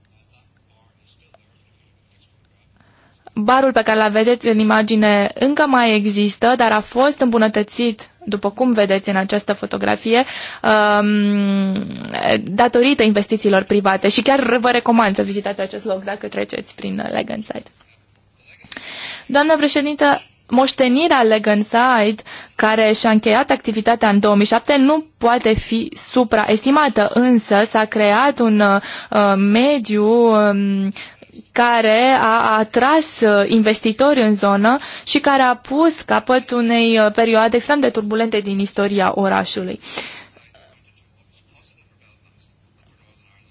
Barul pe care l vedeți în imagine încă mai există, dar a fost îmbunătățit, după cum vedeți în această fotografie, um, datorită investițiilor private. Și chiar vă recomand să vizitați acest loc dacă treceți prin Site. Doamna președintă, moștenirea Legenside, care și-a încheiat activitatea în 2007, nu poate fi supraestimată, însă s-a creat un uh, mediu um, care a atras uh, investitori în zonă și care a pus capăt unei uh, perioade extrem de turbulente din istoria orașului. Uh,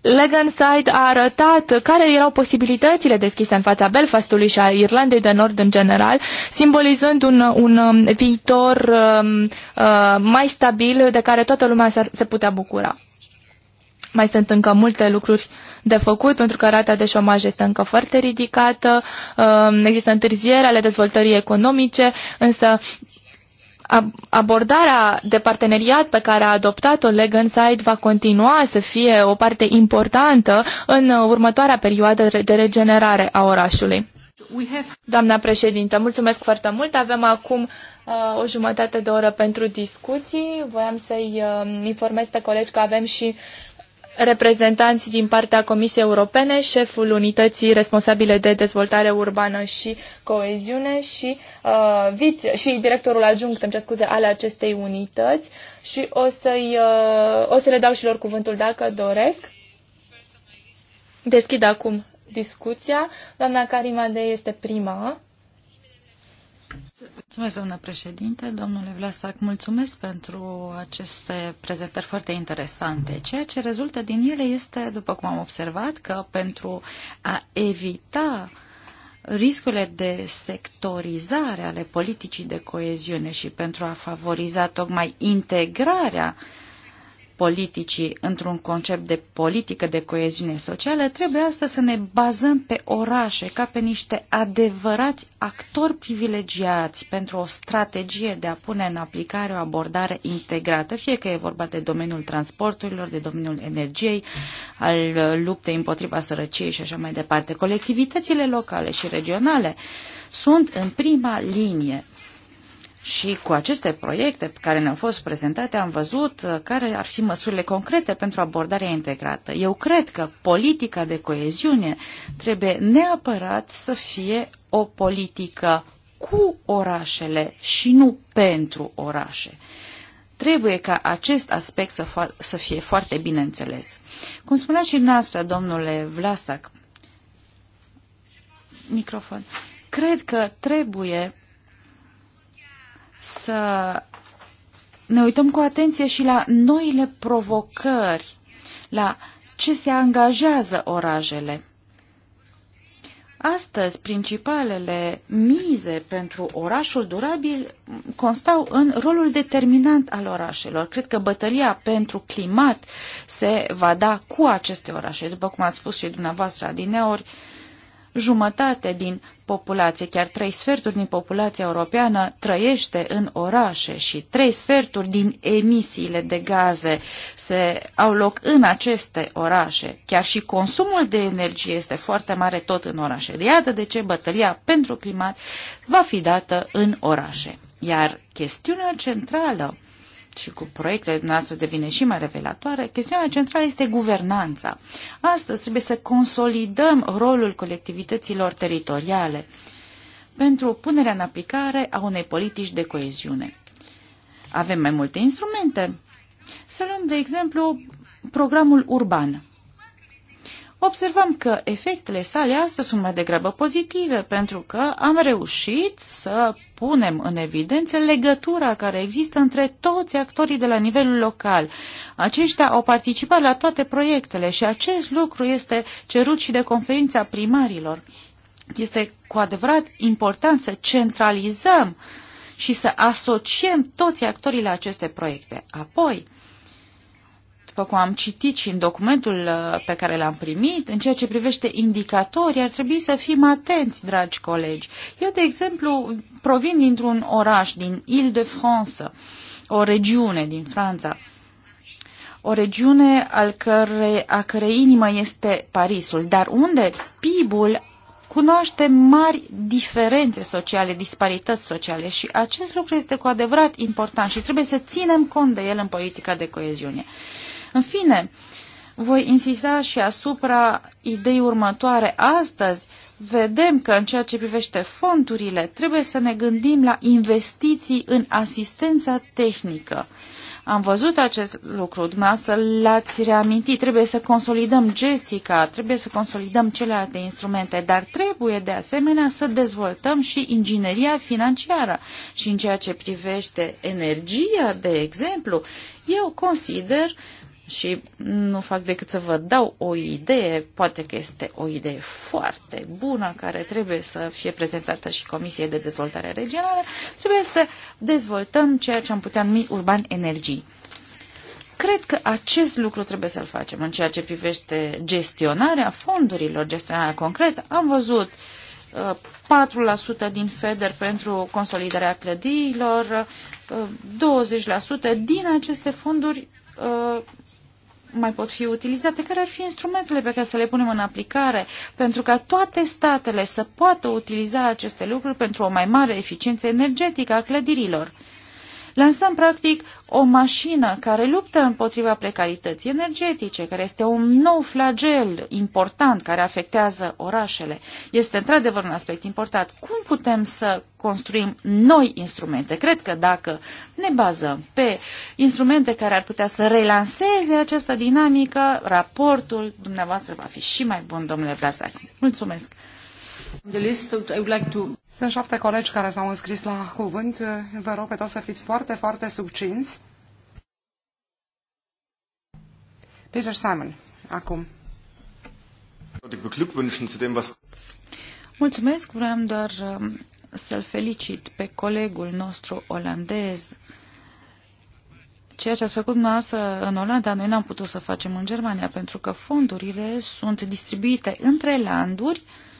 Legenside a arătat care erau posibilitățile deschise în fața Belfastului și a Irlandei de Nord în general, simbolizând un, un um, viitor uh, uh, mai stabil de care toată lumea se putea bucura. Mai sunt încă multe lucruri de făcut pentru că rata de șomaj este încă foarte ridicată, um, există întârzieri ale dezvoltării economice, însă abordarea de parteneriat pe care a adoptat-o Leganside va continua să fie o parte importantă în următoarea perioadă de regenerare a orașului. Doamna președintă, mulțumesc foarte mult. Avem acum uh, o jumătate de oră pentru discuții. Voiam să-i uh, informez pe colegi că avem și reprezentanți din partea Comisiei Europene, șeful unității responsabile de dezvoltare urbană și coeziune și, uh, vice, și directorul adjunct, îmi cer scuze, ale acestei unități și o, să-i, uh, o să le dau și lor cuvântul dacă doresc. Deschid acum discuția. Doamna Karima de este prima. Mulțumesc, domnule președinte. Domnule Vlasac, mulțumesc pentru aceste prezentări foarte interesante. Ceea ce rezultă din ele este, după cum am observat, că pentru a evita riscurile de sectorizare ale politicii de coeziune și pentru a favoriza tocmai integrarea uh, politicii într-un concept de politică de coeziune socială, trebuie astăzi să ne bazăm pe orașe ca pe niște adevărați actori privilegiați pentru o strategie de a pune în aplicare o abordare integrată, fie că e vorba de domeniul transporturilor, de domeniul energiei, al luptei împotriva sărăciei și așa mai departe. Colectivitățile locale și regionale sunt în prima linie și cu aceste proiecte care ne-au fost prezentate am văzut uh, care ar fi măsurile concrete pentru abordarea integrată. Eu cred că politica de coeziune trebuie neapărat să fie o politică cu orașele și nu pentru orașe. Trebuie ca acest aspect să, fo- să fie foarte bine înțeles. Cum spunea și noastră, domnule Vlasac, microfon, cred că trebuie să ne uităm cu atenție și la noile provocări, la ce se angajează orașele. Astăzi, principalele mize pentru orașul durabil constau în rolul determinant al orașelor. Cred că bătălia pentru climat se va da cu aceste orașe. După cum ați spus și dumneavoastră adineori, uh, jumătate din populație, chiar trei sferturi din populația europeană trăiește în orașe și trei sferturi din emisiile de gaze se au loc în aceste orașe. Chiar și consumul de energie este foarte mare tot în orașe. Iată de ce bătălia pentru climat va fi dată în orașe. Iar chestiunea centrală și cu proiectele dumneavoastră devine și mai revelatoare, chestiunea centrală este guvernanța. Astăzi trebuie să consolidăm rolul colectivităților teritoriale pentru punerea în aplicare a unei politici de coeziune. Avem mai multe instrumente. Să luăm, de exemplu, programul urban observăm că efectele sale astăzi sunt mai degrabă pozitive, pentru că am reușit să punem în evidență legătura care există între toți actorii de la nivelul local. Aceștia au participat la toate proiectele și acest lucru este cerut și de conferința primarilor. Este cu adevărat important să centralizăm și să asociem toți actorii la aceste proiecte. Apoi, după cum am citit și în documentul uh, pe care l-am primit, în ceea ce privește indicatorii, ar trebui să fim atenți, dragi colegi. Eu, de exemplu, provin dintr-un oraș din Île-de-France, o regiune din Franța, o regiune al căre, a cărei inimă este Parisul, dar unde PIB-ul cunoaște mari diferențe sociale, disparități sociale și acest lucru este cu adevărat important și trebuie să ținem cont de el în politica de coeziune. În fine, voi insista și asupra ideii următoare. Astăzi vedem că în ceea ce privește fondurile trebuie să ne gândim la investiții în asistența tehnică. Am văzut acest lucru, dumneavoastră l-ați reamintit, trebuie să consolidăm Jessica, trebuie să consolidăm celelalte instrumente, dar trebuie de asemenea să dezvoltăm și ingineria financiară. Și în ceea ce privește energia, de exemplu, eu consider și nu fac decât să vă dau o idee, poate că este o idee foarte bună care trebuie să fie prezentată și Comisiei de Dezvoltare Regională, trebuie să dezvoltăm ceea ce am putea numi urban energii. Cred că acest lucru trebuie să-l facem în ceea ce privește gestionarea fondurilor, gestionarea concretă. Am văzut 4% uh, din FEDER pentru consolidarea clădirilor, 20% uh, din aceste fonduri uh, mai pot fi utilizate, care ar fi instrumentele pe care să le punem în aplicare, pentru ca toate statele să poată utiliza aceste lucruri pentru o mai mare eficiență energetică a clădirilor. Lansăm, practic, o mașină care luptă împotriva precarității energetice, care este un nou flagel important care afectează orașele. Este, într-adevăr, un aspect important. Cum putem să construim noi instrumente? Cred că dacă ne bazăm pe instrumente care ar putea să relanseze această dinamică, raportul dumneavoastră va fi și mai bun, domnule Vlasac. Mulțumesc! Sunt șapte colegi care s-au înscris la cuvânt. Vă rog pe toți să fiți foarte, foarte succinți. Peter Simon, acum. Mulțumesc, vreau doar um, să-l felicit pe colegul nostru olandez. Ceea ce ați făcut noastră în Olanda, noi n-am putut să facem în Germania, pentru că fondurile sunt distribuite între landuri, uh,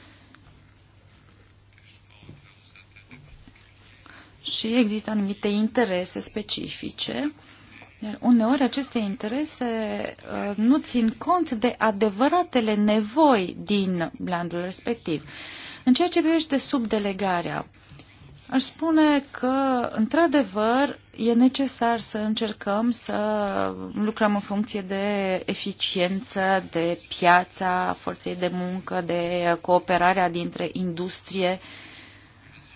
și există anumite interese specifice. Uneori aceste interese uh, nu țin cont de adevăratele nevoi din blandul respectiv. În ceea ce privește subdelegarea, aș spune că, într-adevăr, e necesar să încercăm să lucrăm în funcție de eficiență, de piața forței de muncă, de cooperarea dintre industrie, uh,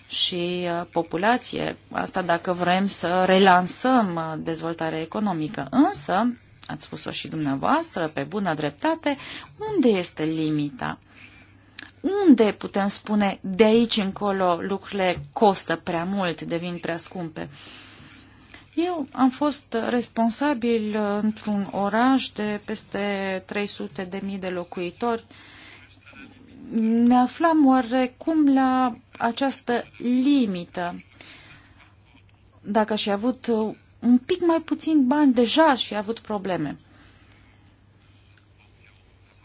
și uh, populație. Asta dacă vrem să relansăm uh, dezvoltarea economică. Însă, ați spus-o și dumneavoastră, pe bună dreptate, unde este limita? Unde putem spune de aici încolo lucrurile costă prea mult, devin prea scumpe? Eu am fost responsabil uh, într-un oraș de peste 300 de mii de locuitori. Ne aflam oarecum la această limită. Dacă și avut un pic mai puțin bani, deja aș fi avut probleme.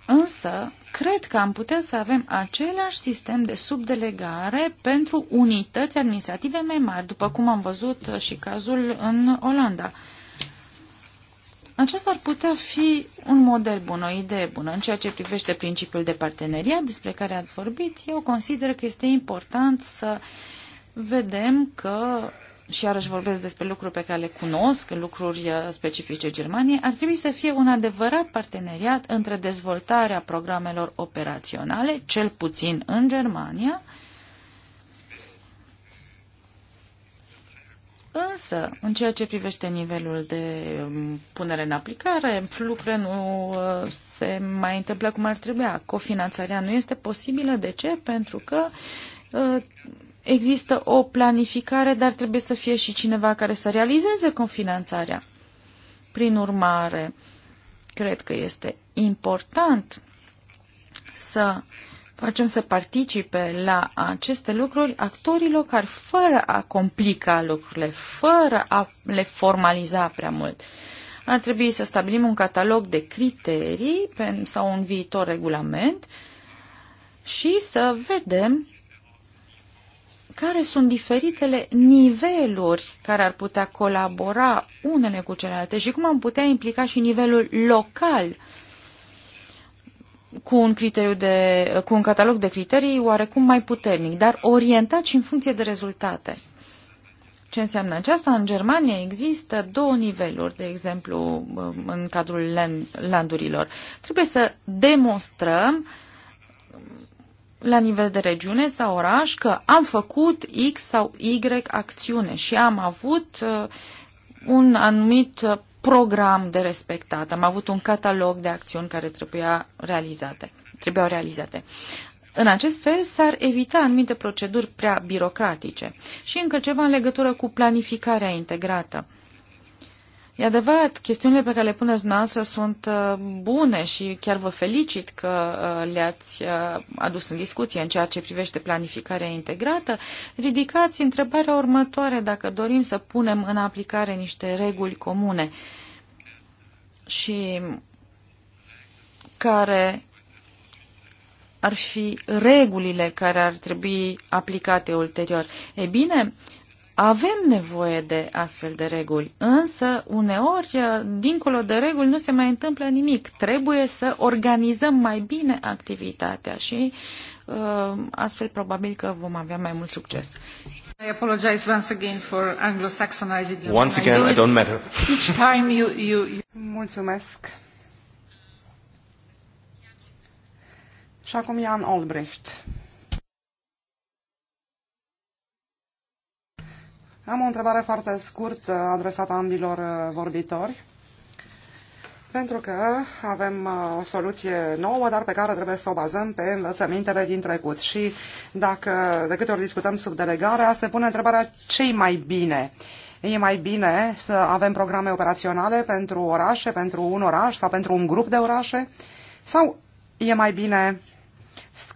Însă, cred că am putea să avem același sistem de subdelegare pentru unități administrative mai mari, după cum am văzut și cazul în Olanda. Uh, acesta ar putea fi un model bun, o idee bună. În ceea ce privește principiul de parteneriat despre care ați vorbit, eu consider că este important să vedem că și iarăși vorbesc despre lucruri pe care le cunosc, lucruri uh, specifice Germaniei, ar trebui să fie un adevărat parteneriat între dezvoltarea programelor operaționale, cel puțin în Germania, Însă, în ceea ce privește nivelul de um, punere în aplicare, lucrurile nu uh, se mai întâmplă cum ar trebui. Cofinanțarea nu este posibilă. De ce? Pentru că uh, există o planificare, dar trebuie să fie și cineva care să realizeze cofinanțarea. Prin urmare, cred că este important să uh, facem să participe la aceste lucruri actorii locali, fără a complica lucrurile, fără a le formaliza prea mult. Ar trebui să stabilim un catalog de criterii sau un viitor regulament și să vedem care sunt diferitele niveluri care ar putea colabora unele cu celelalte și cum am putea implica și nivelul local cu un, criteriu de, cu un catalog de criterii oarecum mai puternic, dar orientat și în funcție de rezultate. Ce înseamnă aceasta? În Germania există două niveluri, de exemplu, în cadrul landurilor. Trebuie să demonstrăm la nivel de regiune sau oraș că am făcut X sau Y acțiune și am avut uh, un anumit program de respectat, am avut un catalog de acțiuni care trebuia realizate, trebuiau realizate. În acest fel s-ar evita anumite proceduri prea birocratice și încă ceva în legătură cu planificarea integrată. E adevărat, chestiunile pe care le puneți dumneavoastră sunt uh, bune și chiar vă felicit că uh, le-ați uh, adus în discuție în ceea ce privește planificarea integrată. Ridicați întrebarea următoare dacă dorim să punem în aplicare niște reguli comune și care ar fi regulile care ar trebui aplicate ulterior. E bine, avem nevoie de astfel de reguli, însă uneori, dincolo de reguli, nu se mai întâmplă nimic. Trebuie să organizăm mai bine activitatea și uh, astfel probabil că vom avea mai mult succes. I apologize once again for anglo-saxonizing you. Once again, I don't matter. Each time you, you, you... Mulțumesc. Și acum Jan Albrecht. Am o întrebare foarte scurtă adresată ambilor uh, vorbitori. Pentru că avem uh, o soluție nouă, dar pe care trebuie să o bazăm pe învățămintele din trecut. Și dacă de câte ori discutăm sub delegarea, se pune întrebarea ce mai bine. E mai bine să avem programe operaționale pentru orașe, pentru un oraș sau pentru un grup de orașe? Sau e mai bine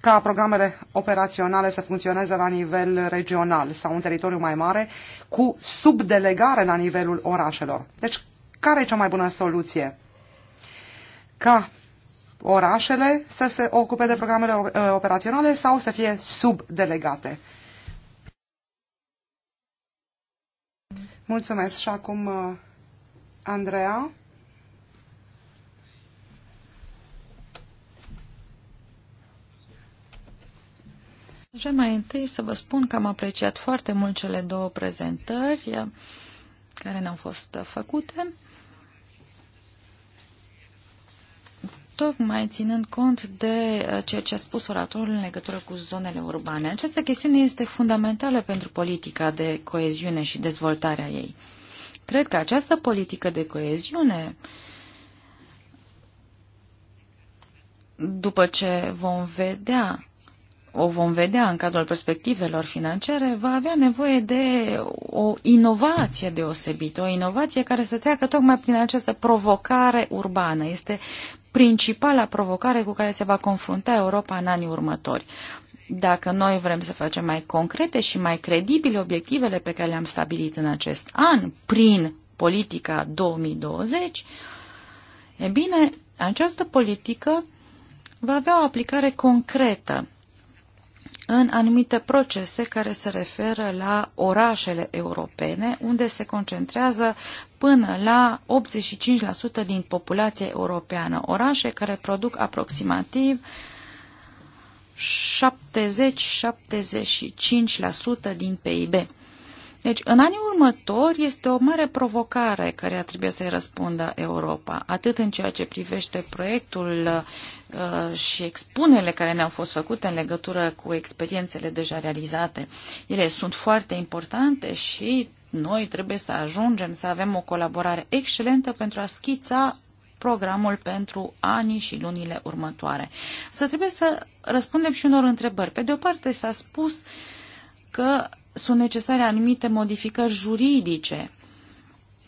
ca programele operaționale să funcționeze la nivel regional sau un teritoriu mai mare, cu subdelegare la nivelul orașelor. Deci, care e cea mai bună soluție? Ca orașele să se ocupe de programele uh, operaționale sau să fie subdelegate. Mulțumesc și acum, uh, Andreea. Aș mai întâi să vă spun că am apreciat foarte mult cele două prezentări care ne-au fost făcute. tocmai ținând cont de uh, ceea ce a spus oratorul în legătură cu zonele urbane. Această chestiune este fundamentală pentru politica de coeziune și dezvoltarea ei. Cred că această politică de coeziune, după ce vom vedea o vom vedea în cadrul perspectivelor financiare, va avea nevoie de o inovație deosebită, o inovație care să treacă tocmai prin această provocare urbană. Este principala provocare cu care se va confrunta Europa în anii următori. Dacă noi vrem să facem mai concrete și mai credibile obiectivele pe care le-am stabilit în acest an prin politica 2020, e bine, această politică va avea o aplicare concretă în anumite procese care se referă la orașele europene, unde se concentrează până la 85% din populația europeană, orașe care produc aproximativ 70-75% din PIB. Deci, în anii următori este o mare provocare care trebuie să-i răspundă Europa, atât în ceea ce privește proiectul Uh, și expunele care ne-au fost făcute în legătură cu experiențele deja realizate. Ele sunt foarte importante și noi trebuie să ajungem să avem o colaborare excelentă pentru a schița programul pentru anii și lunile următoare. Să trebuie să răspundem și unor întrebări. Pe de o parte s-a spus că sunt necesare anumite modificări juridice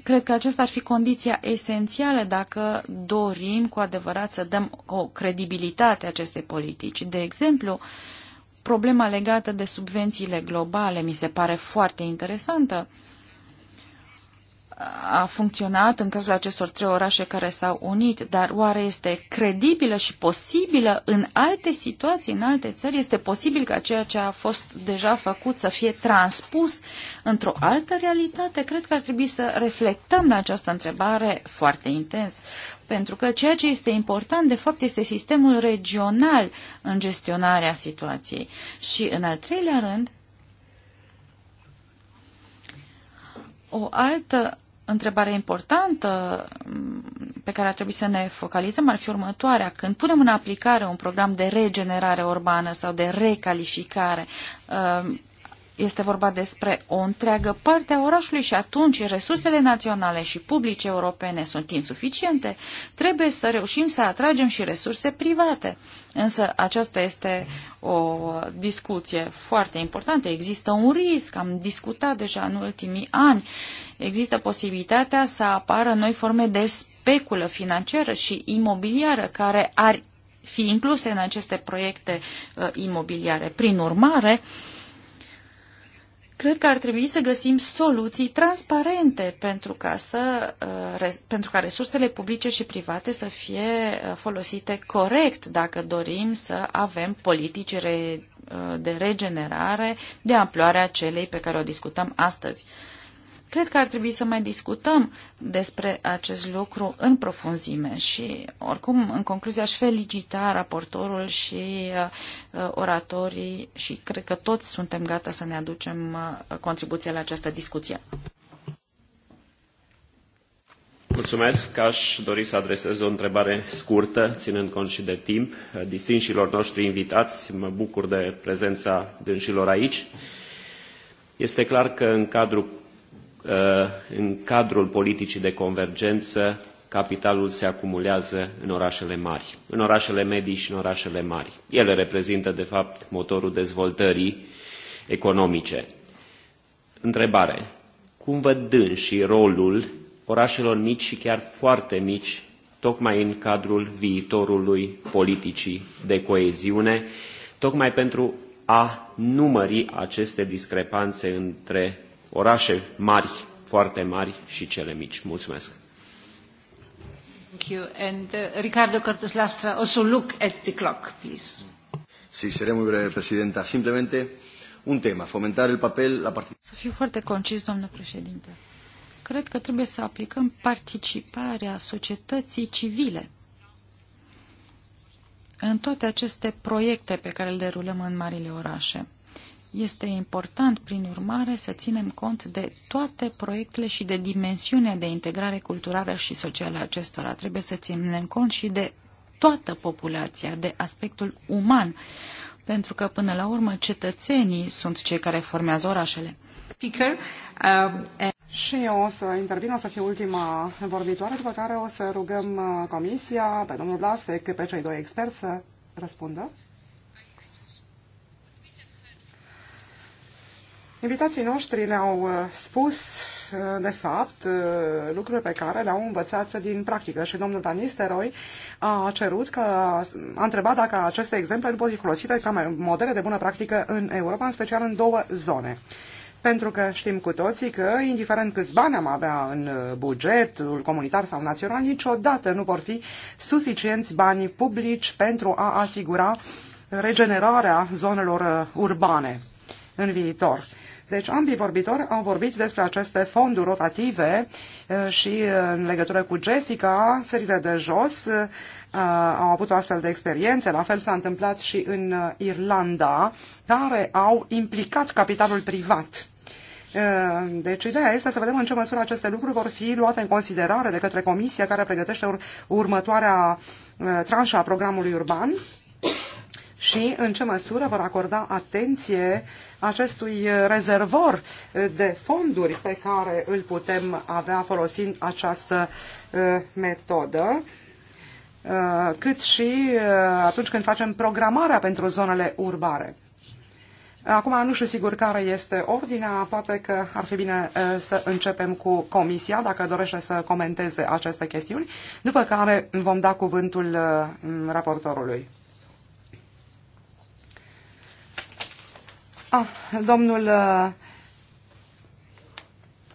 Cred că acesta ar fi condiția esențială dacă dorim cu adevărat să dăm o credibilitate acestei politici. De exemplu, problema legată de subvențiile globale mi se pare foarte interesantă. Uh, a funcționat în cazul acestor trei orașe care s-au unit, dar oare este credibilă și posibilă în alte situații, în alte țări? Este posibil ca ceea ce a fost deja făcut să fie transpus într-o altă realitate? Cred că ar trebui să reflectăm la această întrebare foarte intens. Pentru că ceea ce este important, de fapt, este sistemul regional în gestionarea situației. Și, în al treilea rând, o altă întrebare importantă mm, pe care ar trebui să ne focalizăm ar fi următoarea. Când punem în aplicare un program de regenerare urbană sau de recalificare, uh, este vorba despre o întreagă parte a orașului și atunci resursele naționale și publice europene sunt insuficiente, trebuie să reușim să atragem și resurse private. Însă aceasta este o discuție foarte importantă. Există un risc, am discutat deja în ultimii ani. Există posibilitatea să apară noi forme de speculă financiară și imobiliară care ar fi incluse în aceste proiecte uh, imobiliare. Prin urmare, uh, Cred că ar trebui să găsim soluții transparente pentru ca, să, uh, pentru ca resursele publice și private să fie uh, folosite corect dacă dorim să avem politici uh, de regenerare de amploarea celei pe care o discutăm astăzi. Cred că ar trebui să mai discutăm despre acest lucru în profunzime și, oricum, în concluzie, aș felicita raportorul și uh, uh, oratorii și cred că toți suntem gata să ne aducem uh, contribuția la această discuție. Mulțumesc. Aș dori să adresez o întrebare scurtă, ținând cont și de timp. Uh, distinșilor noștri invitați, mă bucur de prezența dânșilor aici. Este clar că în cadrul Uh, în cadrul politicii de convergență, capitalul se acumulează în orașele mari, în orașele medii și în orașele mari. Ele reprezintă, de fapt, motorul dezvoltării economice. Întrebare. Cum văd și rolul orașelor mici și chiar foarte mici, tocmai în cadrul viitorului politicii de coeziune, tocmai pentru a numări aceste discrepanțe între orașe mari, foarte mari și cele mici. Mulțumesc! Thank you. And uh, Ricardo Cortes Lastra, also look at the clock, please. Sí, seré muy breve, Presidenta. Simplemente un tema, fomentar el papel, la participación. Să fiu foarte concis, doamnă președinte. Cred că trebuie să aplicăm participarea societății civile în toate aceste proiecte pe care le derulăm în marile orașe. Este important, prin urmare, să ținem cont de toate proiectele și de dimensiunea de integrare culturală și socială acestora. Trebuie să ținem cont și de toată populația, de aspectul uman, pentru că, până la urmă, cetățenii sunt cei care formează orașele. Speaker, um, and... Și eu o să intervin, o să fiu ultima vorbitoare, după care o să rugăm uh, comisia, pe domnul Blasec, pe cei doi experți să răspundă. Invitații noștri le-au uh, spus, uh, de fapt, uh, lucruri pe care le-au învățat din practică și domnul Danisteroi a cerut că a întrebat dacă aceste exemple nu pot fi folosite ca modele de bună practică în Europa, în special în două zone. Pentru că știm cu toții că, indiferent câți bani am avea în bugetul comunitar sau național, niciodată nu vor fi suficienți bani publici pentru a asigura regenerarea zonelor urbane în viitor. Deci ambii vorbitori au vorbit despre aceste fonduri rotative uh, și uh, în legătură cu Jessica, țările de jos uh, au avut o astfel de experiențe. La fel s-a întâmplat și în Irlanda, care au implicat capitalul privat. Deci ideea este să vedem în ce măsură aceste lucruri vor fi luate în considerare de către comisia care pregătește ur următoarea tranșă a programului urban și în ce măsură vor acorda atenție acestui uh, rezervor uh, de fonduri pe care îl putem avea folosind această uh, metodă cât și atunci când facem programarea pentru zonele urbane. Acum nu știu sigur care este ordinea, poate că ar fi bine să începem cu comisia, dacă dorește să comenteze aceste chestiuni, după care vom da cuvântul raportorului. Ah, domnul uh,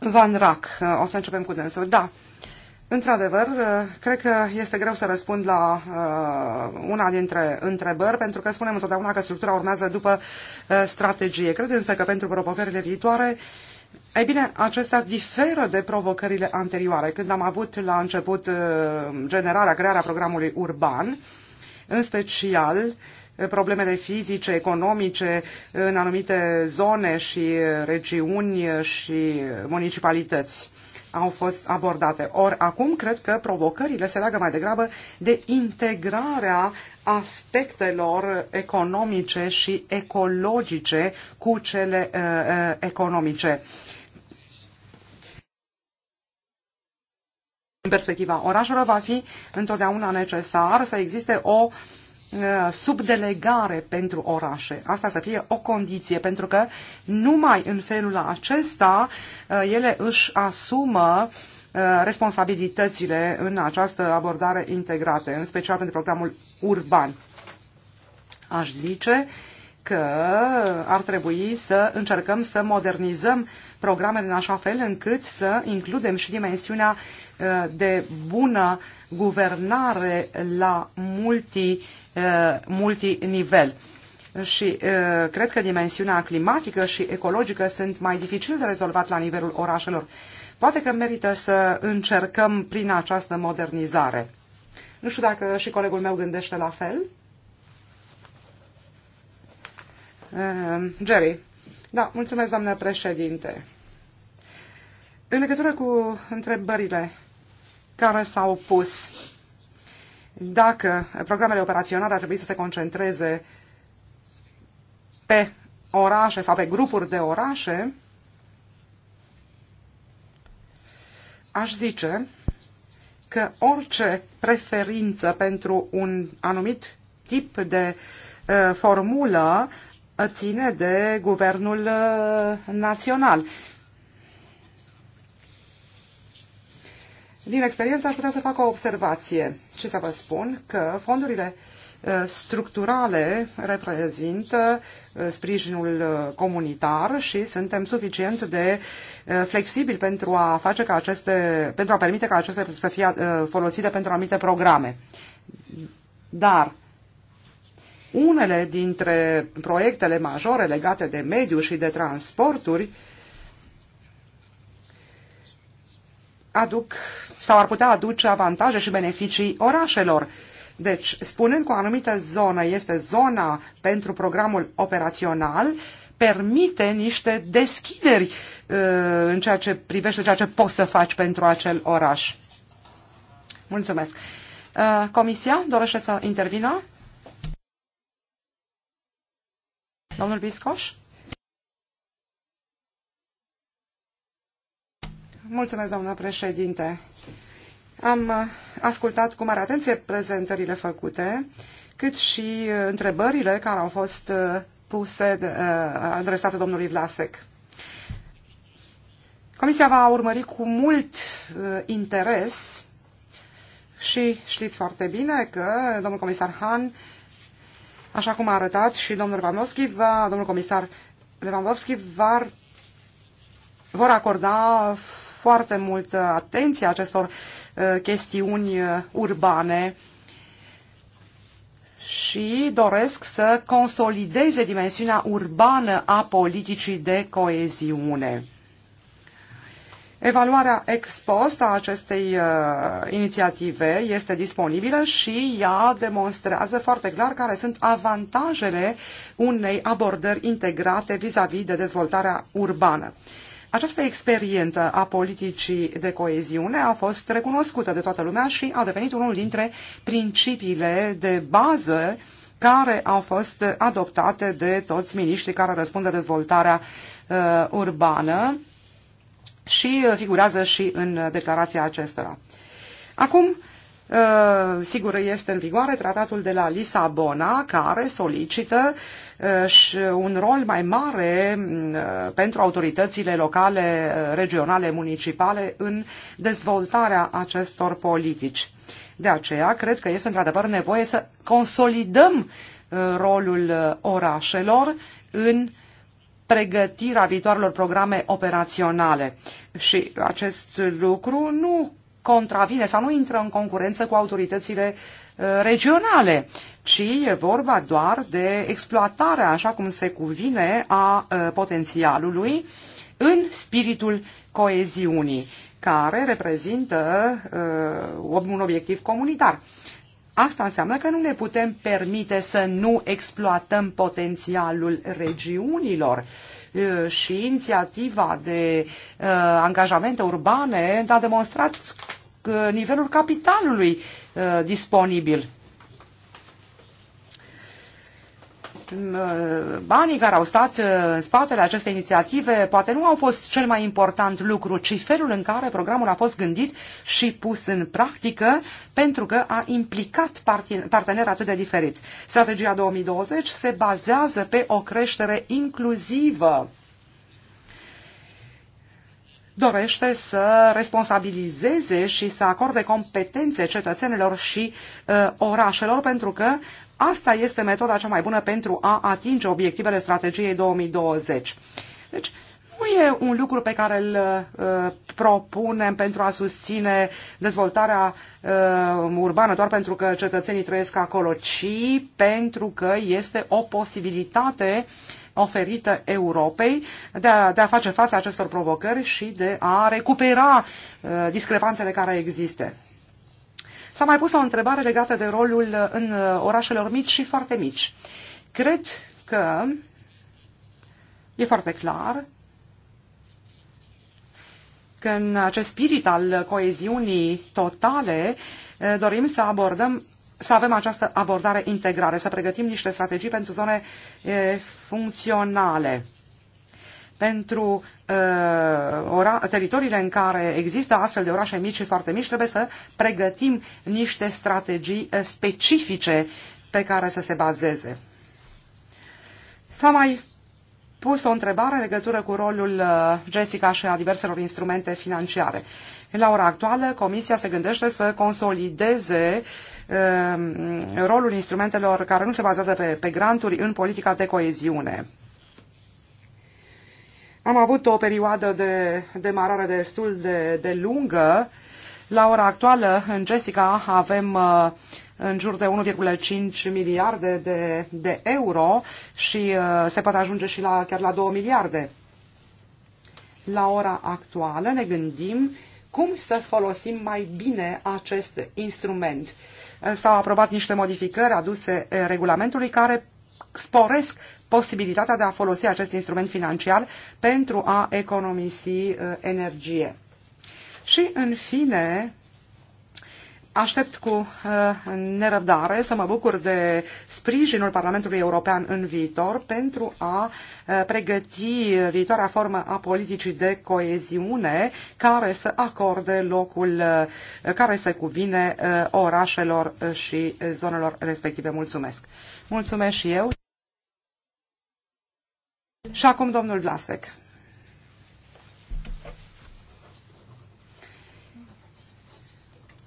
Van Rack, uh, o să începem cu dânsul. Da, Într-adevăr, uh, cred că este greu să răspund la una dintre întrebări, pentru că spunem întotdeauna că structura urmează după strategie. Cred însă că pentru provocările viitoare, ei bine, acestea diferă de provocările anterioare. Când am avut la început generarea, crearea programului urban, în special, uh, problemele fizice, economice în anumite zone și regiuni și municipalități au fost abordate. Or, acum cred că provocările se leagă mai degrabă de integrarea aspectelor economice și ecologice cu cele uh, uh economice. În perspectiva orașelor va fi întotdeauna necesar să existe o uh, Uh, subdelegare pentru orașe. Asta să fie o condiție, pentru că numai în felul acesta uh, ele își asumă uh, responsabilitățile în această abordare integrată, în special pentru programul urban. Aș zice că ar trebui să încercăm să modernizăm programele în așa fel încât să includem și dimensiunea de bună guvernare la multi Uh, multinivel. Și uh, cred că dimensiunea climatică și ecologică sunt mai dificil de rezolvat la nivelul orașelor. Poate că merită să încercăm prin această modernizare. Nu știu dacă și colegul meu gândește la fel. Uh, Jerry. Da, mulțumesc, doamnă președinte. În legătură cu întrebările care s-au pus, dacă programele operaționale ar trebui să se concentreze pe orașe sau pe grupuri de orașe, aș zice că orice preferință pentru un anumit tip de uh, formulă ține de guvernul uh, național. Din experiență aș putea să fac o observație și să vă spun că fondurile uh, structurale reprezintă uh, sprijinul uh, comunitar și suntem suficient de flexibili pentru a face ca aceste, pentru a permite ca acestea să fie folosite pentru anumite programe. Dar unele dintre proiectele majore legate de mediu și de transporturi aduc sau ar putea aduce avantaje și beneficii orașelor. Deci, spunând că o anumită zonă este zona pentru programul operațional, permite niște deschideri uh, în ceea ce privește ceea ce poți să faci pentru acel oraș. Mulțumesc. Uh, comisia dorește să intervină? Domnul Biscoș? Mulțumesc, doamnă președinte. Am uh, ascultat cu mare atenție prezentările făcute, cât și uh, întrebările care au fost uh, puse, adresate domnului Vlasec. Comisia va urmări cu mult interes și știți foarte bine că domnul comisar Han, așa cum a arătat și domnul Vanovski va, domnul comisar Lewandowski va, vor acorda foarte mult uh, atenție acestor uh, chestiuni uh, urbane și doresc să consolideze dimensiunea urbană a politicii de coeziune. Evaluarea ex post a acestei uh, inițiative este disponibilă și ea demonstrează foarte clar care sunt avantajele unei abordări integrate vis-a-vis -vis de dezvoltarea urbană. Această experiență a politicii de coeziune a fost recunoscută de toată lumea și a devenit unul dintre principiile de bază care au fost adoptate de toți miniștrii care răspund de dezvoltarea uh, urbană și figurează și în declarația acestora. Acum, uh, Uh, sigur, este în vigoare tratatul de la Lisabona, care solicită uh, și un rol mai mare mm, uh, pentru autoritățile locale, regionale, municipale în dezvoltarea acestor politici. De aceea, cred că este într-adevăr nevoie să consolidăm rolul orașelor în pregătirea viitoarelor programe operaționale. Și acest lucru nu contravine sau nu intră în concurență cu autoritățile uh, regionale, ci e vorba doar de exploatarea, așa cum se cuvine, a uh, potențialului în spiritul coeziunii, care reprezintă uh, un obiectiv comunitar. Asta înseamnă că nu ne putem permite să nu exploatăm potențialul regiunilor și inițiativa de uh, angajamente urbane a demonstrat Uh, nivelul capitalului uh, disponibil. Mm, uh, banii care au stat în spatele acestei inițiative poate nu au fost cel mai important lucru, ci felul în care programul a fost gândit și pus în practică pentru că a implicat parteneri atât de diferiți. Strategia 2020 se bazează pe o creștere inclusivă dorește să responsabilizeze și să acorde competențe cetățenilor și uh, orașelor, pentru că asta este metoda cea mai bună pentru a atinge obiectivele strategiei 2020. Deci, nu e un lucru pe care îl uh, propunem pentru a susține dezvoltarea uh, urbană doar pentru că cetățenii trăiesc acolo, ci pentru că este o posibilitate uh, oferită Europei de a, de a face față acestor provocări și de a recupera uh, discrepanțele care există. S-a mai pus o întrebare legată de rolul uh, în uh, orașelor mici și foarte mici. Cred că e foarte clar că în acest spirit al coeziunii totale dorim să abordăm să avem această abordare integrare, să pregătim niște strategii pentru zone e, funcționale, pentru e, ora, teritoriile în care există astfel de orașe mici și foarte mici, trebuie să pregătim niște strategii specifice pe care să se bazeze. S-a mai pus o întrebare în legătură cu rolul Jessica și a diverselor instrumente financiare. La ora actuală, Comisia se gândește să consolideze uh, Um, rolul instrumentelor care nu se bazează pe, pe granturi în politica de coeziune. Am avut o perioadă de demarare destul de, de lungă. La ora actuală, în Jessica, avem uh, în jur de 1,5 miliarde de, de euro și uh, se poate ajunge și la, chiar la 2 miliarde. La ora actuală ne gândim cum să folosim mai bine acest instrument. S-au aprobat niște modificări aduse eh, regulamentului care sporesc posibilitatea de a folosi acest instrument financiar pentru a economisi eh, energie. Și, în fine, Aștept cu uh, nerăbdare să mă bucur de sprijinul Parlamentului European în viitor pentru a uh, pregăti viitoarea formă a politicii de coeziune care să acorde locul uh, care se cuvine orașelor și zonelor respective. Mulțumesc! Mulțumesc și eu! Și acum domnul Vlasek.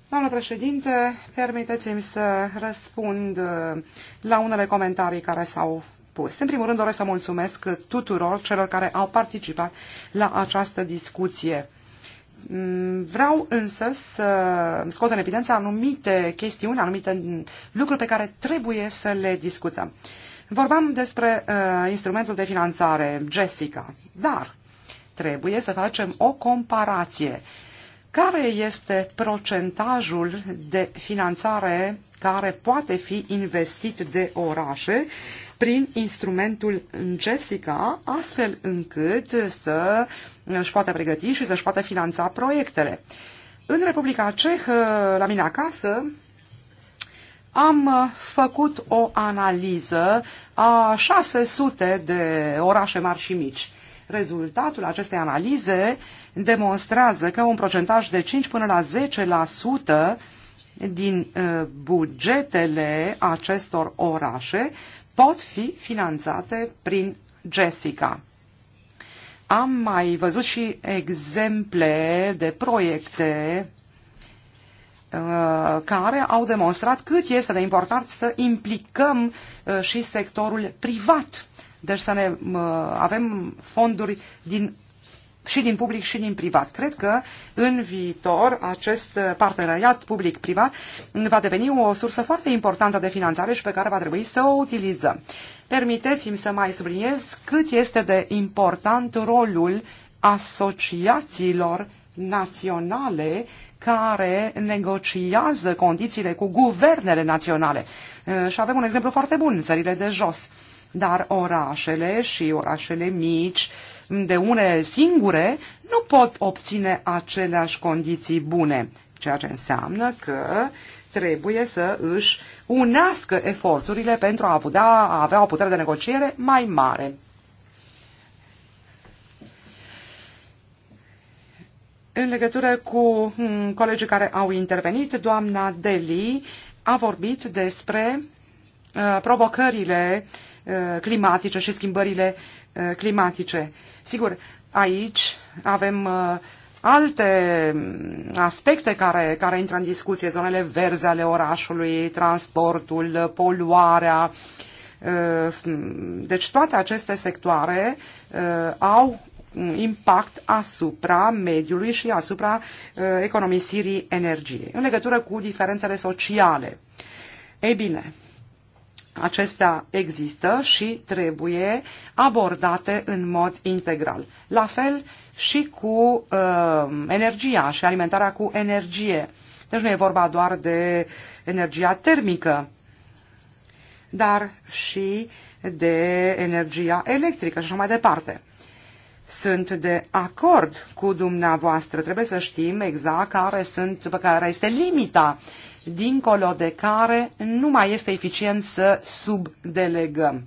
Doamnă președinte, permiteți-mi să răspund uh, la unele comentarii care s-au pus. În primul rând doresc să mulțumesc tuturor celor care au participat la această discuție. Mm, vreau însă să scot în evidență anumite chestiuni, anumite lucruri pe care trebuie să le discutăm. Vorbam despre uh, instrumentul de finanțare, Jessica, dar trebuie să facem o comparație care este procentajul de finanțare care poate fi investit de orașe prin instrumentul Jessica, astfel încât să își poată pregăti și să-și poată finanța proiectele. În Republica Cehă, la mine acasă, am făcut o analiză a 600 de orașe mari și mici. Rezultatul acestei analize uh, demonstrează că un procentaj de 5 până la 10% din uh, bugetele acestor orașe pot fi finanțate prin Jessica. Am mai văzut și exemple de proiecte uh, care au demonstrat cât este de important să implicăm uh, și sectorul privat. Deci să ne avem fonduri din și din public și din privat. Cred că în viitor acest parteneriat public-privat va deveni o sursă foarte importantă de finanțare și pe care va trebui să o utilizăm. Permiteți-mi să mai subliniez cât este de important rolul asociațiilor naționale care negociază condițiile cu guvernele naționale. Uh, și avem un exemplu foarte bun, țările de jos. Dar orașele și orașele mici, de unele singure nu pot obține aceleași condiții bune, ceea ce înseamnă că trebuie să își unească eforturile pentru a, putea, a avea o putere de negociere mai mare. În legătură cu hmm, colegii care au intervenit, doamna Deli a vorbit despre uh, provocările uh, climatice și schimbările Eh, climatice. Sigur, aici avem eh, alte mm, aspecte care, care intră în discuție, zonele verzi ale orașului, transportul, poluarea. Eh, deci toate aceste sectoare au impact asupra mediului și asupra economisirii energiei, în legătură cu diferențele sociale. Ei bine, acestea există și trebuie abordate în mod integral. La fel și cu uh, energia și alimentarea cu energie. Deci nu e vorba doar de energia termică, dar și de energia electrică și așa mai departe. Sunt de acord cu dumneavoastră. Trebuie să știm exact care, sunt, care este limita uh, dincolo de care nu mai este eficient să subdelegăm.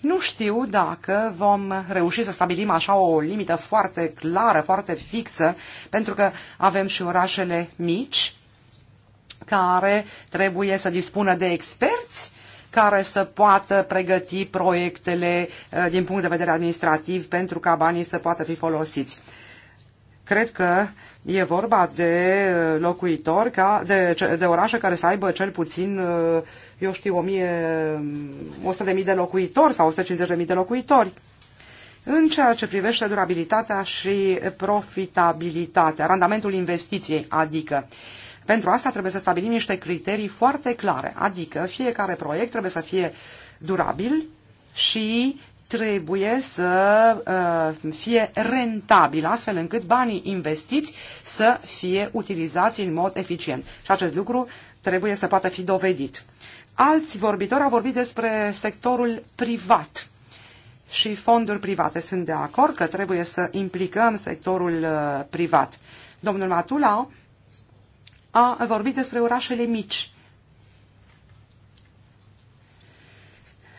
Nu știu dacă vom reuși să stabilim așa o limită foarte clară, foarte fixă, pentru că avem și orașele mici care trebuie să dispună de experți care să poată pregăti proiectele eh, din punct de vedere administrativ pentru ca banii să poată fi folosiți. Cred că E vorba de uh, locuitori, ca, de, de orașe care să aibă cel puțin, uh, eu știu, 100.000 um, de locuitori sau 150.000 de locuitori. În ceea ce privește durabilitatea și profitabilitatea, randamentul investiției, adică pentru asta trebuie să stabilim niște criterii foarte clare, adică fiecare proiect trebuie să fie durabil și trebuie să uh, fie rentabil, astfel încât banii investiți să fie utilizați în mod eficient. Și acest lucru trebuie să poată fi dovedit. Alți vorbitori au vorbit despre sectorul privat și fonduri private. Sunt de acord că trebuie să implicăm sectorul uh, privat. Domnul Matula a vorbit despre orașele mici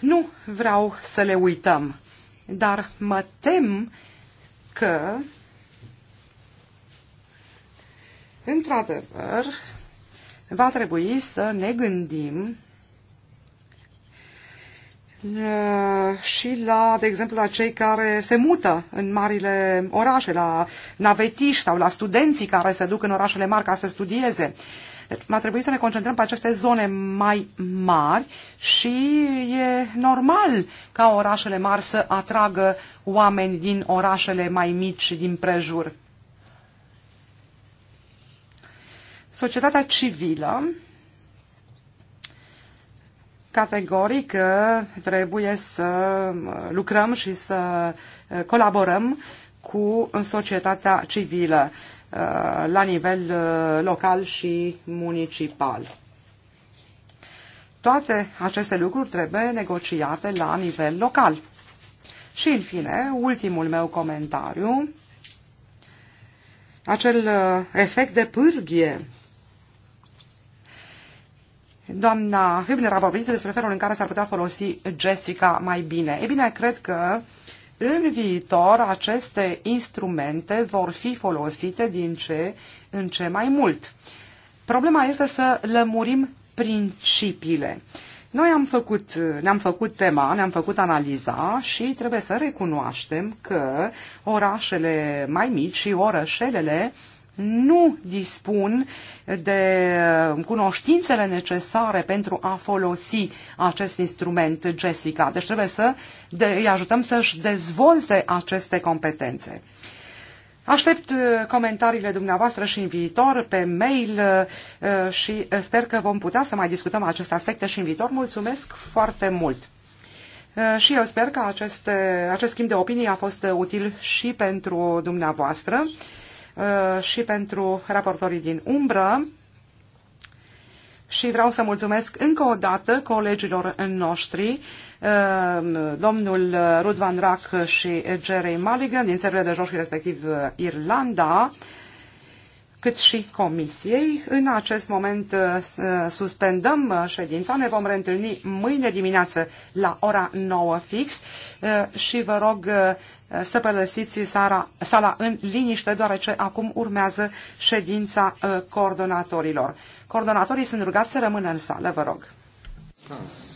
Nu vreau să le uităm, dar mă tem că, într-adevăr, va trebui să ne gândim uh, și la, de exemplu, la cei care se mută în marile orașe, la navetiști sau la studenții care se duc în orașele mari ca să studieze. Deci va trebui să ne concentrăm pe aceste zone mai mari și e normal ca orașele mari să atragă oameni din orașele mai mici din prejur. Societatea civilă categoric trebuie să lucrăm și să eh, colaborăm cu societatea civilă. Uh, la nivel uh, local și municipal. Toate aceste lucruri trebuie negociate la nivel local. Și, în fine, ultimul meu comentariu, acel uh, efect de pârghie. Doamna Hübner a vorbit despre felul în care s-ar putea folosi Jessica mai bine. E bine, cred că uh, în viitor, aceste instrumente vor fi folosite din ce în ce mai mult. Problema este să lămurim principiile. Noi am făcut, ne-am făcut tema, ne-am făcut analiza și trebuie să recunoaștem că orașele mai mici și orășelele uh, nu dispun de cunoștințele necesare pentru a folosi acest instrument Jessica. Deci trebuie să îi ajutăm să-și dezvolte aceste competențe. Aștept uh, comentariile dumneavoastră și în viitor, pe mail uh, și sper că vom putea să mai discutăm aceste aspecte și în viitor. Mulțumesc foarte mult! Uh, și eu sper că acest, acest schimb de opinii a fost util și pentru dumneavoastră. Uh, și pentru raportorii din umbră și vreau să mulțumesc încă o dată colegilor noștri, uh, domnul Rudvan Rack și Jerry Mulligan din țările de jos și respectiv uh, Irlanda, cât și comisiei. În acest moment uh, uh, suspendăm uh, ședința. Ne vom reîntâlni mâine dimineață la ora 9 fix și vă rog să părăsiți sala, sala în liniște, deoarece acum urmează ședința coordonatorilor. Coordonatorii sunt rugați să rămână în sală, vă rog. Stans.